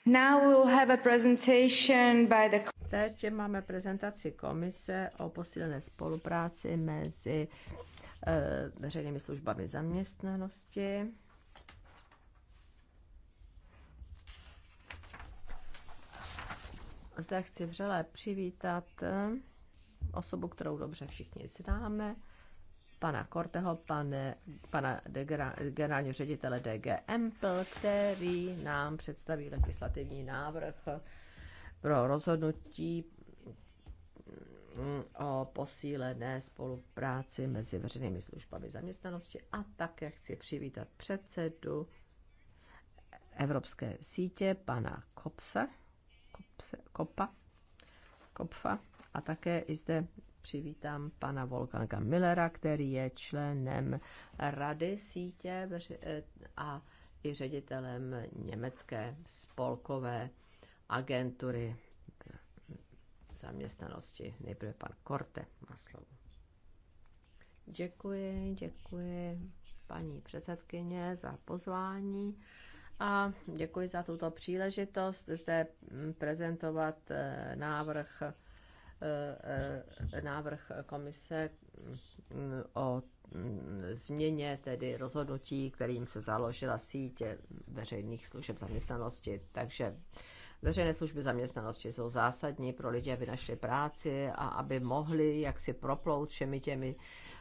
Speaker 2: Now we'll have a presentation by the... Teď máme
Speaker 3: prezentaci komise o posílené spolupráci mezi eh, veřejnými službami zaměstnanosti. Zde chci vřele přivítat eh, osobu, kterou dobře všichni známe, pana Korteho, pane, pana degra, generálního ředitele DG Empl, který nám představí legislativní návrh pro rozhodnutí mm, o posílené spolupráci mezi veřejnými službami zaměstnanosti a také chci přivítat předsedu Evropské sítě, pana Kopse, Kopse Kopa, Kopfa a také i zde přivítám pana Volkanka Millera, který je členem rady sítě eh, a i ředitelem německé spolkové agentury zaměstnanosti. Nejprve pan Korte má slovo. Děkuji, děkuji paní předsedkyně za pozvání a děkuji za tuto příležitost zde prezentovat eh, návrh Eh, eh, návrh komise mm, o mm, změně tedy rozhodnutí, kterým se založila síť veřejných služeb zaměstnanosti. Takže Veřejné služby zaměstnanosti jsou zásadní pro lidi, aby našli práci a aby mohli jaksi proplout všemi těmi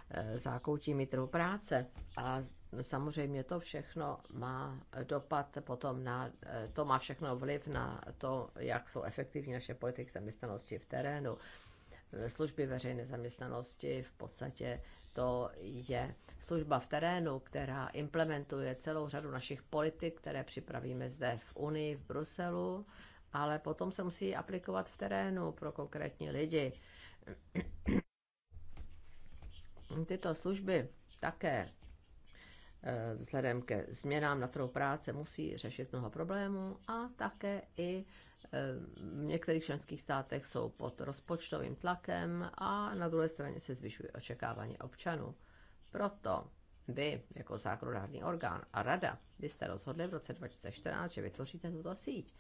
Speaker 3: E, zákoutími trhu práce. A samozřejmě to všechno má dopad potom na, e, to má všechno vliv na to, jak jsou efektivní naše politiky zaměstnanosti v terénu. E, služby veřejné zaměstnanosti v podstatě to je služba v terénu, která implementuje celou řadu našich politik, které připravíme zde v Unii, v Bruselu, ale potom se musí aplikovat v terénu pro konkrétní lidi tyto služby také eh, vzhledem ke změnám na trhu práce musí řešit mnoho problémů a také i eh, v některých členských státech jsou pod rozpočtovým tlakem a na druhé straně se zvyšuje očekávání občanů. Proto vy, jako zákonodárný orgán a rada, byste rozhodli v roce 2014, že vytvoříte tuto síť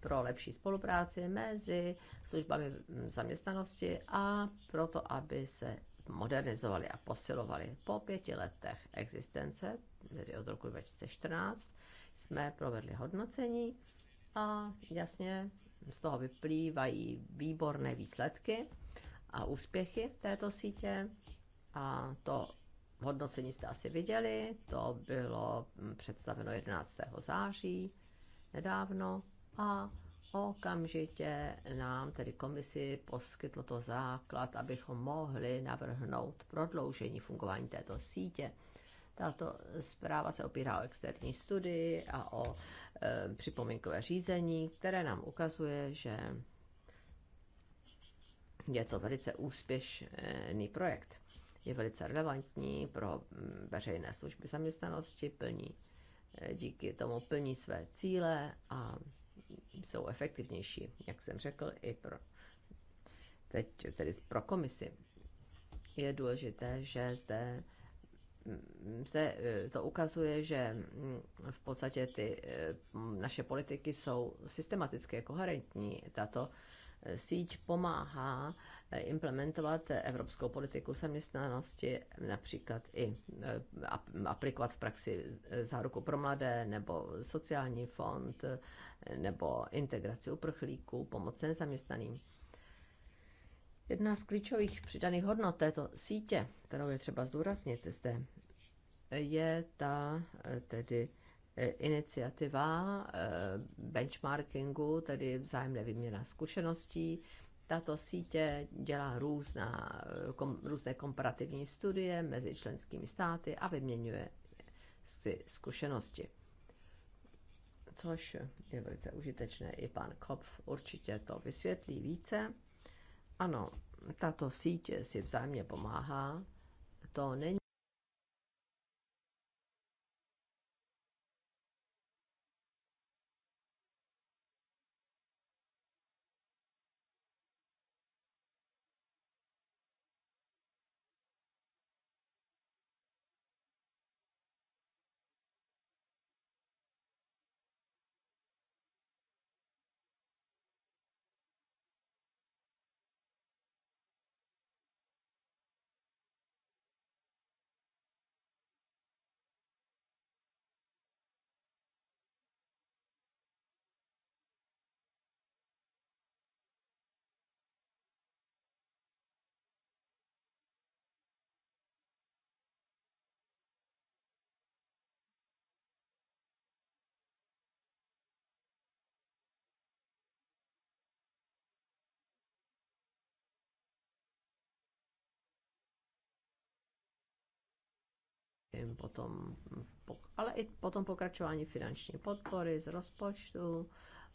Speaker 3: pro lepší spolupráci mezi službami zaměstnanosti a proto, aby se modernizovali a posilovali. Po pěti letech existence, tedy od roku 2014, jsme provedli hodnocení a jasně z toho vyplývají výborné výsledky a úspěchy této sítě. A to hodnocení jste asi viděli, to bylo představeno 11. září nedávno a okamžitě nám, tedy komisi, poskytlo to základ, abychom mohli navrhnout prodloužení fungování této sítě. Tato zpráva se opírá o externí studii a o e, připomínkové řízení, které nám ukazuje, že je to velice úspěšný projekt. Je velice relevantní pro mm, veřejné služby zaměstnanosti, plní e, díky tomu plní své cíle a jsou efektivnější, jak jsem řekl, i pro, teď tedy pro komisi. Je důležité, že zde se mm, eh, to ukazuje, že mm, v podstatě ty eh, naše politiky jsou systematické, koherentní. Tato eh, síť pomáhá implementovat evropskou politiku zaměstnanosti, například i eh, aplikovat v praxi záruku pro mladé, nebo sociální fond, nebo integraci uprchlíků, pomoc nezaměstnaným. Jedna z klíčových přidaných hodnot této sítě, kterou je třeba zdůraznit zde, je ta eh, tedy eh, iniciativa benchmarkingu, tedy vzájemné výměna zkušeností, tato sítě dělá různá, kom, různé komparativní studie mezi členskými státy a vyměňuje si zkušenosti. Což je velice užitečné. I pan Kopf určitě to vysvětlí více. Ano, tato sítě si vzájemně pomáhá. To není nevím, potom, ale i potom pokračování finanční podpory z rozpočtu,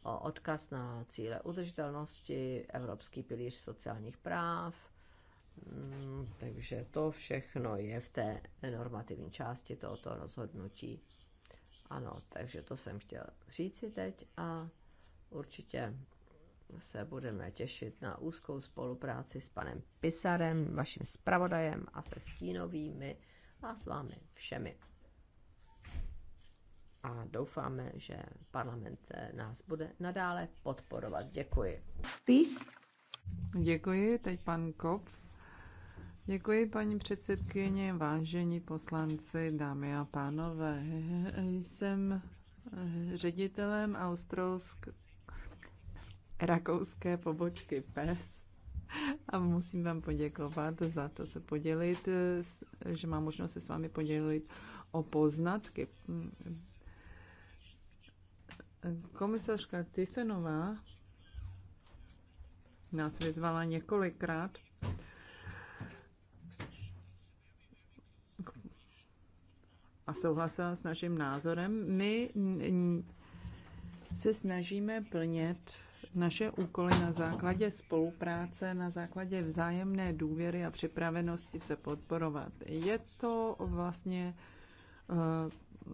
Speaker 3: odkaz na cíle udržitelnosti, Evropský pilíř sociálních práv. Mm, takže to všechno je v té normativní části tohoto rozhodnutí. Ano, takže to jsem chtěl říci teď a určitě se budeme těšit na úzkou spolupráci s panem Pisarem, vaším zpravodajem a se stínovými a s vámi všemi. A doufáme, že parlament eh, nás bude nadále podporovat. Děkuji.
Speaker 4: Peace. Děkuji, teď pan Kop. Děkuji, paní předsedkyně, vážení poslanci, dámy a pánové. Jsem eh, ředitelem australsk rakouské pobočky PES [LAUGHS] A musím vám poděkovat za to se podělit, eh, že mám možnost se s vámi podělit o poznatky. Komisařka Tysenová nás vyzvala několikrát a souhlasila s naším názorem. My se snažíme plnit naše úkoly na základě spolupráce, na základě vzájemné důvěry a připravenosti se podporovat. Je to vlastně eh,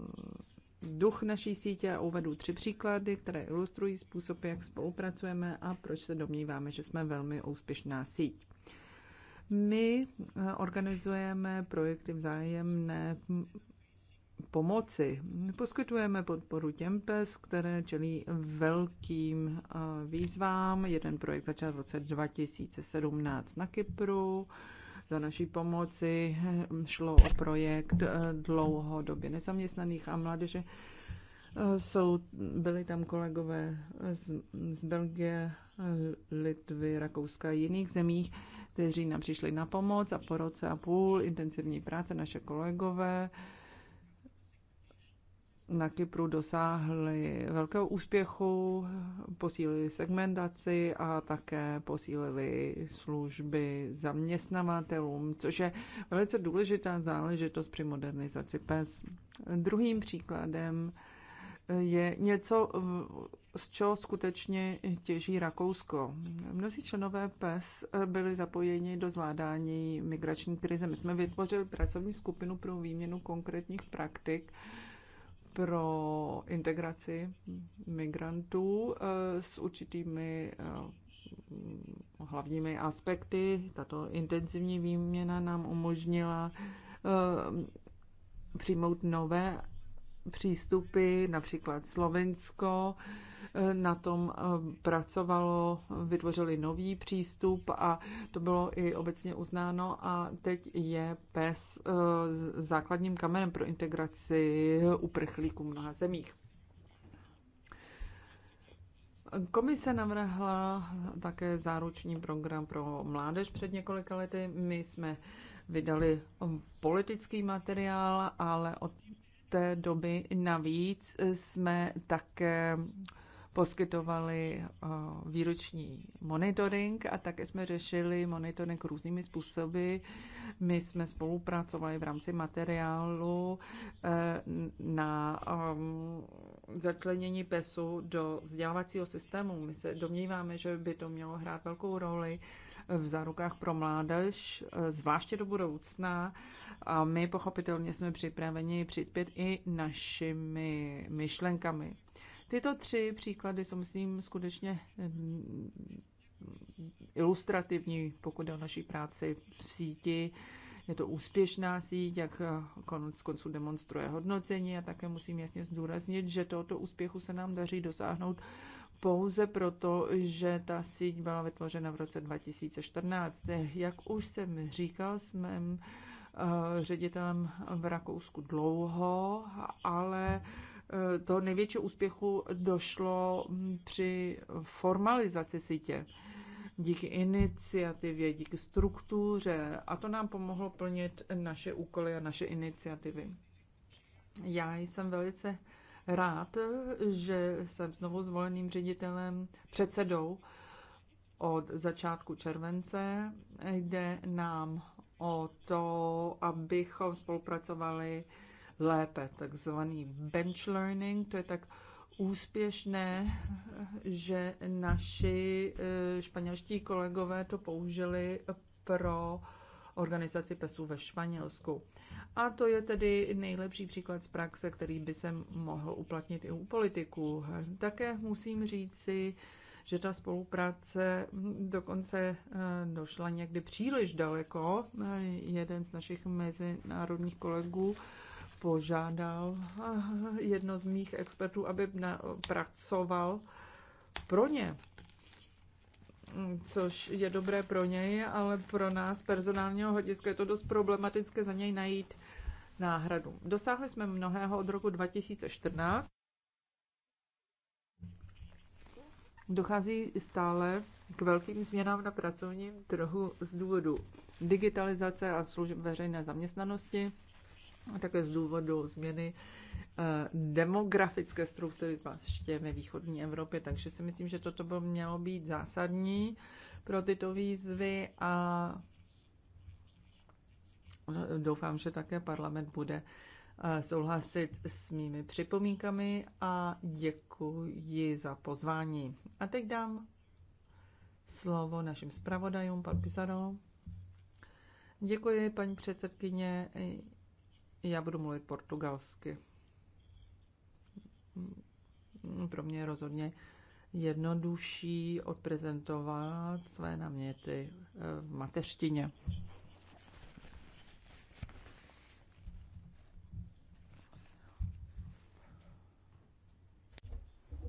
Speaker 4: duch naší sítě a uvedu tři příklady, které ilustrují způsob, jak spolupracujeme a proč se domníváme, že jsme velmi úspěšná síť. My eh, organizujeme projekty vzájemné pomoci. Poskytujeme podporu těm pes, které čelí velkým eh, výzvám. Jeden projekt začal v roce 2017 na Kypru. Za naší pomoci hm, šlo o projekt eh, dlouhodobě nezaměstnaných a mládeže. Eh, jsou, byli tam kolegové z, z Belgie, Litvy, Rakouska a jiných zemích, kteří nám přišli na pomoc a po roce a půl intenzivní práce naše kolegové uh, na Kypru dosáhli velkého úspěchu, posílili segmentaci a také posílili služby zaměstnavatelům, což je velice důležitá záležitost při modernizaci PES. Druhým příkladem je něco, z čeho skutečně těží Rakousko. Mnozí členové PES byli zapojeni do zvládání migrační krize. My jsme vytvořili pracovní skupinu pro výměnu konkrétních praktik pro integraci migrantů eh, s určitými eh, hlavními aspekty. Tato intenzivní výměna nám umožnila eh, přijmout nové přístupy, například Slovensko na tom eh, pracovalo, vytvořili nový přístup a to bylo i obecně uznáno a teď je PES eh, základním kamenem pro integraci uprchlíků mnoha zemích. Komise navrhla také záruční program pro mládež před několika lety. My jsme vydali politický materiál, ale od té doby navíc jsme také poskytovali eh, výroční monitoring a také jsme řešili monitoring různými způsoby. My jsme spolupracovali v rámci materiálu eh, na ehm, začlenění PESu do vzdělávacího systému. My se domníváme, že by to mělo hrát velkou roli v zárukách pro mládež, eh, zvláště do budoucna. A my pochopitelně jsme připraveni přispět i našimi myšlenkami. Tyto tři příklady jsou, myslím, skutečně eh, ilustrativní, pokud jde o naší práci v síti. Je to úspěšná síť, jak eh, konec konců demonstruje hodnocení a také musím jasně zdůraznit, že tohoto úspěchu se nám daří dosáhnout pouze proto, že ta síť byla vytvořena v roce 2014. Jak už jsem říkal, jsme eh, ředitelem v Rakousku dlouho, ale uh, Eh, toho největšího úspěchu došlo mm, při formalizaci sítě. Díky iniciativě, díky struktuře a to nám pomohlo plnit naše úkoly a naše iniciativy. Já jsem velice rád, že jsem znovu zvoleným ředitelem, předsedou od začátku července. Jde nám o to, abychom spolupracovali lépe. Takzvaný bench learning, to je tak úspěšné, že naši eh, španělští kolegové to použili pro organizaci PESů ve Španělsku. A to je tedy nejlepší příklad z praxe, který by se mohl uplatnit i u politiků. Také musím říci, že ta spolupráce dokonce eh, došla někdy příliš daleko. Eh, jeden z našich mezinárodních kolegů požádal jedno z mých expertů, aby pracoval pro ně. Což je dobré pro něj, ale pro nás personálního hlediska je to dost problematické za něj najít náhradu. Dosáhli jsme mnohého od roku 2014. Dochází stále k velkým změnám na pracovním trhu z důvodu digitalizace a služeb veřejné zaměstnanosti a také z důvodu změny eh, demografické struktury, zvláště ve východní Evropě. Takže si myslím, že toto by mělo být zásadní pro tyto výzvy a eh, doufám, že také parlament bude eh, souhlasit s mými připomínkami a děkuji za pozvání. A teď dám slovo našim zpravodajům, pan Pizarro. Děkuji, paní předsedkyně. Já budu mluvit portugalsky. Mm, pro mě je rozhodně jednodušší odprezentovat své naměty eh, v mateřtině.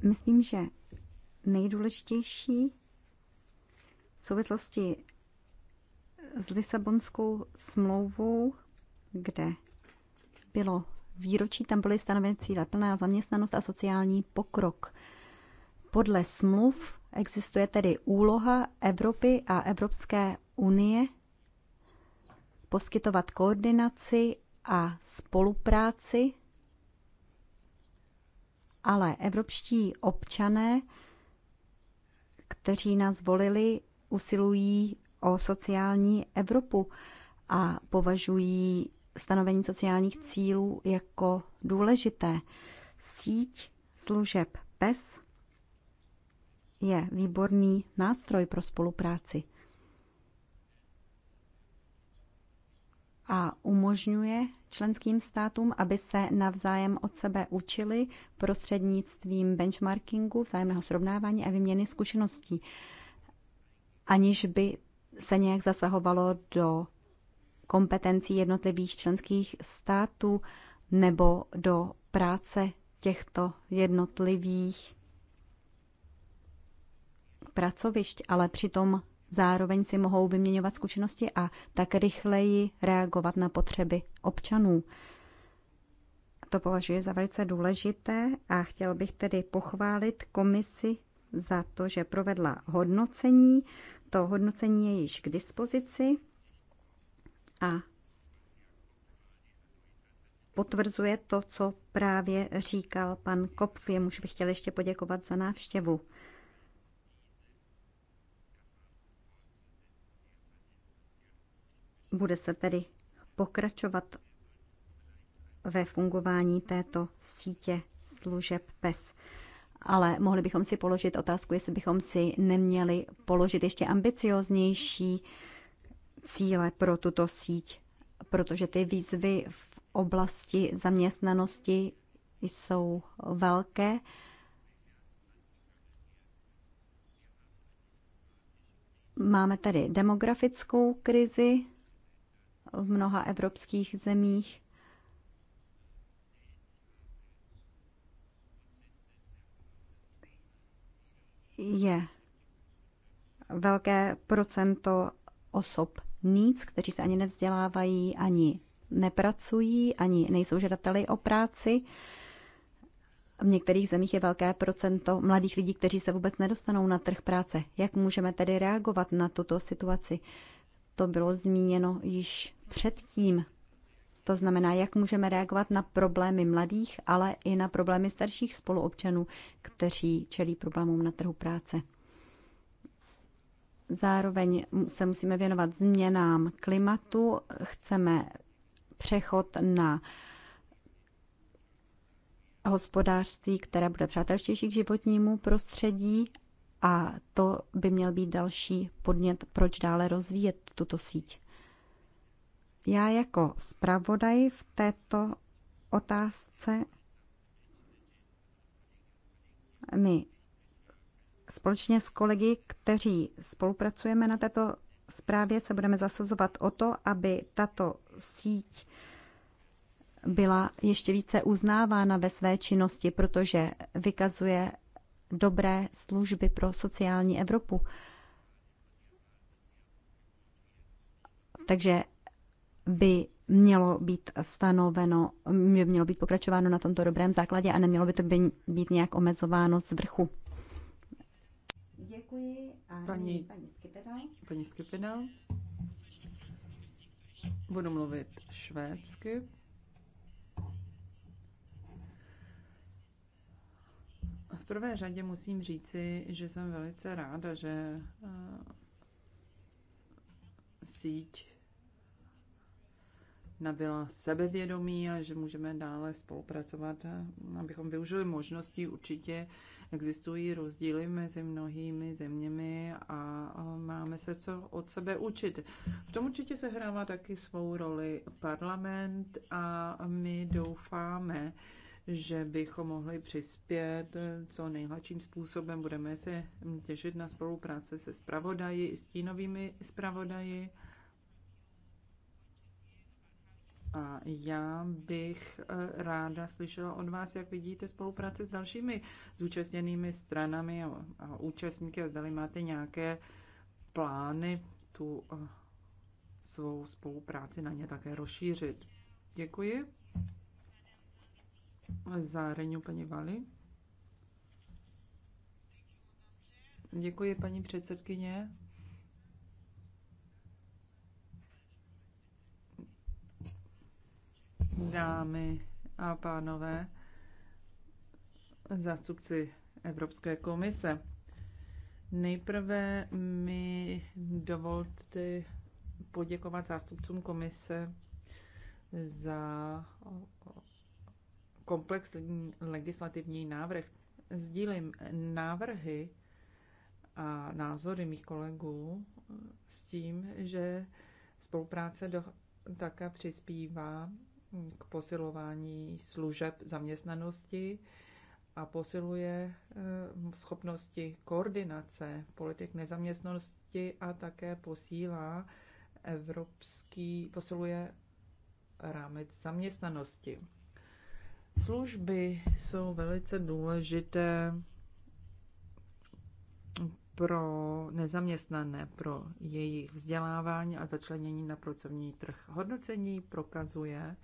Speaker 1: Myslím, že nejdůležitější v souvislosti s Lisabonskou smlouvou, kde bylo výročí, tam byly stanoveny cíle plná zaměstnanost a sociální pokrok. Podle smluv existuje tedy úloha Evropy a Evropské unie poskytovat koordinaci a spolupráci, ale evropští občané, kteří nás volili, usilují o sociální Evropu a považují stanovení sociálních cílů jako důležité. Síť služeb PES je výborný nástroj pro spolupráci a umožňuje členským státům, aby se navzájem od sebe učili prostřednictvím benchmarkingu, vzájemného srovnávání a vyměny zkušeností, aniž by se nějak zasahovalo do kompetencí jednotlivých členských států nebo do práce těchto jednotlivých pracovišť, ale přitom zároveň si mohou vyměňovat zkušenosti a tak rychleji reagovat na potřeby občanů. To považuji za velice důležité a chtěl bych tedy pochválit komisi za to, že provedla hodnocení. To hodnocení je již k dispozici a potvrzuje to, co právě říkal pan Kopf. Jemuž bych chtěl ještě poděkovat za návštěvu. Bude se tedy pokračovat ve fungování této sítě služeb PES. Ale mohli bychom si položit otázku, jestli bychom si neměli položit ještě ambicioznější uh, cíle pro tuto síť, protože ty výzvy v oblasti zaměstnanosti jsou velké. Máme tady demografickou krizi v mnoha evropských zemích. Je velké procento osob nic, kteří se ani nevzdělávají, ani nepracují, ani nejsou žadateli o práci. V některých zemích je velké procento mladých lidí, kteří se vůbec nedostanou na trh práce. Jak můžeme tedy reagovat na tuto situaci? To bylo zmíněno již předtím. To znamená, jak můžeme reagovat na problémy mladých, ale i na problémy starších spoluobčanů, kteří čelí problémům na trhu práce. Zároveň se musíme věnovat změnám klimatu, chceme přechod na hospodářství, které bude přátelštější k životnímu prostředí a to by měl být další podnět, proč dále rozvíjet tuto síť. Já jako zpravodaj v této otázce mi Společně s kolegy, kteří spolupracujeme na této zprávě, se budeme zasazovat o to, aby tato síť byla ještě více uznávána ve své činnosti, protože vykazuje dobré služby pro sociální Evropu. Takže by mělo být stanoveno, by mělo být pokračováno na tomto dobrém základě a nemělo by to být nějak omezováno z vrchu. Děkuji a paní, paní Skipina.
Speaker 4: Paní Skipina. Budu mluvit švédsky. V prvé řadě musím říci, že jsem velice ráda, že eh, síť nabyla sebevědomí a že můžeme dále spolupracovat, eh, abychom využili možnosti. Určitě Existují rozdíly mezi mnohými zeměmi a máme se co od sebe učit. V tom určitě se hrává taky svou roli parlament a my doufáme, že bychom mohli přispět co nejhladším způsobem. Budeme se těšit na spolupráce se spravodaji i stínovými spravodaji. A já bych eh, ráda slyšela od vás, jak vidíte spolupráci s dalšími zúčastněnými stranami a, a účastníky a zdali máte nějaké plány tu eh, svou spolupráci na ně také rozšířit. Děkuji. Za paní Vali. Děkuji, paní předsedkyně. dámy a pánové, zástupci Evropské komise. Nejprve mi dovolte poděkovat zástupcům komise za komplexní legislativní návrh. Sdílím návrhy a názory mých kolegů s tím, že spolupráce do, také přispívá k posilování služeb zaměstnanosti a posiluje eh, schopnosti koordinace politik nezaměstnanosti a také posílá evropský, posiluje rámec zaměstnanosti. Služby jsou velice důležité pro nezaměstnané, pro jejich vzdělávání a začlenění na pracovní trh. Hodnocení prokazuje,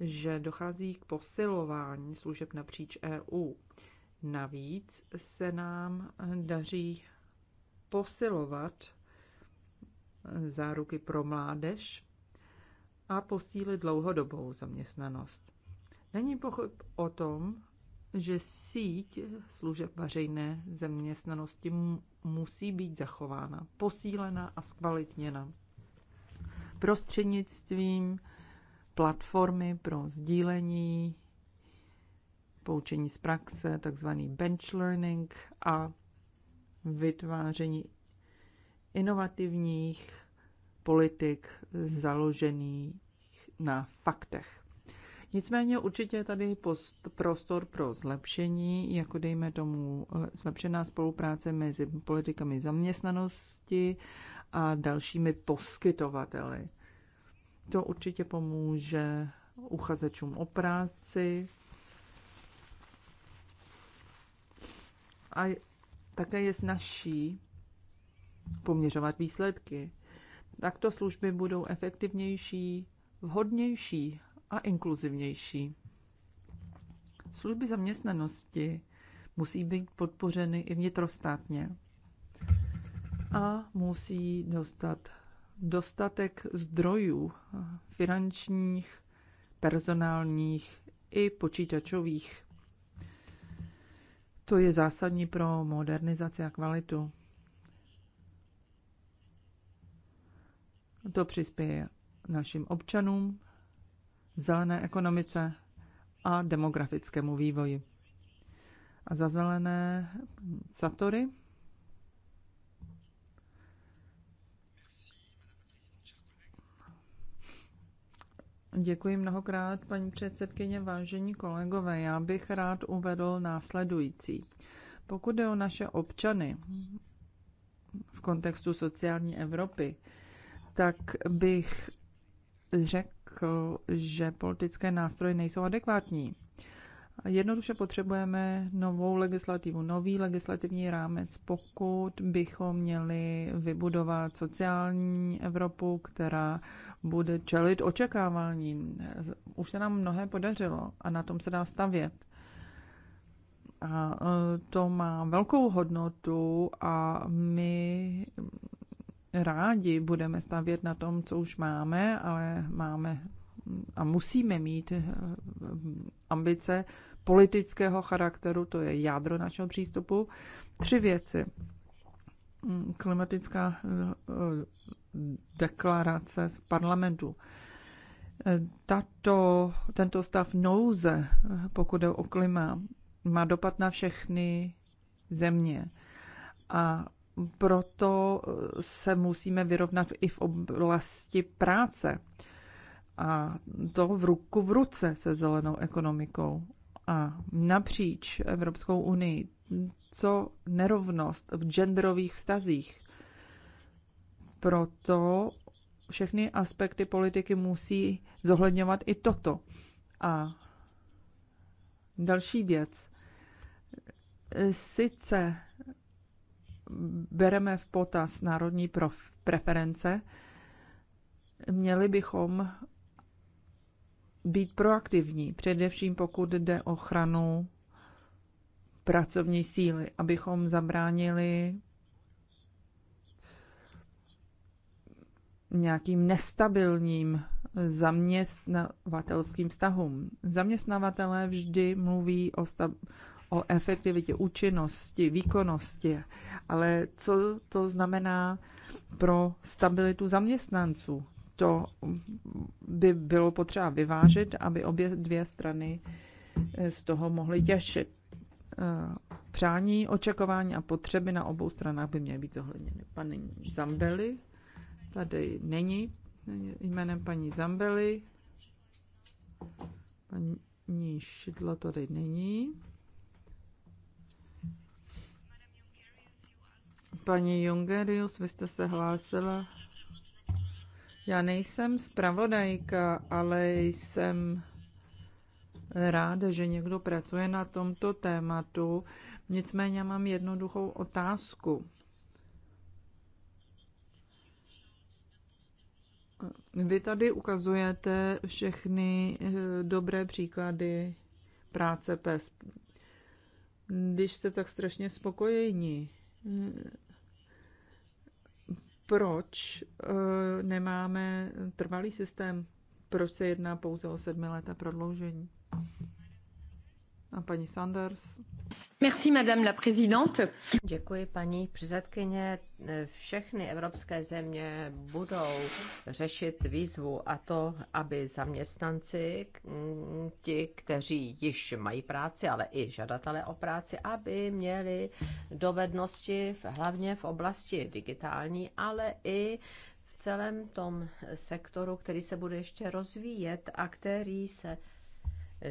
Speaker 4: že dochází k posilování služeb napříč EU. Navíc se nám daří posilovat záruky pro mládež a posílit dlouhodobou zaměstnanost. Není pochyb o tom, že síť služeb veřejné zaměstnanosti musí být zachována, posílena a zkvalitněna prostřednictvím platformy pro sdílení, poučení z praxe, takzvaný bench learning a vytváření inovativních politik založených na faktech. Nicméně určitě je tady post, prostor pro zlepšení, jako dejme tomu zlepšená spolupráce mezi politikami zaměstnanosti a dalšími poskytovateli. To určitě pomůže uchazečům o práci. A také je snažší poměřovat výsledky. Takto služby budou efektivnější, vhodnější a inkluzivnější. Služby zaměstnanosti musí být podpořeny i vnitrostátně a musí dostat dostatek zdrojů finančních, personálních i počítačových. To je zásadní pro modernizaci a kvalitu. To přispěje našim občanům, zelené ekonomice a demografickému vývoji. A za zelené Satory Děkuji mnohokrát, paní předsedkyně, vážení kolegové. Já bych rád uvedl následující. Pokud jde o naše občany v kontextu sociální Evropy, tak bych řekl, že politické nástroje nejsou adekvátní. Jednoduše potřebujeme novou legislativu, nový legislativní rámec, pokud bychom měli vybudovat sociální Evropu, která bude čelit očekáváním. Už se nám mnohé podařilo a na tom se dá stavět. A e, to má velkou hodnotu a my rádi budeme stavět na tom, co už máme, ale máme a musíme mít e, ambice politického charakteru, to je jádro našeho přístupu. Tři věci. Mm, klimatická eh, eh, deklarace z parlamentu. Eh, tato, tento stav nouze, pokud jde o klima, má dopad na všechny země. A proto se musíme vyrovnat i v oblasti práce. A to v ruku v ruce se zelenou ekonomikou. A napříč Evropskou unii co nerovnost v genderových vztazích. Proto všechny aspekty politiky musí zohledňovat i toto. A další věc. Sice bereme v potaz národní preference, měli bychom být proaktivní, především pokud jde o ochranu pracovní síly, abychom zabránili nějakým nestabilním zaměstnavatelským vztahům. Zaměstnavatelé vždy mluví o, stab- o efektivitě, účinnosti, výkonnosti, ale co to znamená pro stabilitu zaměstnanců? To by bylo potřeba vyvážit, aby obě dvě strany z toho mohly těšit. Eh, přání, očekávání a potřeby na obou stranách by měly být zohledněny. Paní Zambeli, tady není, jménem paní Zambeli, paní Šidla tady není. Paní Jungerius, vy jste se hlásila. Já nejsem zpravodajka, ale jsem ráda, že někdo pracuje na tomto tématu. Nicméně mám jednoduchou otázku. Vy tady ukazujete všechny eh, dobré příklady práce PES. Když jste tak strašně spokojení, eh, proč eh, nemáme trvalý systém? Proč se jedná pouze o sedmi leta prodloužení? A paní Sanders. Merci, madame la présidente. Děkuji, paní
Speaker 3: předsedkyně. Všechny evropské země budou řešit výzvu a to, aby zaměstnanci, ti, kteří již mají práci, ale i žadatelé o práci, aby měli dovednosti v, hlavně v oblasti digitální, ale i v celém tom sektoru, který se bude ještě rozvíjet a který se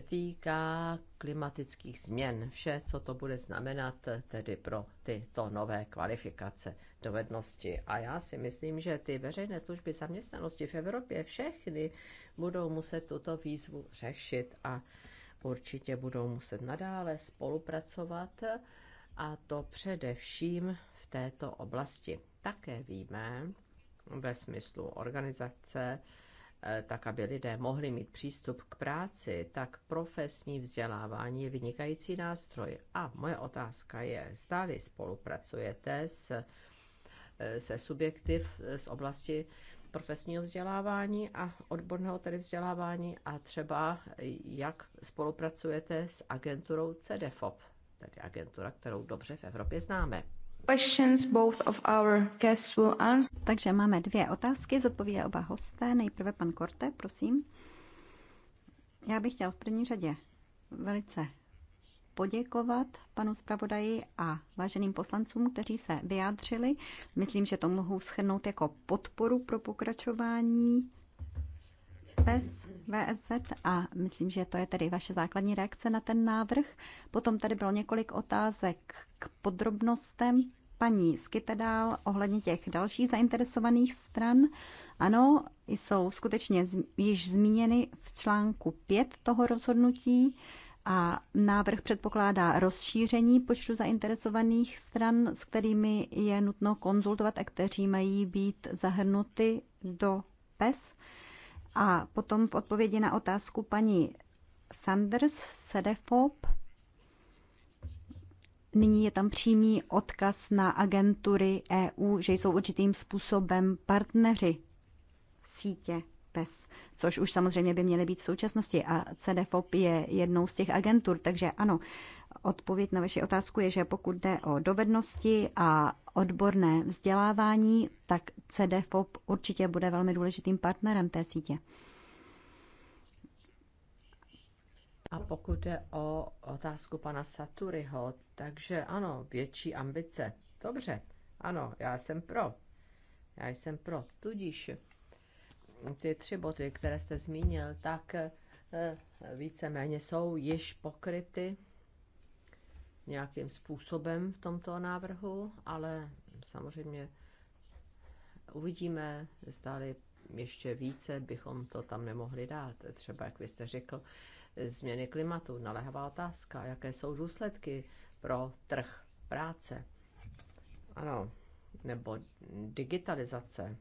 Speaker 3: týká klimatických změn. Vše, co to bude znamenat tedy pro tyto nové kvalifikace, dovednosti. A já si myslím, že ty veřejné služby zaměstnanosti v Evropě všechny budou muset tuto výzvu řešit a určitě budou muset nadále spolupracovat a to především v této oblasti. Také víme ve smyslu organizace, Eh, tak aby lidé mohli mít přístup k práci, tak profesní vzdělávání je vynikající nástroj. A moje otázka je, stále spolupracujete s, eh, se subjektiv eh, z oblasti profesního vzdělávání a odborného tedy vzdělávání a třeba jak spolupracujete s agenturou CDFOP, tedy agentura, kterou dobře v Evropě známe.
Speaker 1: Takže máme dvě otázky, zodpoví oba hosté. Nejprve pan Korte, prosím. Já bych chtěl v první řadě velice poděkovat panu zpravodaji a váženým poslancům, kteří se vyjádřili. Myslím, že to mohu schrnout jako podporu pro pokračování bez VSZ a myslím, že to je tedy vaše základní reakce na ten návrh. Potom tady bylo několik otázek k podrobnostem paní Skytedál ohledně těch dalších zainteresovaných stran. Ano, jsou skutečně již zmíněny v článku 5 toho rozhodnutí a návrh předpokládá rozšíření počtu zainteresovaných stran, s kterými je nutno konzultovat a kteří mají být zahrnuty do PES. A potom v odpovědi na otázku paní Sanders, Sedefop, Nyní je tam přímý odkaz na agentury EU, že jsou určitým způsobem partneři sítě PES, což už samozřejmě by měly být v současnosti a CDFOP je jednou z těch agentur, takže ano, odpověď na vaši otázku je, že pokud jde o dovednosti a odborné vzdělávání, tak CDFOP určitě bude velmi důležitým partnerem té sítě.
Speaker 3: A pokud je o otázku pana Saturyho, takže ano, větší ambice. Dobře, ano, já jsem pro. Já jsem pro. Tudíž ty tři boty, které jste zmínil, tak eh, víceméně jsou již pokryty nějakým způsobem v tomto návrhu, ale samozřejmě uvidíme, zdali ještě více bychom to tam nemohli dát. Třeba, jak vy jste řekl, změny klimatu, naléhavá otázka, jaké jsou důsledky pro trh práce. Ano, nebo digitalizace.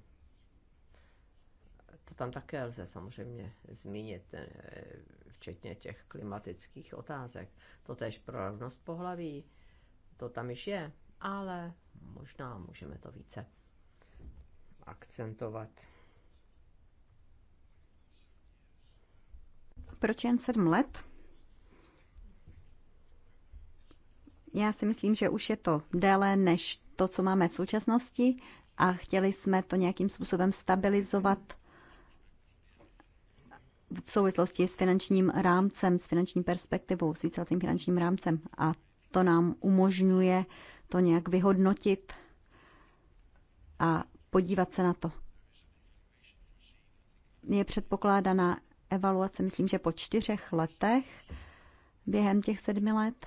Speaker 3: To tam také lze samozřejmě zmínit včetně těch klimatických otázek. To tež pro rovnost pohlaví, to tam již je, ale možná můžeme to více akcentovat.
Speaker 1: Proč jen sedm let? Já si myslím, že už je to déle než to, co máme v současnosti a chtěli jsme to nějakým způsobem stabilizovat v souvislosti s finančním rámcem, s finanční perspektivou, s víceletým finančním rámcem. A to nám umožňuje to nějak vyhodnotit a podívat se na to. Je předpokládaná evaluace, myslím, že po čtyřech letech, během těch sedmi let.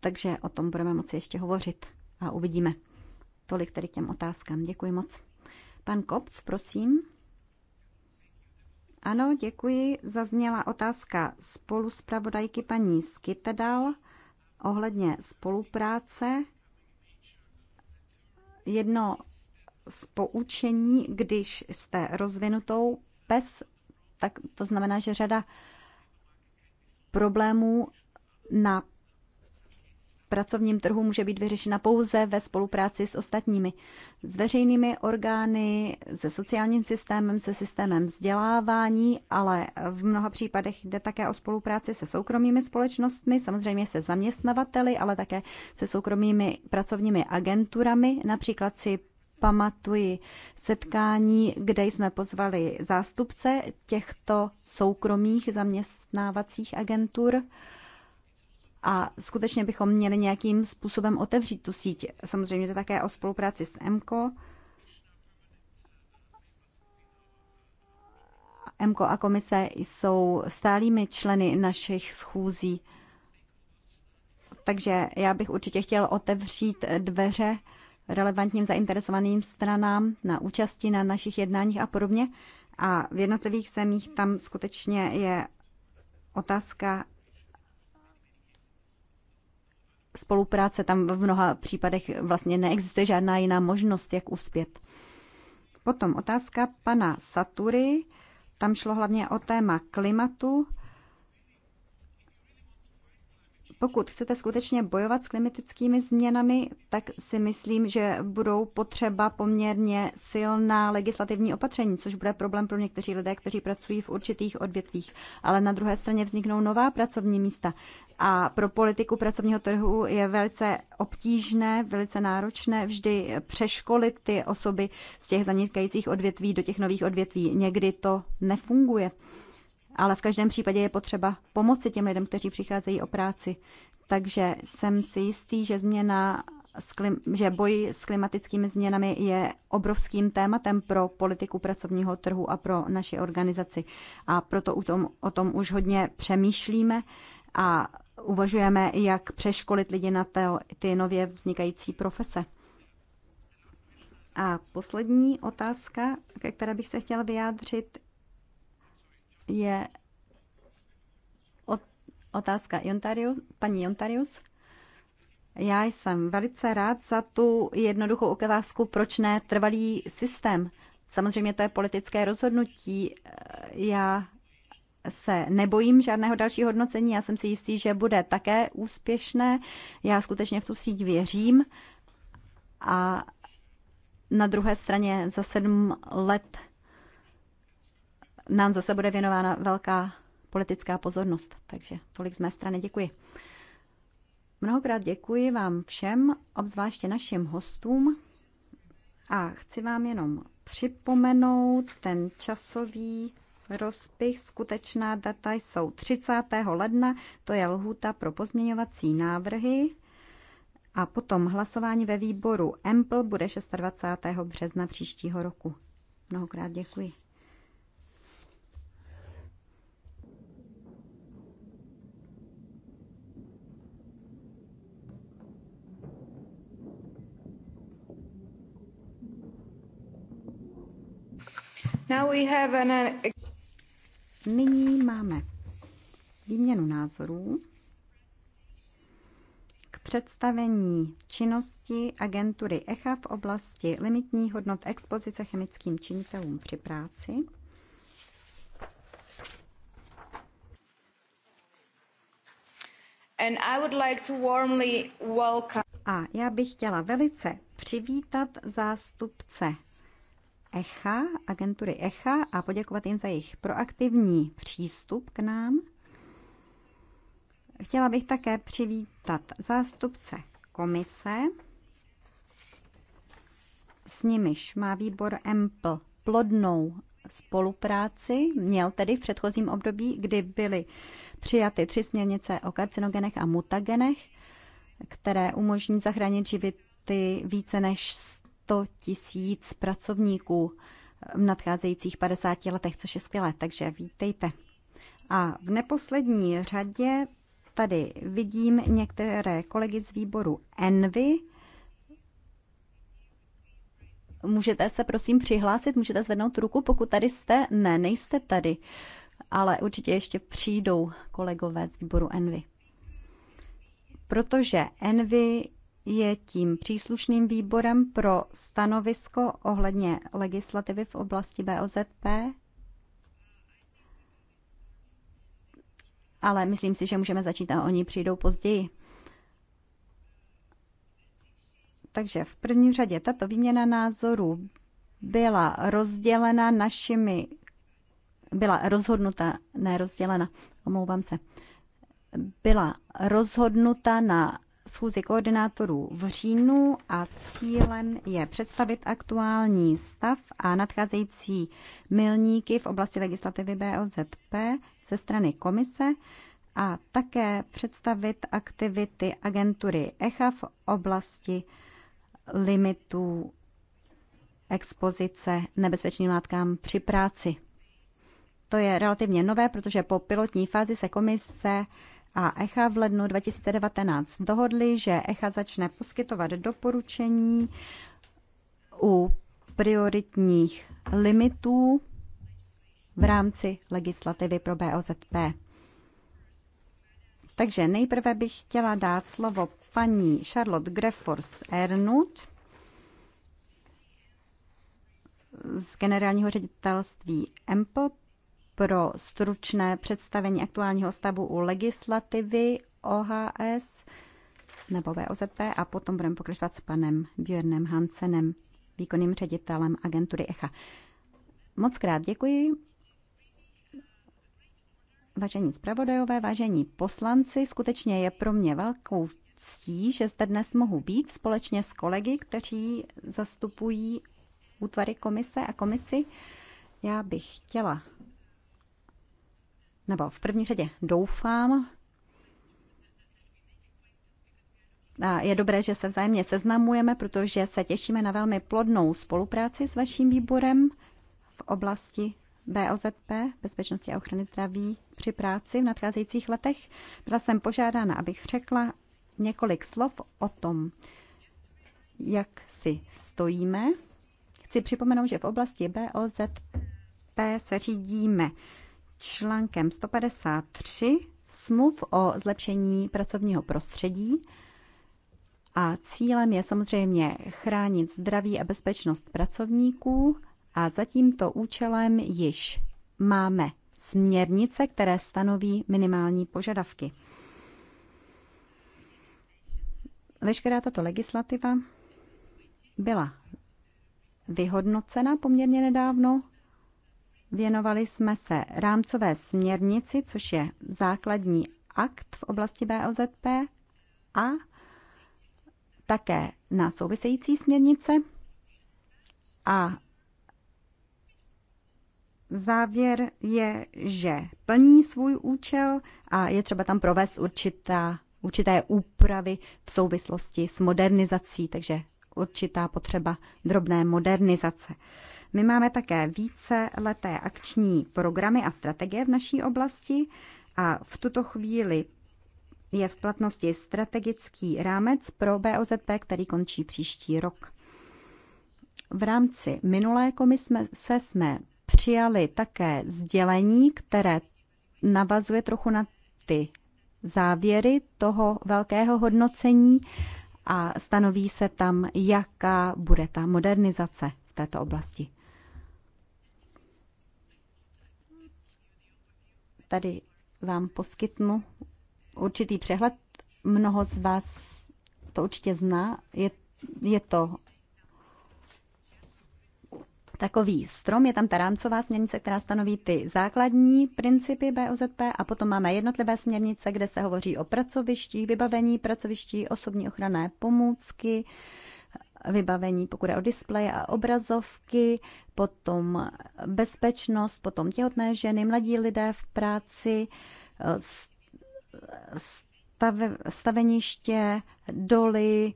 Speaker 1: Takže o tom budeme moci ještě hovořit a uvidíme. Tolik tedy k těm otázkám. Děkuji moc. Pan Kopf, prosím. Ano, děkuji. Zazněla otázka spolu s pravodajky paní Skytedal ohledně spolupráce. Jedno z poučení, když jste rozvinutou pes, tak to znamená, že řada problémů na pracovním trhu může být vyřešena pouze ve spolupráci s ostatními, s veřejnými orgány, se sociálním systémem, se systémem vzdělávání, ale v mnoha případech jde také o spolupráci se soukromými společnostmi, samozřejmě se zaměstnavateli, ale také se soukromými pracovními agenturami. Například si pamatuji setkání, kde jsme pozvali zástupce těchto soukromých zaměstnávacích agentur a skutečně bychom měli nějakým způsobem otevřít tu síť. Samozřejmě to také o spolupráci s MKO. MKO a komise jsou stálými členy našich schůzí. Takže já bych určitě chtěl otevřít dveře relevantním zainteresovaným stranám na účasti na našich jednáních a podobně. A v jednotlivých zemích tam skutečně je otázka spolupráce. Tam v mnoha případech vlastně neexistuje žádná jiná možnost, jak uspět. Potom otázka pana Satury. Tam šlo hlavně o téma klimatu pokud chcete skutečně bojovat s klimatickými změnami, tak si myslím, že budou potřeba poměrně silná legislativní opatření, což bude problém pro někteří lidé, kteří pracují v určitých odvětvích. Ale na druhé straně vzniknou nová pracovní místa. A pro politiku pracovního trhu je velice obtížné, velice náročné vždy přeškolit ty osoby z těch zanikajících odvětví do těch nových odvětví. Někdy to nefunguje ale v každém případě je potřeba pomoci těm lidem, kteří přicházejí o práci. Takže jsem si jistý, že změna že boj s klimatickými změnami je obrovským tématem pro politiku pracovního trhu a pro naši organizaci. A proto o tom, o tom už hodně přemýšlíme a uvažujeme, jak přeškolit lidi na té, ty nově vznikající profese. A poslední otázka, ke které bych se chtěla vyjádřit, je otázka Jontarius, paní Jontarius. Já jsem velice rád za tu jednoduchou otázku, proč ne trvalý systém. Samozřejmě to je politické rozhodnutí. Já se nebojím žádného dalšího hodnocení, já jsem si jistý, že bude také úspěšné. Já skutečně v tu síť věřím. A na druhé straně za sedm let nám zase bude věnována velká politická pozornost. Takže tolik z mé strany. Děkuji. Mnohokrát děkuji vám všem, obzvláště našim hostům. A chci vám jenom připomenout ten časový rozpis. Skutečná data jsou 30. ledna, to je lhůta pro pozměňovací návrhy. A potom hlasování ve výboru EMPL bude 26. března příštího roku. Mnohokrát děkuji. Uh, Nyní máme výměnu názorů k představení činnosti agentury ECHA v oblasti limitní hodnot expozice chemickým činitelům při práci. And I would like to
Speaker 2: warmly
Speaker 1: welcome... A já bych chtěla velice přivítat zástupce ECHA, agentury ECHA a poděkovat jim za jejich proaktivní přístup k nám. Chtěla bych také přivítat zástupce komise, s nimiž má výbor EMPL plodnou spolupráci. Měl tedy v předchozím období, kdy byly přijaty tři směrnice o karcinogenech a mutagenech, které umožní zachránit živity ty více než 100 tisíc pracovníků v nadcházejících 50 letech, což je skvělé, takže vítejte. A v neposlední řadě tady vidím některé kolegy z výboru Envy. Můžete se prosím přihlásit, můžete zvednout ruku, pokud tady jste. Ne, nejste tady, ale určitě ještě přijdou kolegové z výboru Envy. Protože Envy je tím příslušným výborem pro stanovisko ohledně legislativy v oblasti BOZP. Ale myslím si, že můžeme začít a oni přijdou později. Takže v první řadě tato výměna názorů byla rozdělena našimi, byla rozhodnuta, ne rozdělena, omlouvám se, byla rozhodnuta na schůzi koordinátorů v říjnu a cílem je představit aktuální stav a nadcházející milníky v oblasti legislativy BOZP ze strany komise a také představit aktivity agentury ECHA v oblasti limitů expozice nebezpečným látkám při práci. To je relativně nové, protože po pilotní fázi se komise a ECHA v lednu 2019 dohodli, že ECHA začne poskytovat doporučení u prioritních limitů v rámci legislativy pro BOZP. Takže nejprve bych chtěla dát slovo paní Charlotte Greffors Ernut z generálního ředitelství EMPL pro stručné představení aktuálního stavu u legislativy OHS nebo VOZP a potom budeme pokračovat s panem Björnem Hansenem, výkonným ředitelem agentury ECHA. Moc krát děkuji. Vážení zpravodajové, vážení poslanci, skutečně je pro mě velkou ctí, že zde dnes mohu být společně s kolegy, kteří zastupují útvary komise a komisy. Já bych chtěla nebo v první řadě doufám, a je dobré, že se vzájemně seznamujeme, protože se těšíme na velmi plodnou spolupráci s vaším výborem v oblasti BOZP, Bezpečnosti a ochrany zdraví při práci v nadcházejících letech. Byla jsem požádána, abych řekla několik slov o tom, jak si stojíme. Chci připomenout, že v oblasti BOZP se řídíme článkem 153 smluv o zlepšení pracovního prostředí a cílem je samozřejmě chránit zdraví a bezpečnost pracovníků a za tímto účelem již máme směrnice, které stanoví minimální požadavky. Veškerá tato legislativa byla vyhodnocena poměrně nedávno Věnovali jsme se rámcové směrnici, což je základní akt v oblasti BOZP a také na související směrnice. A závěr je, že plní svůj účel a je třeba tam provést určitá, určité úpravy v souvislosti s modernizací, takže určitá potřeba drobné modernizace. My máme také více leté akční programy a strategie v naší oblasti a v tuto chvíli je v platnosti strategický rámec pro BOZP, který končí příští rok. V rámci minulé komise se jsme přijali také sdělení, které navazuje trochu na ty závěry toho velkého hodnocení a stanoví se tam, jaká bude ta modernizace v této oblasti. Tady vám poskytnu určitý přehled. Mnoho z vás to určitě zná. Je, je to takový strom, je tam ta rámcová směrnice, která stanoví ty základní principy BOZP a potom máme jednotlivé směrnice, kde se hovoří o pracovištích, vybavení pracoviští, osobní ochranné pomůcky, vybavení, pokud je o displeje a obrazovky, potom bezpečnost, potom těhotné ženy, mladí lidé v práci, eh, stave, staveniště, doly,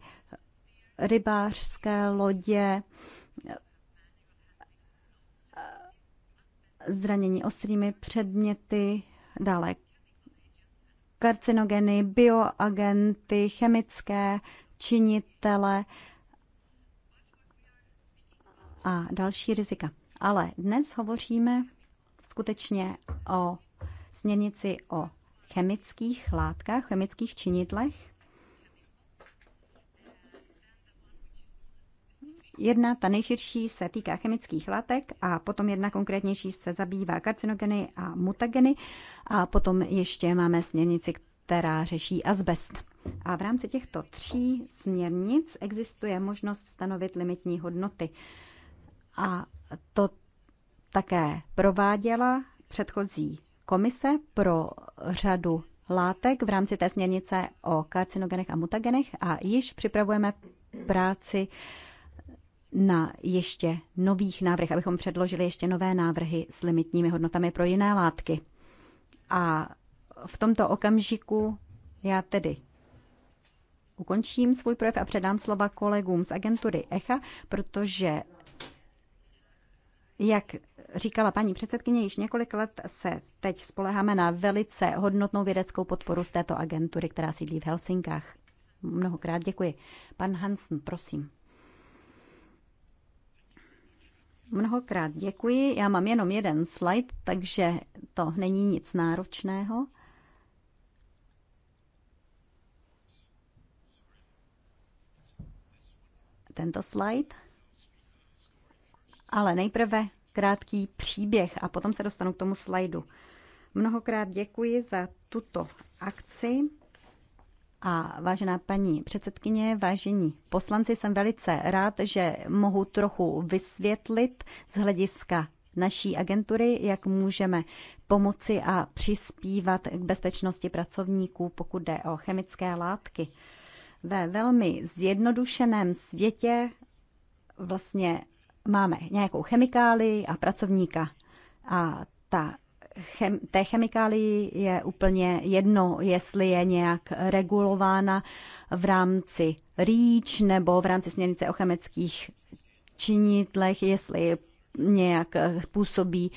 Speaker 1: rybářské lodě, eh, zranění ostrými předměty, dále karcinogeny, bioagenty, chemické činitele, a další rizika. Ale dnes hovoříme skutečně o směrnici o chemických látkách, chemických činidlech. Jedna, ta nejširší, se týká chemických látek a potom jedna konkrétnější se zabývá karcinogeny a mutageny a potom ještě máme směrnici, která řeší azbest. A v rámci těchto tří směrnic existuje možnost stanovit limitní hodnoty. A to také prováděla předchozí komise pro řadu látek v rámci té směrnice o karcinogenech a mutagenech a již připravujeme práci na ještě nových návrh, abychom předložili ještě nové návrhy s limitními hodnotami pro jiné látky. A v tomto okamžiku já tedy ukončím svůj projev a předám slova kolegům z agentury ECHA, protože jak říkala paní předsedkyně, již několik let se teď spoleháme na velice hodnotnou vědeckou podporu z této agentury, která sídlí v Helsinkách. Mnohokrát děkuji. Pan Hansen, prosím. Mnohokrát děkuji. Já mám jenom jeden slide, takže to není nic náročného. Tento slide. Ale nejprve krátký příběh a potom se dostanu k tomu slajdu. Mnohokrát děkuji za tuto akci a vážená paní předsedkyně, vážení poslanci, jsem velice rád, že mohu trochu vysvětlit z hlediska naší agentury, jak můžeme pomoci a přispívat k bezpečnosti pracovníků, pokud jde o chemické látky. Ve velmi zjednodušeném světě vlastně máme nějakou chemikálii a pracovníka a ta chem, té chemikálii je úplně jedno, jestli je nějak regulována v rámci REACH nebo v rámci směrnice o chemických činitlech, jestli nějak působí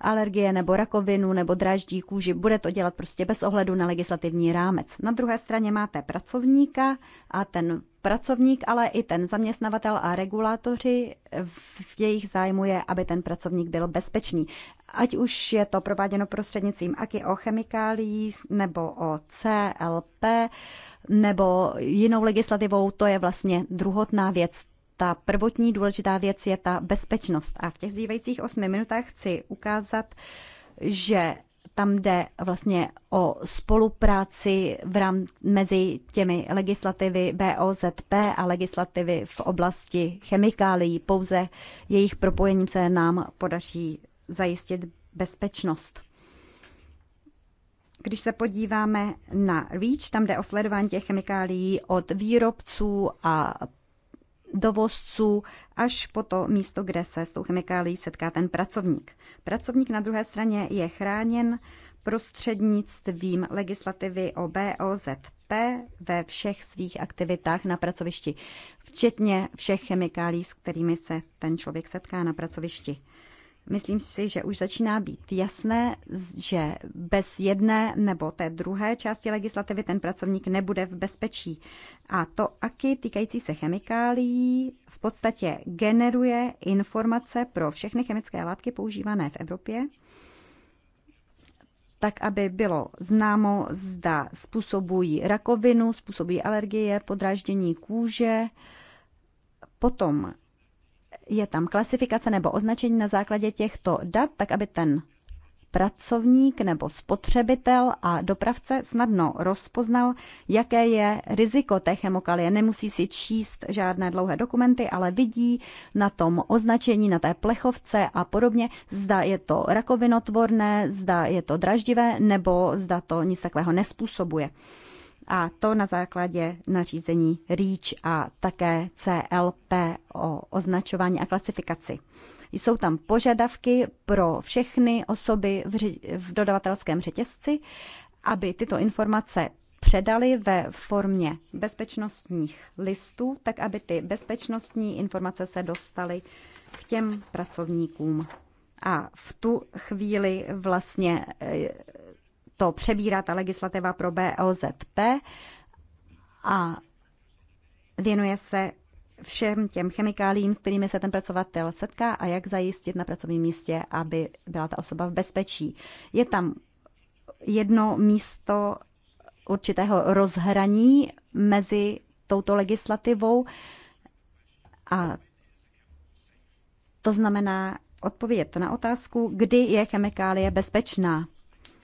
Speaker 1: alergie nebo rakovinu nebo dráždí kůži. Bude to dělat prostě bez ohledu na legislativní rámec. Na druhé straně máte pracovníka a ten pracovník, ale i ten zaměstnavatel a regulátoři v jejich zájmu je, aby ten pracovník byl bezpečný. Ať už je to prováděno prostřednictvím AKI o chemikálií nebo o CLP nebo jinou legislativou, to je vlastně druhotná věc ta prvotní důležitá věc je ta bezpečnost. A v těch zbývajících osmi minutách chci ukázat, že tam jde vlastně o spolupráci v rám, mezi těmi legislativy BOZP a legislativy v oblasti chemikálií. Pouze jejich propojením se nám podaří zajistit bezpečnost. Když se podíváme na REACH, tam jde o sledování těch chemikálií od výrobců a dovozců až po to místo, kde se s tou chemikálií setká ten pracovník. Pracovník na druhé straně je chráněn prostřednictvím legislativy o BOZP ve všech svých aktivitách na pracovišti, včetně všech chemikálí, s kterými se ten člověk setká na pracovišti. Myslím si, že už začíná být jasné, že bez jedné nebo té druhé části legislativy ten pracovník nebude v bezpečí. A to aky týkající se chemikálií v podstatě generuje informace pro všechny chemické látky používané v Evropě tak aby bylo známo, zda způsobují rakovinu, způsobují alergie, podráždění kůže. Potom je tam klasifikace nebo označení na základě těchto dat, tak aby ten pracovník nebo spotřebitel a dopravce snadno rozpoznal, jaké je riziko té chemokalie. Nemusí si číst žádné dlouhé dokumenty, ale vidí na tom označení, na té plechovce a podobně, zda je to rakovinotvorné, zda je to draždivé nebo zda to nic takového nespůsobuje a to na základě nařízení REACH a také CLP o označování a klasifikaci. Jsou tam požadavky pro všechny osoby v, ři- v dodavatelském řetězci, aby tyto informace předali ve formě bezpečnostních listů, tak aby ty bezpečnostní informace se dostaly k těm pracovníkům. A v tu chvíli vlastně eh, to přebírá ta legislativa pro BOZP a věnuje se všem těm chemikálím, s kterými se ten pracovatel setká a jak zajistit na pracovním místě, aby byla ta osoba v bezpečí. Je tam jedno místo určitého rozhraní mezi touto legislativou a to znamená odpovědět na otázku, kdy je chemikálie bezpečná.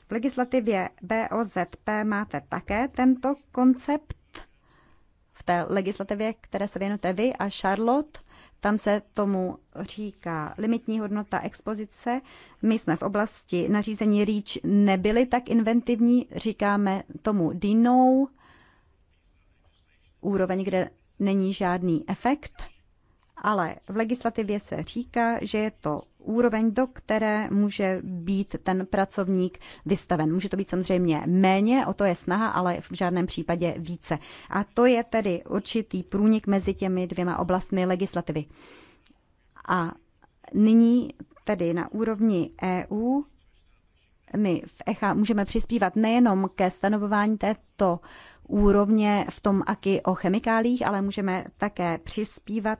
Speaker 1: V legislativě BOZP máte také tento koncept v té legislativě, které se věnujete vy a Charlotte. Tam se tomu říká limitní hodnota expozice. My jsme v oblasti nařízení REACH nebyli tak inventivní, říkáme tomu DINOU, úroveň, kde není žádný efekt, ale v legislativě se říká, že je to úroveň, do které může být ten pracovník vystaven. Může to být samozřejmě méně, o to je snaha, ale v žádném případě více. A to je tedy určitý průnik mezi těmi dvěma oblastmi legislativy. A nyní tedy na úrovni EU my v ECHA můžeme přispívat nejenom ke stanovování této úrovně v tom aky o chemikálích, ale můžeme také přispívat,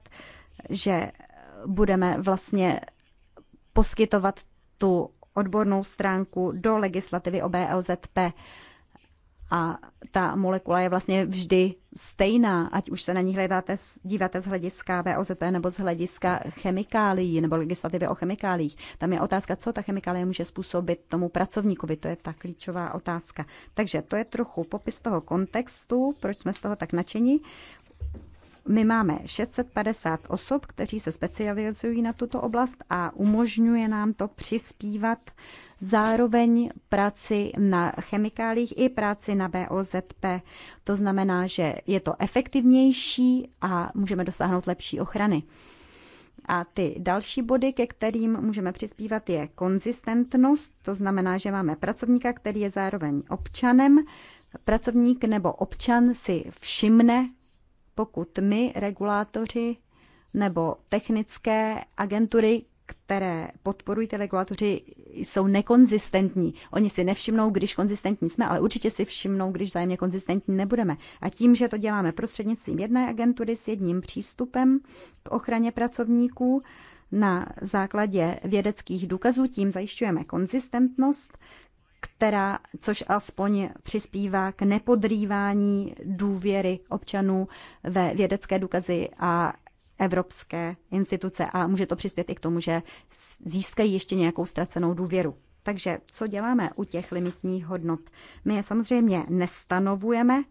Speaker 1: že budeme vlastně poskytovat tu odbornou stránku do legislativy o BLZP. A ta molekula je vlastně vždy stejná, ať už se na ní hledáte, díváte z hlediska BOZP nebo z hlediska chemikálií nebo legislativy o chemikáliích. Tam je otázka, co ta chemikálie může způsobit tomu pracovníkovi. To je ta klíčová otázka. Takže to je trochu popis toho kontextu, proč jsme z toho tak nadšení. My máme 650 osob, kteří se specializují na tuto oblast a umožňuje nám to přispívat zároveň práci na chemikálích i práci na BOZP. To znamená, že je to efektivnější a můžeme dosáhnout lepší ochrany. A ty další body, ke kterým můžeme přispívat, je konzistentnost, to znamená, že máme pracovníka, který je zároveň občanem. Pracovník nebo občan si všimne pokud my, regulátoři nebo technické agentury, které podporují ty regulatoři, jsou nekonzistentní. Oni si nevšimnou, když konzistentní jsme, ale určitě si všimnou, když zájemně konzistentní nebudeme. A tím, že to děláme prostřednictvím jedné agentury s jedním přístupem k ochraně pracovníků na základě vědeckých důkazů, tím zajišťujeme konzistentnost, která, což alespoň přispívá k nepodrývání důvěry občanů ve vědecké důkazy a evropské instituce a může to přispět i k tomu, že získají ještě nějakou ztracenou důvěru. Takže co děláme u těch limitních hodnot? My je samozřejmě nestanovujeme.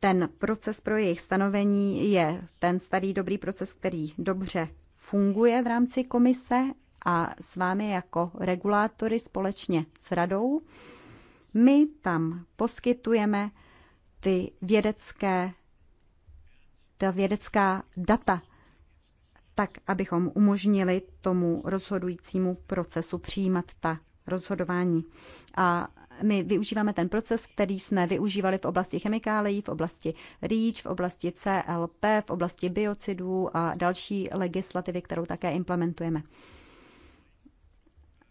Speaker 1: Ten proces pro jejich stanovení je ten starý dobrý proces, který dobře funguje v rámci komise a s vámi jako regulátory společně s radou. My tam poskytujeme ty vědecké, ta vědecká data, tak abychom umožnili tomu rozhodujícímu procesu přijímat ta rozhodování. A my využíváme ten proces, který jsme využívali v oblasti chemikálií, v oblasti REACH, v oblasti CLP, v oblasti biocidů a další legislativy, kterou také implementujeme.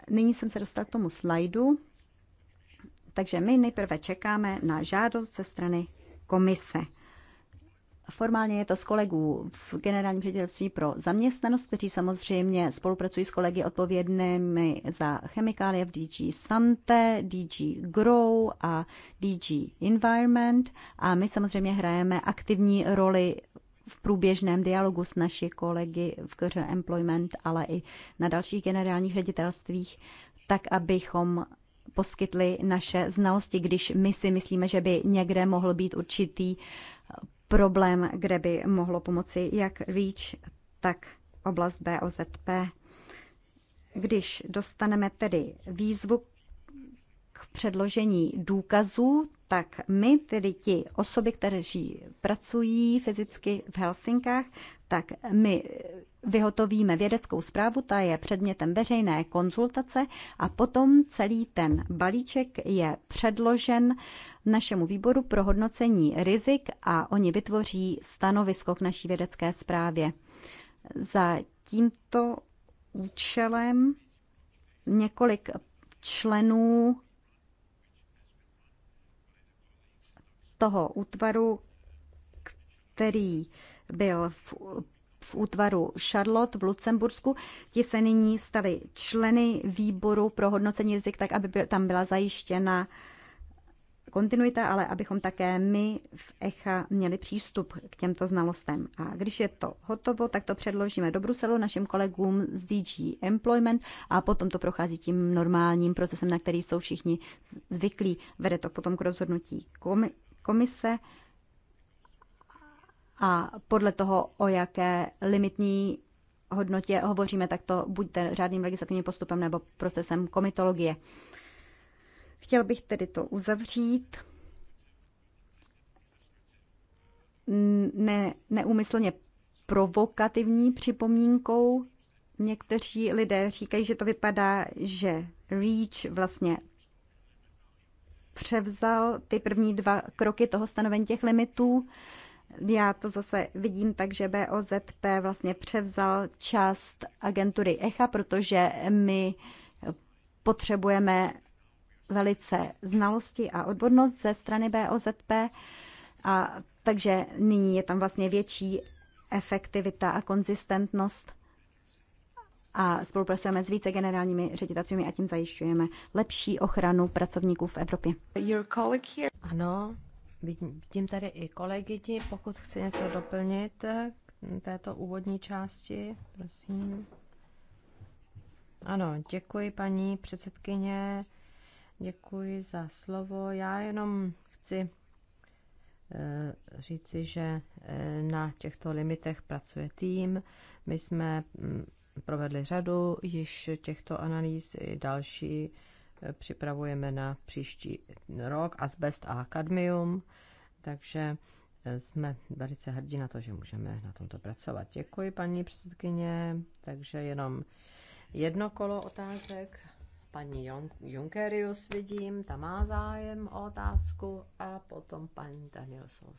Speaker 1: Nyní jsem se dostal k tomu slajdu. Takže my nejprve čekáme na žádost ze strany komise. Formálně je to z kolegů v generálním ředitelství pro zaměstnanost, kteří samozřejmě spolupracují s kolegy odpovědnými za chemikálie v DG Sante, DG Grow a DG Environment. A my samozřejmě hrajeme aktivní roli v průběžném dialogu s naši kolegy v KŘ Employment, ale i na dalších generálních ředitelstvích, tak abychom poskytli naše znalosti, když my si myslíme, že by někde mohl být určitý eh, problém, kde by mohlo pomoci jak REACH, tak oblast BOZP. Když dostaneme tedy výzvu k předložení důkazů, tak my, tedy ti osoby, které žijí, pracují fyzicky v Helsinkách, tak my vyhotovíme vědeckou zprávu, ta je předmětem veřejné konzultace a potom celý ten balíček je předložen našemu výboru pro hodnocení rizik a oni vytvoří stanovisko k naší vědecké zprávě. Za tímto účelem několik členů toho útvaru, který byl v, v útvaru Charlotte v Lucembursku. Ti se nyní stali členy výboru pro hodnocení rizik, tak aby byl, tam byla zajištěna kontinuita, ale abychom také my v ECHA měli přístup k těmto znalostem. A když je to hotovo, tak to předložíme do Bruselu našim kolegům z DG Employment a potom to prochází tím normálním procesem, na který jsou všichni zvyklí. Vede to potom k rozhodnutí komi- komise a podle toho, o jaké limitní hodnotě hovoříme, tak to buďte řádným legislativním postupem nebo procesem komitologie. Chtěl bych tedy to uzavřít. Ne, neúmyslně provokativní připomínkou. Někteří lidé říkají, že to vypadá, že REACH vlastně převzal ty první dva kroky toho stanovení těch limitů. Já to zase vidím tak, že BOZP vlastně převzal část agentury ECHA, protože my potřebujeme velice znalosti a odbornost ze strany BOZP. A takže nyní je tam vlastně větší efektivita a konzistentnost a spolupracujeme s více generálními ředitacími a tím zajišťujeme lepší ochranu pracovníků v Evropě. Your colleague here. Ano,
Speaker 3: vidím, tady i kolegyni, pokud chci něco doplnit k této úvodní části, prosím. Ano, děkuji paní předsedkyně, děkuji za slovo. Já jenom chci eh, říci, že eh, na těchto limitech pracuje tým. My jsme mm, provedli řadu již těchto analýz, i další eh, připravujeme na příští rok, asbest a kadmium, takže eh, jsme velice hrdí na to, že můžeme na tomto pracovat. Děkuji, paní předsedkyně. Takže jenom jedno kolo otázek. Paní Junkerius vidím, ta má zájem o otázku a potom paní Danielsov.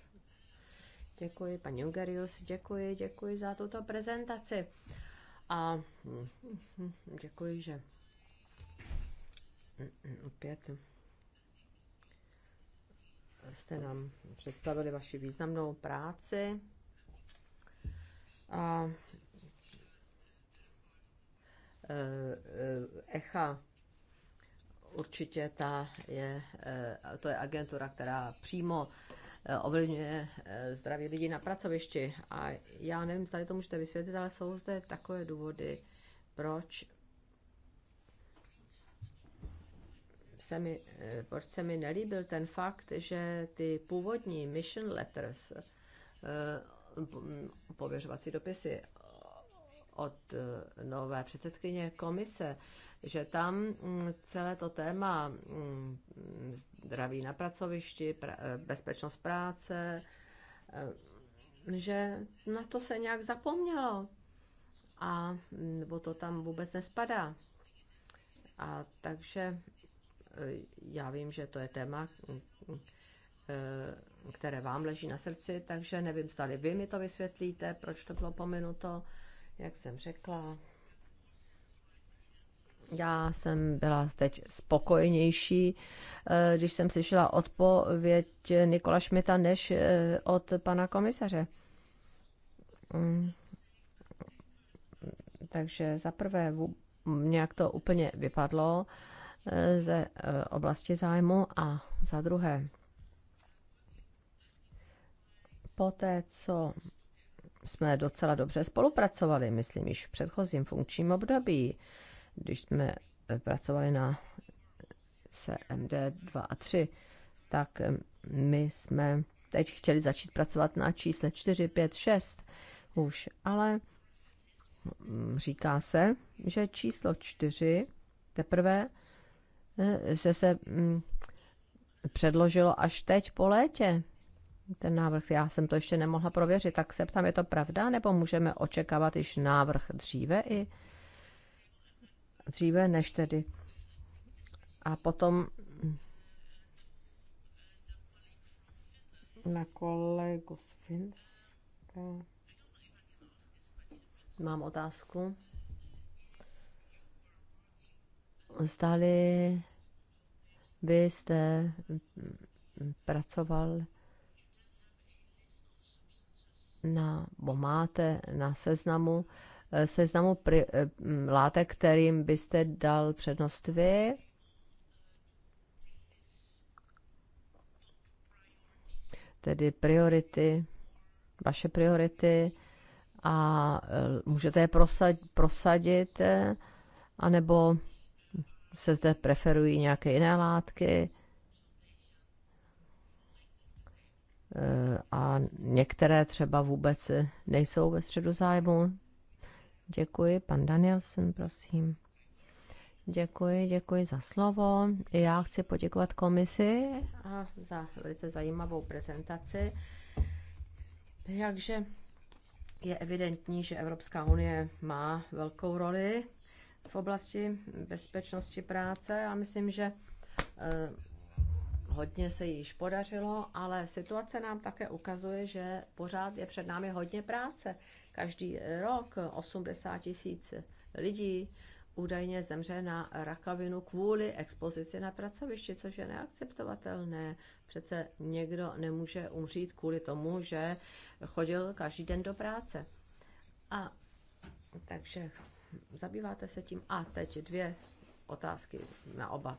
Speaker 3: Děkuji, paní Junkerius, děkuji, děkuji za tuto prezentaci. A hm, děkuji, že hm, hm, opět jste nám představili vaši významnou práci. A eh, eh, ECHA určitě ta je, eh, to je agentura, která přímo Eh, ovlivňuje eh, zdraví lidí na pracovišti. A já nevím, zda to můžete vysvětlit, ale jsou zde takové důvody, proč se mi, eh, proč se mi nelíbil ten fakt, že ty původní mission letters, pověřovací dopisy od nové předsedkyně komise, že tam mm, celé to téma mm, zdraví na pracovišti, pra, eh, bezpečnost práce, eh, že na to se nějak zapomnělo. A mm, nebo to tam vůbec nespadá. A takže eh, já vím, že to je téma, které vám leží na srdci, takže nevím, stále vy mi to vysvětlíte, proč to bylo pominuto, jak jsem řekla. Já jsem byla teď spokojenější, eh, když jsem slyšela odpověď Nikola Šmita než eh, od pana komisaře. Mm. Takže za prvé nějak to úplně vypadlo eh, ze oblasti zájmu a za druhé poté, co jsme docela dobře spolupracovali, myslím, již v předchozím funkčním období, když jsme eh, pracovali na CMD 2 a 3, tak eh, my jsme teď chtěli začít pracovat na čísle 4, 5, 6 už, ale mm, říká se, že číslo 4 teprve eh, se se mm, předložilo až teď po létě. Ten návrh, já jsem to ještě nemohla prověřit, tak se ptám, je to pravda, nebo můžeme očekávat již návrh dříve i dříve než tedy. A potom na kolegu z Finska. Mám otázku. Zdali byste pracoval na, bo máte na seznamu Eh, seznamu pri, eh, látek, kterým byste dal přednost vy. Tedy priority, vaše priority a eh, můžete je prosad, prosadit anebo se zde preferují nějaké jiné látky. a některé třeba vůbec nejsou ve středu zájmu. Děkuji, pan Danielsen, prosím. Děkuji, děkuji za slovo. Já chci poděkovat komisi a za velice zajímavou prezentaci. Takže je evidentní, že Evropská unie má velkou roli v oblasti bezpečnosti práce a myslím, že eh, hodně se již podařilo, ale situace nám také ukazuje, že pořád je před námi hodně práce. Každý rok 80 tisíc lidí údajně zemře na rakavinu kvůli expozici na pracovišti, což je neakceptovatelné. Přece někdo nemůže umřít kvůli tomu, že chodil každý den do práce. A takže zabýváte se tím. A teď dvě otázky na oba.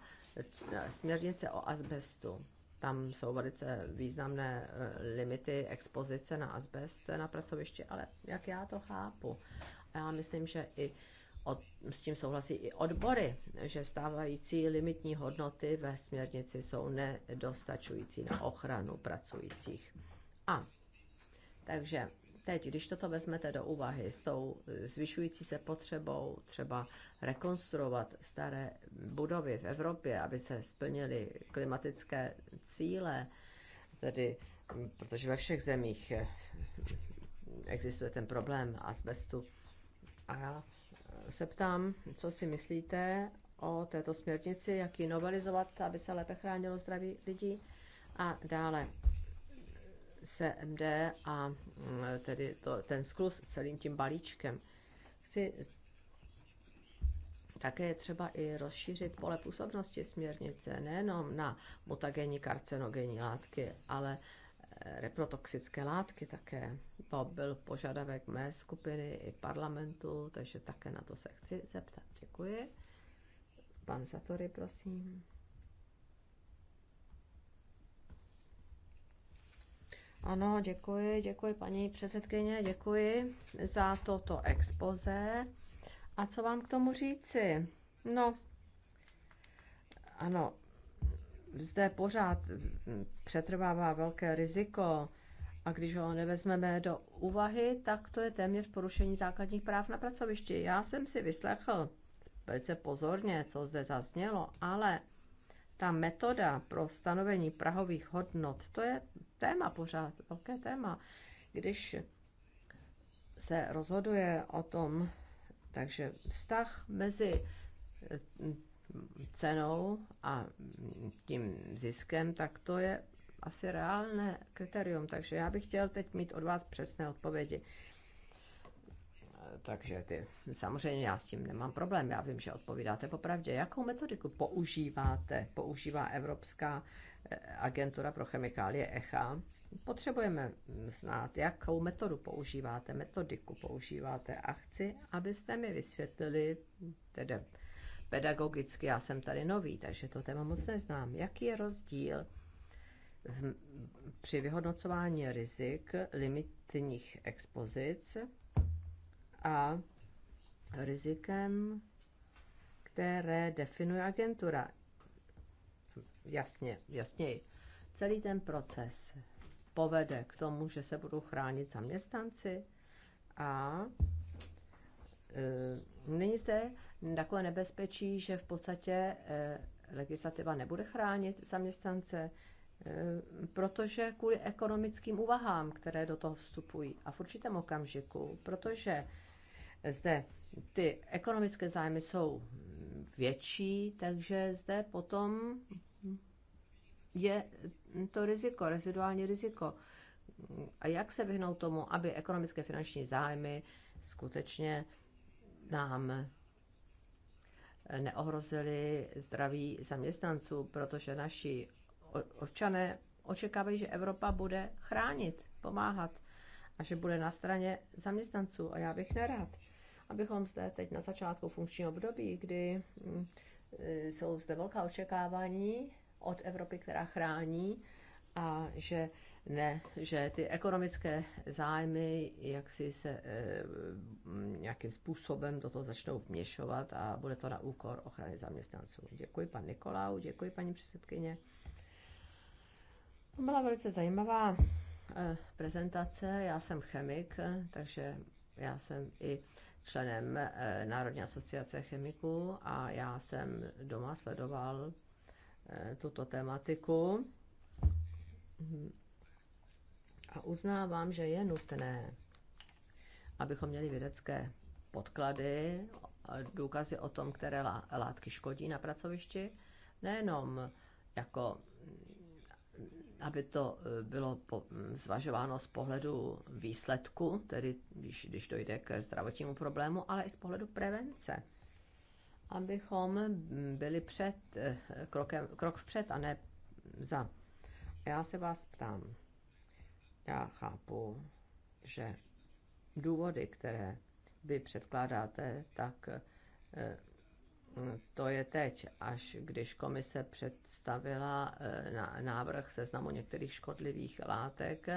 Speaker 3: Směrnice o asbestu. Tam jsou velice významné e, limity expozice na asbest na pracovišti, ale jak já to chápu, a já myslím, že i od, s tím souhlasí i odbory, že stávající limitní hodnoty ve směrnici jsou nedostačující na ochranu pracujících. A takže Teď, když toto vezmete do úvahy s tou zvyšující se potřebou třeba rekonstruovat staré budovy v Evropě, aby se splnily klimatické cíle, tedy protože ve všech zemích eh, existuje ten problém asbestu. A já se ptám, co si myslíte o této směrnici, jak ji novelizovat, aby se lépe chránilo zdraví lidí. A dále SMD a mm, tedy to, ten sklus s celým tím balíčkem. Chci také je třeba i rozšířit pole působnosti směrnice nejenom na mutagenní karcenogenní látky, ale eh, reprotoxické látky také. To byl požadavek mé skupiny i parlamentu, takže také na to se chci zeptat. Děkuji. Pan Satory, prosím. Ano, děkuji, děkuji paní předsedkyně, děkuji za toto expoze. A co vám k tomu říci? No, ano, zde pořád přetrvává velké riziko a když ho nevezmeme do úvahy, tak to je téměř porušení základních práv na pracovišti. Já jsem si vyslechl velice pozorně, co zde zaznělo, ale ta metoda pro stanovení prahových hodnot, to je téma pořád, velké téma. Když se rozhoduje o tom, takže vztah mezi mm, cenou a tím ziskem, tak to je asi reálné kritérium. Takže já bych chtěl teď mít od vás přesné odpovědi takže ty, samozřejmě já s tím nemám problém, já vím, že odpovídáte popravdě. Jakou metodiku používáte, používá Evropská eh, agentura pro chemikálie ECHA? Potřebujeme znát, jakou metodu používáte, metodiku používáte a chci, abyste mi vysvětlili, tedy pedagogicky, já jsem tady nový, takže to téma moc neznám. Jaký je rozdíl v, při vyhodnocování rizik limitních expozic a rizikem, které definuje agentura. Jasně, jasněji. Celý ten proces povede k tomu, že se budou chránit zaměstnanci a e, není zde takové nebezpečí, že v podstatě e, legislativa nebude chránit zaměstnance, e, protože kvůli ekonomickým úvahám, které do toho vstupují a v určitém okamžiku, protože zde ty ekonomické zájmy jsou větší, takže zde potom je to riziko, reziduální riziko. A jak se vyhnout tomu, aby ekonomické finanční zájmy skutečně nám neohrozily zdraví zaměstnanců, protože naši občané očekávají, že Evropa bude chránit, pomáhat a že bude na straně zaměstnanců. A já bych nerád abychom zde teď na začátku funkčního období, kdy mm, e, jsou zde velká očekávání od Evropy, která chrání a že ne, že ty ekonomické zájmy jak si se e, mm, nějakým způsobem do toho začnou vměšovat a bude to na úkor ochrany zaměstnanců. Děkuji pan Nikolau, děkuji paní předsedkyně. To byla velice zajímavá e, prezentace. Já jsem chemik, e, takže já jsem i e, členem eh, Národní asociace chemiků a já jsem doma sledoval eh, tuto tematiku. a uznávám, že je nutné, abychom měli vědecké podklady, důkazy o tom, které látky škodí na pracovišti, nejenom jako aby to e, bylo zvažováno z pohledu výsledku, tedy když, když dojde k zdravotnímu problému, ale i z pohledu prevence. Abychom byli před, e, krokem, krok vpřed a ne za. Já se vás ptám, já chápu, že důvody, které vy předkládáte, tak e, Hmm. to je teď, až když komise představila eh, návrh seznamu některých škodlivých látek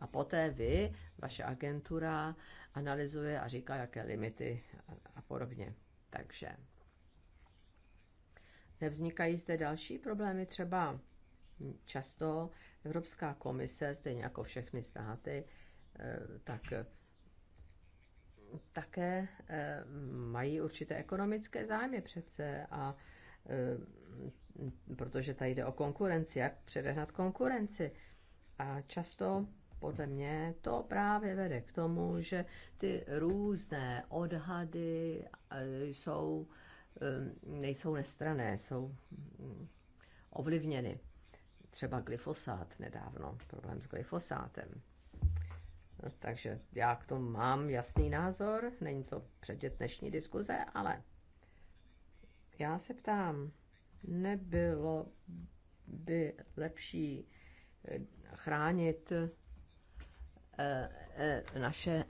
Speaker 3: a poté vy, vaše agentura, analyzuje a říká, jaké limity a podobně. Takže nevznikají zde další problémy, třeba často Evropská komise, stejně jako všechny státy, eh, tak také eh, mají určité ekonomické zájmy přece a eh, protože tady jde o konkurenci, jak předehnat konkurenci. A často podle mě to právě vede k tomu, že ty různé odhady eh, jsou, nejsou nestrané, jsou hm, ovlivněny. Třeba glyfosát nedávno, problém s glyfosátem. Takže já k tomu mám jasný názor, není to předmět dnešní diskuze, ale já se ptám, nebylo by lepší eh, chránit eh, eh, naše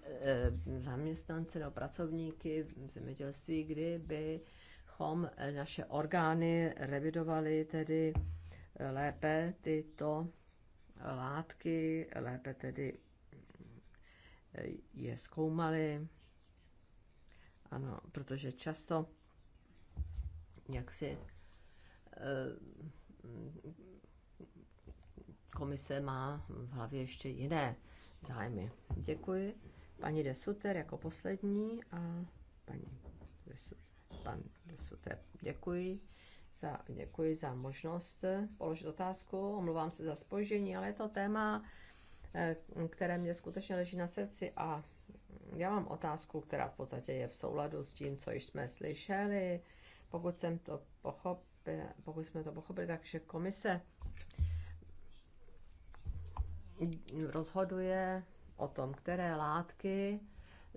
Speaker 3: zaměstnance nebo pracovníky v zemědělství, kdybychom naše orgány revidovali tedy lépe tyto látky, lépe tedy Eh, je zkoumali. Ano, protože často jak si eh, komise má v hlavě ještě jiné zájmy. Děkuji. Paní Desuter jako poslední a paní Desuter, pan Desuter. Děkuji za, děkuji za možnost položit otázku. Omlouvám se za spojení, ale je to téma, Eh, které mě skutečně leží na srdci a já mám otázku, která v podstatě je v souladu s tím, co již jsme slyšeli. Pokud, jsem to pochopil, pokud jsme to pochopili, takže komise rozhoduje o tom, které látky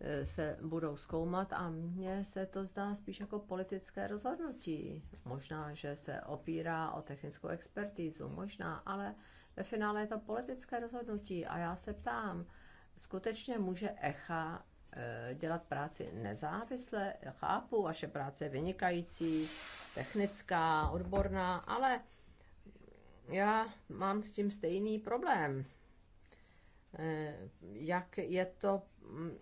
Speaker 3: eh, se budou zkoumat a mně se to zdá spíš jako politické rozhodnutí. Možná, že se opírá o technickou expertízu, možná, ale ve finále je to politické rozhodnutí a já se ptám, skutečně může ECHA eh, dělat práci nezávisle? Chápu, vaše práce je vynikající, technická, odborná, ale já mám s tím stejný problém eh, jak je to, mm,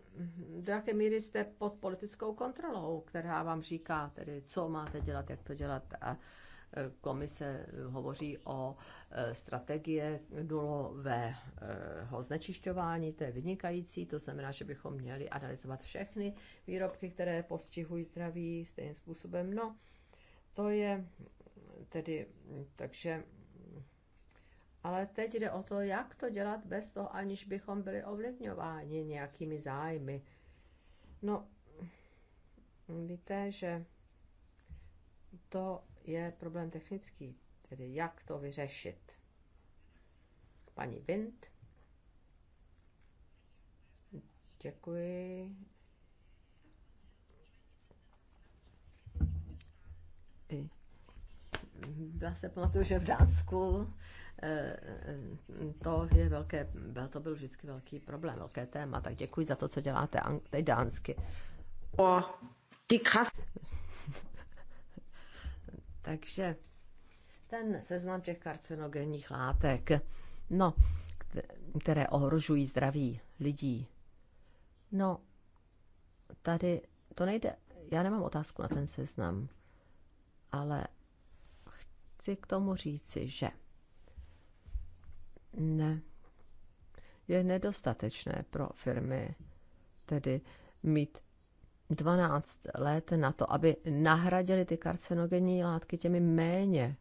Speaker 3: do jaké míry jste pod politickou kontrolou, která vám říká tedy, co máte dělat, jak to dělat a komise hovoří o e, strategie nulového znečišťování, to je vynikající, to znamená, že bychom měli analyzovat všechny výrobky, které postihují zdraví stejným způsobem. No, to je tedy, takže ale teď jde o to, jak to dělat bez toho, aniž bychom byli ovlivňováni nějakými zájmy. No, víte, že to je problém technický, tedy jak to vyřešit. Paní Vint. Děkuji. Já se pamatuju, že v Dánsku eh, eh, to je velké, to byl vždycky velký problém, velké téma, tak děkuji za to, co děláte teď dánsky. Oh, takže ten seznam těch karcinogenních látek, no, které ohrožují zdraví lidí. No, tady to nejde, já nemám otázku na ten seznam, ale chci k tomu říci, že ne, je nedostatečné pro firmy tedy mít 12 let na to, aby nahradili ty karcinogenní látky těmi méně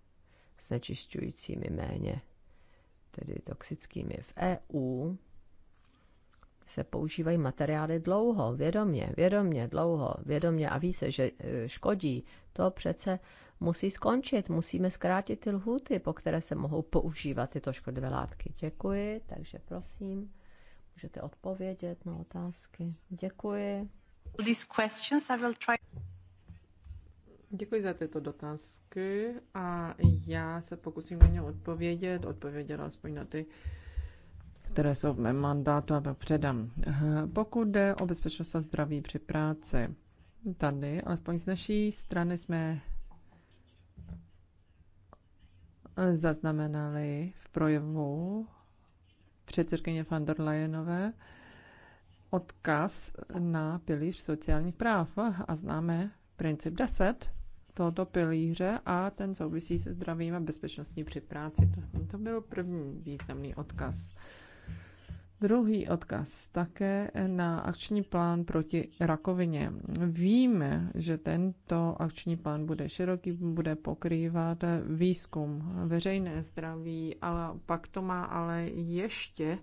Speaker 3: znečišťujícími, méně tedy toxickými. V EU se používají materiály dlouho, vědomě, vědomě, dlouho, vědomě a ví se, že e, škodí. To přece musí skončit. Musíme zkrátit ty lhuty, po které se mohou používat tyto škodlivé látky. Děkuji, takže prosím, můžete odpovědět na otázky. Děkuji.
Speaker 4: Děkuji za tyto dotazky a já se pokusím na ně odpovědět, odpovědět alespoň na ty, které jsou v mém mandátu a předám. Pokud jde o bezpečnost a zdraví při práci, tady, alespoň z naší strany jsme zaznamenali v projevu předsedkyně van der Leyenové, odkaz na pilíř sociálních práv a známe princip 10 tohoto pilíře a ten souvisí se zdravím a bezpečností při práci. To byl první významný odkaz. Druhý odkaz také na akční plán proti rakovině. Víme, že tento akční plán bude široký, bude pokrývat výzkum, veřejné zdraví, ale pak to má ale ještě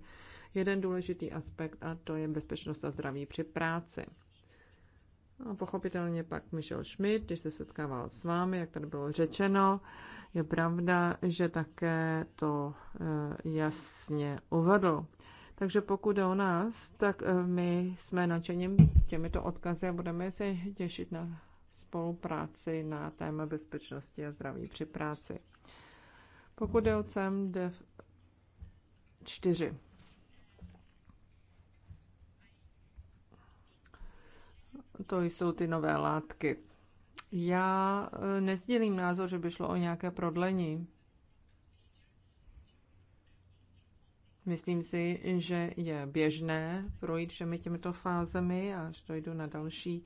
Speaker 4: jeden důležitý aspekt a to je bezpečnost a zdraví při práci. A pochopitelně pak Michel Schmidt, když se setkával s vámi, jak tady bylo řečeno, je pravda, že také to eh, jasně uvedl. Takže pokud o nás, tak eh, my jsme nadšením těmito odkazy a budeme se těšit na spolupráci na téma bezpečnosti a zdraví při práci. Pokud je o CMD 4, to jsou ty nové látky. Já e, nezdělím názor, že by šlo o nějaké prodlení. Myslím si, že je běžné projít všemi těmito fázemi a až dojdu na další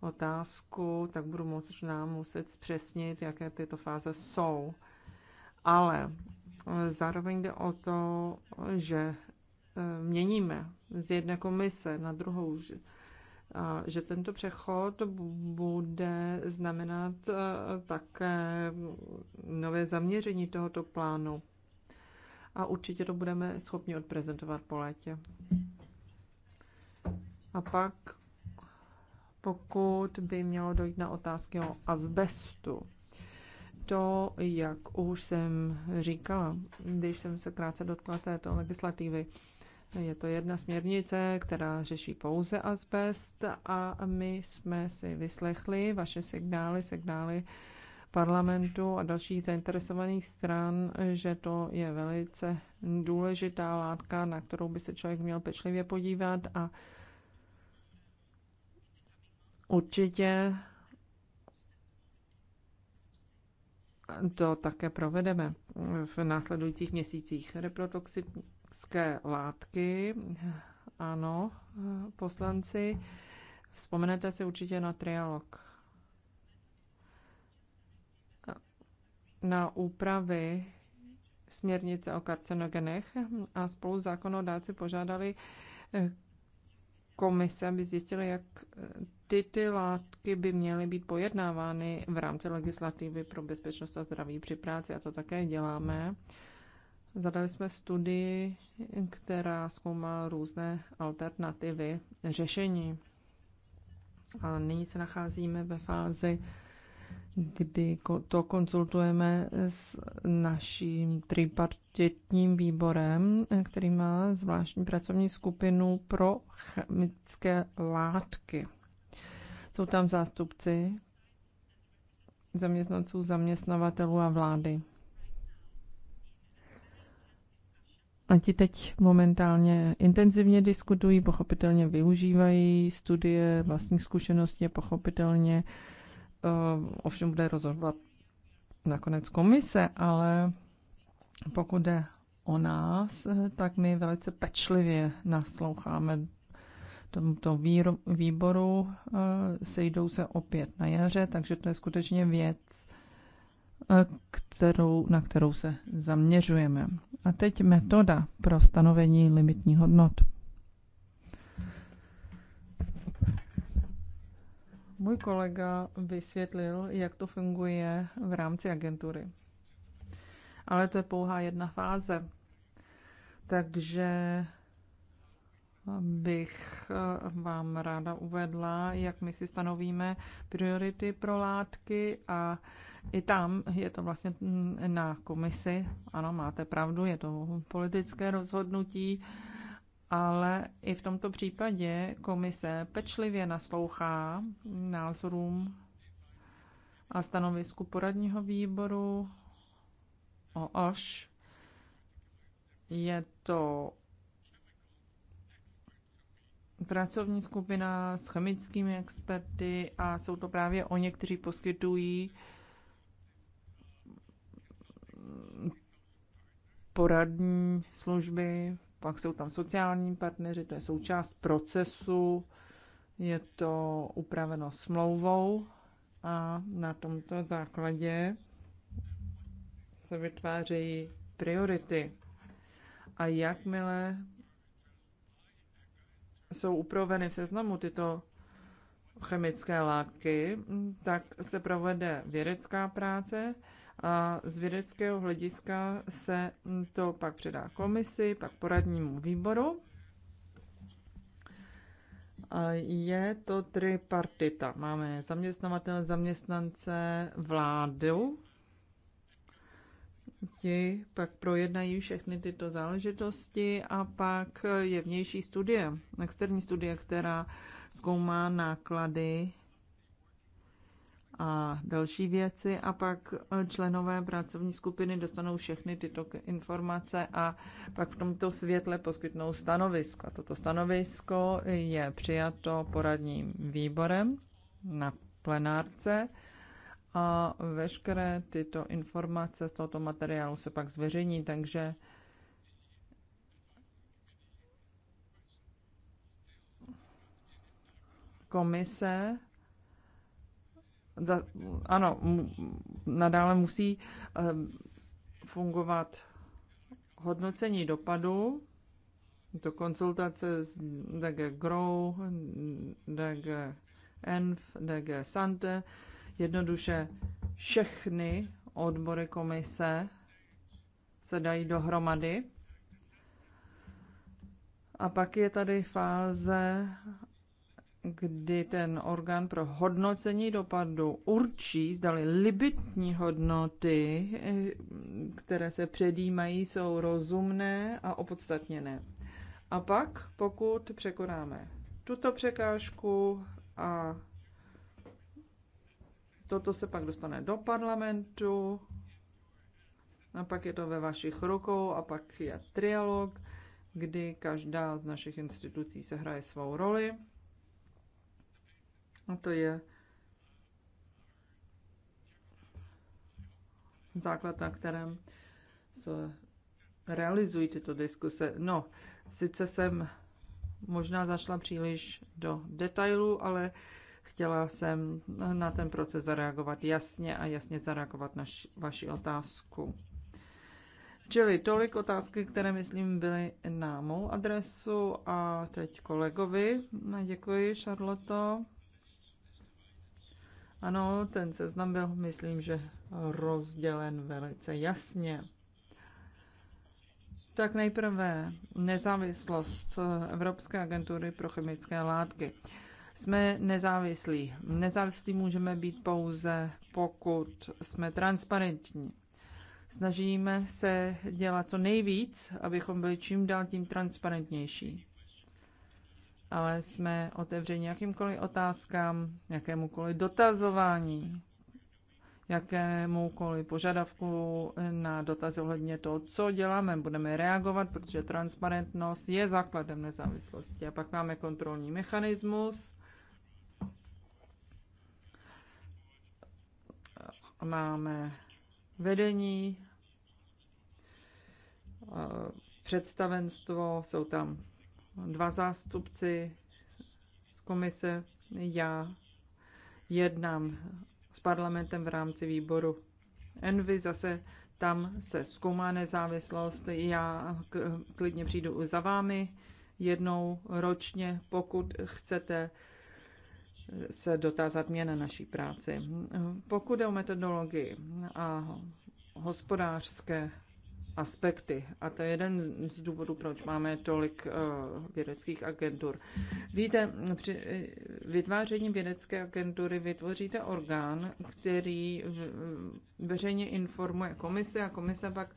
Speaker 4: otázku, tak budu možná muset zpřesnit, jaké tyto fáze jsou. Ale e, zároveň jde o to, že e, měníme z jedné komise na druhou, že že tento přechod bude znamenat e, také nové zaměření tohoto plánu. A určitě to budeme schopni odprezentovat po létě. A pak, pokud by mělo dojít na otázky o azbestu, to, jak už jsem říkala, když jsem se krátce dotkla této legislativy, je to jedna směrnice, která řeší pouze asbest a my jsme si vyslechli vaše signály, signály parlamentu a dalších zainteresovaných stran, že to je velice důležitá látka, na kterou by se člověk měl pečlivě podívat a určitě to také provedeme v následujících měsících. Reprotoxidní toxické látky. Ano, poslanci, vzpomenete si určitě na trialog. Na úpravy směrnice o karcinogenech a spolu zákonodáci požádali eh, komise, aby zjistili, jak ty, eh, ty látky by měly být pojednávány v rámci legislativy pro bezpečnost a zdraví při práci a to také děláme. Zadali jsme studii, která zkoumá různé alternativy řešení. A nyní se nacházíme ve fázi, kdy to konzultujeme s naším tripartitním výborem, který má zvláštní pracovní skupinu pro chemické látky. Jsou tam zástupci zaměstnanců, zaměstnavatelů a vlády. A ti teď momentálně intenzivně diskutují, pochopitelně využívají studie vlastních zkušeností a pochopitelně eh, ovšem bude rozhodovat nakonec komise, ale pokud jde o nás, eh, tak my velice pečlivě nasloucháme tomuto výboru. Eh, sejdou se opět na jaře, takže to je skutečně věc, Eh, kterou, na kterou se zaměřujeme. A teď metoda pro stanovení limitní hodnot. Můj kolega vysvětlil, jak to funguje v rámci agentury. Ale to je pouhá jedna fáze. Takže eh, bych eh, vám ráda uvedla, jak my si stanovíme priority pro látky a i tam je to vlastně mm, na komisi, ano, máte pravdu, je to politické rozhodnutí, ale i v tomto případě komise pečlivě naslouchá názorům a stanovisku poradního výboru o OŠ. Je to pracovní skupina s chemickými experty a jsou to právě oni, kteří poskytují poradní služby, pak jsou tam sociální partneři, to je součást procesu, je to upraveno smlouvou a na tomto základě se vytvářejí priority. A jakmile jsou upraveny v seznamu tyto chemické látky, tak se provede vědecká práce, a z vědeckého hlediska se to pak předá komisi, pak poradnímu výboru. A je to tripartita. Máme zaměstnavatel, zaměstnance, vládu. Ti pak projednají všechny tyto záležitosti a pak je vnější studie, externí studie, která zkoumá náklady a další věci a pak e, členové pracovní skupiny dostanou všechny tyto informace a pak v tomto světle poskytnou stanovisko. A toto stanovisko je přijato poradním výborem na plenárce a veškeré tyto informace z tohoto materiálu se pak zveřejní, takže komise za, ano, nadále musí ehm, fungovat hodnocení dopadu, to konzultace s DG Grow, DG Enf, DG Sante, jednoduše všechny odbory komise se dají dohromady. A pak je tady fáze kdy ten orgán pro hodnocení dopadu určí, zdali libitní hodnoty, eh, které se předjímají, jsou rozumné a opodstatněné. A pak, pokud překonáme tuto překážku a toto se pak dostane do parlamentu, a pak je to ve vašich rukou a pak je trialog, kdy každá z našich institucí se hraje svou roli. To je základ, na kterém se realizují tyto diskuse. No, sice jsem možná zašla příliš do detailů, ale chtěla jsem na ten proces zareagovat jasně a jasně zareagovat na vaši otázku. Čili tolik otázky, které, myslím, byly na mou adresu a teď kolegovi. Děkuji, Charlotte. Ano, ten seznam byl, myslím, že rozdělen velice jasně. Tak nejprve nezávislost Evropské agentury pro chemické látky. Jsme nezávislí. Nezávislí můžeme být pouze, pokud jsme transparentní. Snažíme se dělat co nejvíc, abychom byli čím dál tím transparentnější ale jsme otevřeni jakýmkoliv otázkám, jakémukoliv dotazování, jakémukoliv požadavku na dotazy ohledně toho, co děláme. Budeme reagovat, protože transparentnost je základem nezávislosti. A pak máme kontrolní mechanismus. Máme vedení, eh, představenstvo, jsou tam dva zástupci z komise, já jednám s parlamentem v rámci výboru Envy, zase tam se zkoumá nezávislost, já klidně přijdu za vámi jednou ročně, pokud chcete se dotázat mě na naší práci. Pokud je o metodologii a hospodářské aspekty. A to je jeden z důvodů, proč máme tolik eh, vědeckých agentur. Víte, při eh, vytváření vědecké agentury vytvoříte orgán, který eh, veřejně informuje komise a komise pak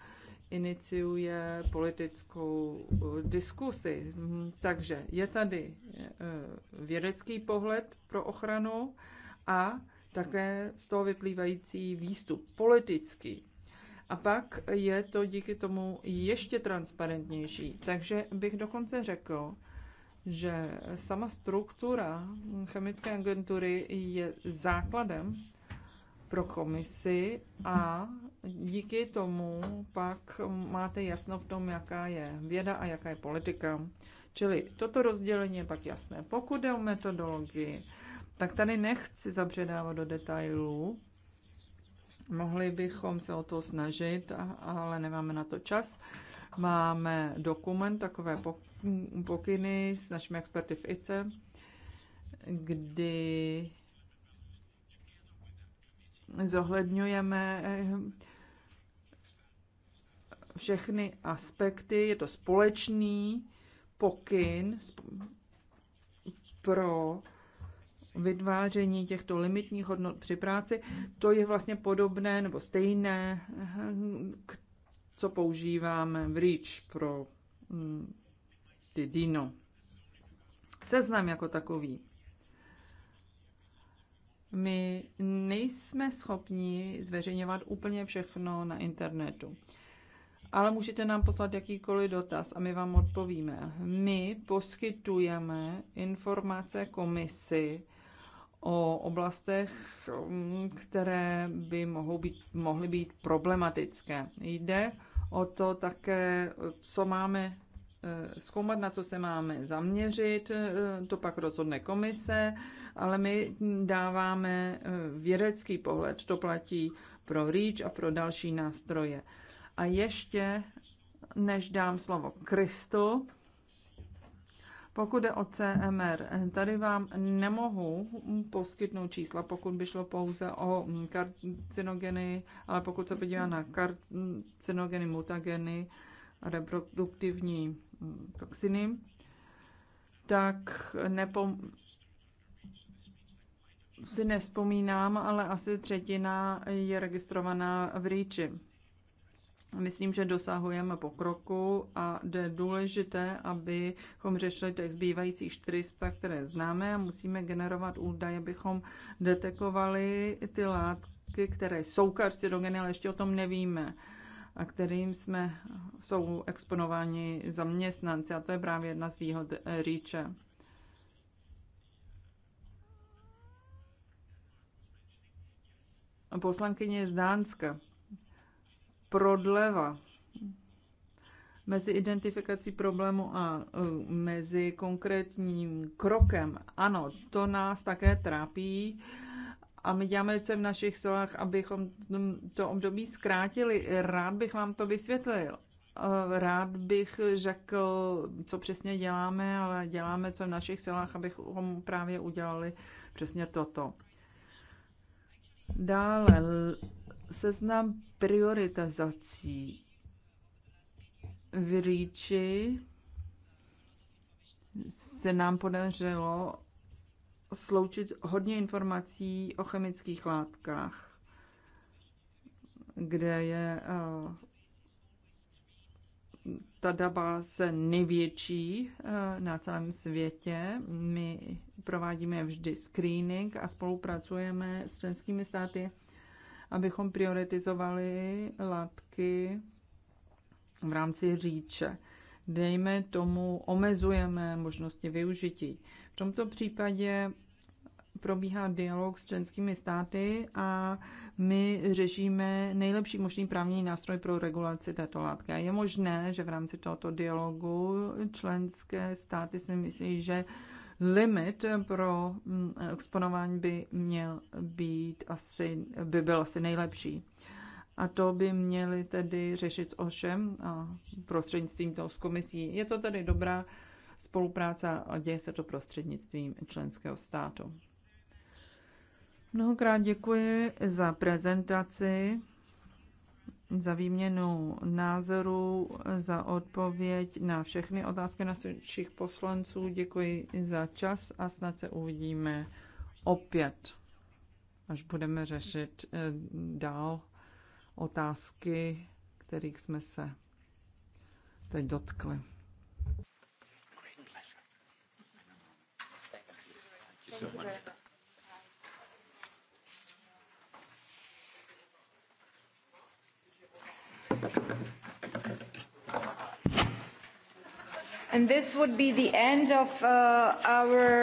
Speaker 4: iniciuje politickou diskusi. Takže je tady vědecký pohled pro ochranu a také z toho vyplývající výstup politický. A pak je to díky tomu ještě transparentnější. Takže bych dokonce řekl, že sama struktura chemické agentury je základem pro komisi a díky tomu pak máte jasno v tom, jaká je věda a jaká je politika. Čili toto rozdělení je pak jasné. Pokud jde o metodologii, tak tady nechci zabředávat do detailů, Mohli bychom se o to snažit, ale nemáme na to čas. Máme dokument, takové pokyny s našimi experty v ICE, kdy zohledňujeme eh, všechny aspekty. Je to společný pokyn pro vytváření těchto limitních hodnot při práci, to je vlastně podobné nebo stejné, eh, co používáme v REACH pro mm, ty DINO. Seznam jako takový. My nejsme schopni zveřejňovat úplně všechno na internetu ale můžete nám poslat jakýkoliv dotaz a my vám odpovíme. My poskytujeme informace komisi o oblastech, mm, které by mohou být, mohly být problematické. Jde o to také, co máme eh, zkoumat, na co se máme zaměřit, eh, to pak rozhodne komise, ale my dáváme eh, vědecký pohled, to platí pro REACH a pro další nástroje. A ještě, než dám slovo Kristu, pokud jde o CMR, tady vám nemohu poskytnout čísla, pokud by šlo pouze o karcinogeny, ale pokud se podívá na karcinogeny, mutageny, reproduktivní toxiny, tak nepom- si nespomínám, ale asi třetina je registrovaná v REACHi. Myslím, že dosahujeme pokroku a je důležité, abychom řešili těch zbývajících 400, které známe a musíme generovat údaje, abychom detekovali ty látky, které jsou karcinogeny, ale ještě o tom nevíme a kterým jsme, jsou exponováni zaměstnanci. A to je právě jedna z výhod eh, rýče. Poslankyně z Dánska prodleva mezi identifikací problému a e, mezi konkrétním krokem. Ano, to nás také trápí a my děláme, co je v našich silách, abychom to období zkrátili. Rád bych vám to vysvětlil. E, rád bych řekl, co přesně děláme, ale děláme, co je v našich silách, abychom právě udělali přesně toto. Dále seznam prioritizací v Ríči se nám podařilo sloučit hodně informací o chemických látkách, kde je eh, ta databáze největší eh, na celém světě. My provádíme vždy screening a spolupracujeme s členskými státy abychom prioritizovali látky v rámci říče. Dejme tomu, omezujeme možnosti využití. V tomto případě probíhá dialog s členskými státy a my řešíme nejlepší možný právní nástroj pro regulaci této látky. A je možné, že v rámci tohoto dialogu členské státy si myslí, že limit pro mm, exponování by měl být asi, by byl asi nejlepší. A to by měli tedy řešit s OŠem a prostřednictvím toho s komisí. Je to tedy dobrá spolupráce a děje se to prostřednictvím členského státu. Mnohokrát děkuji za prezentaci za výměnu názorů, za odpověď na všechny otázky našich poslanců. Děkuji za čas a snad se uvidíme opět, až budeme řešit eh, dál otázky, kterých jsme se teď dotkli. Thank you so much.
Speaker 2: And this would be the end of uh, our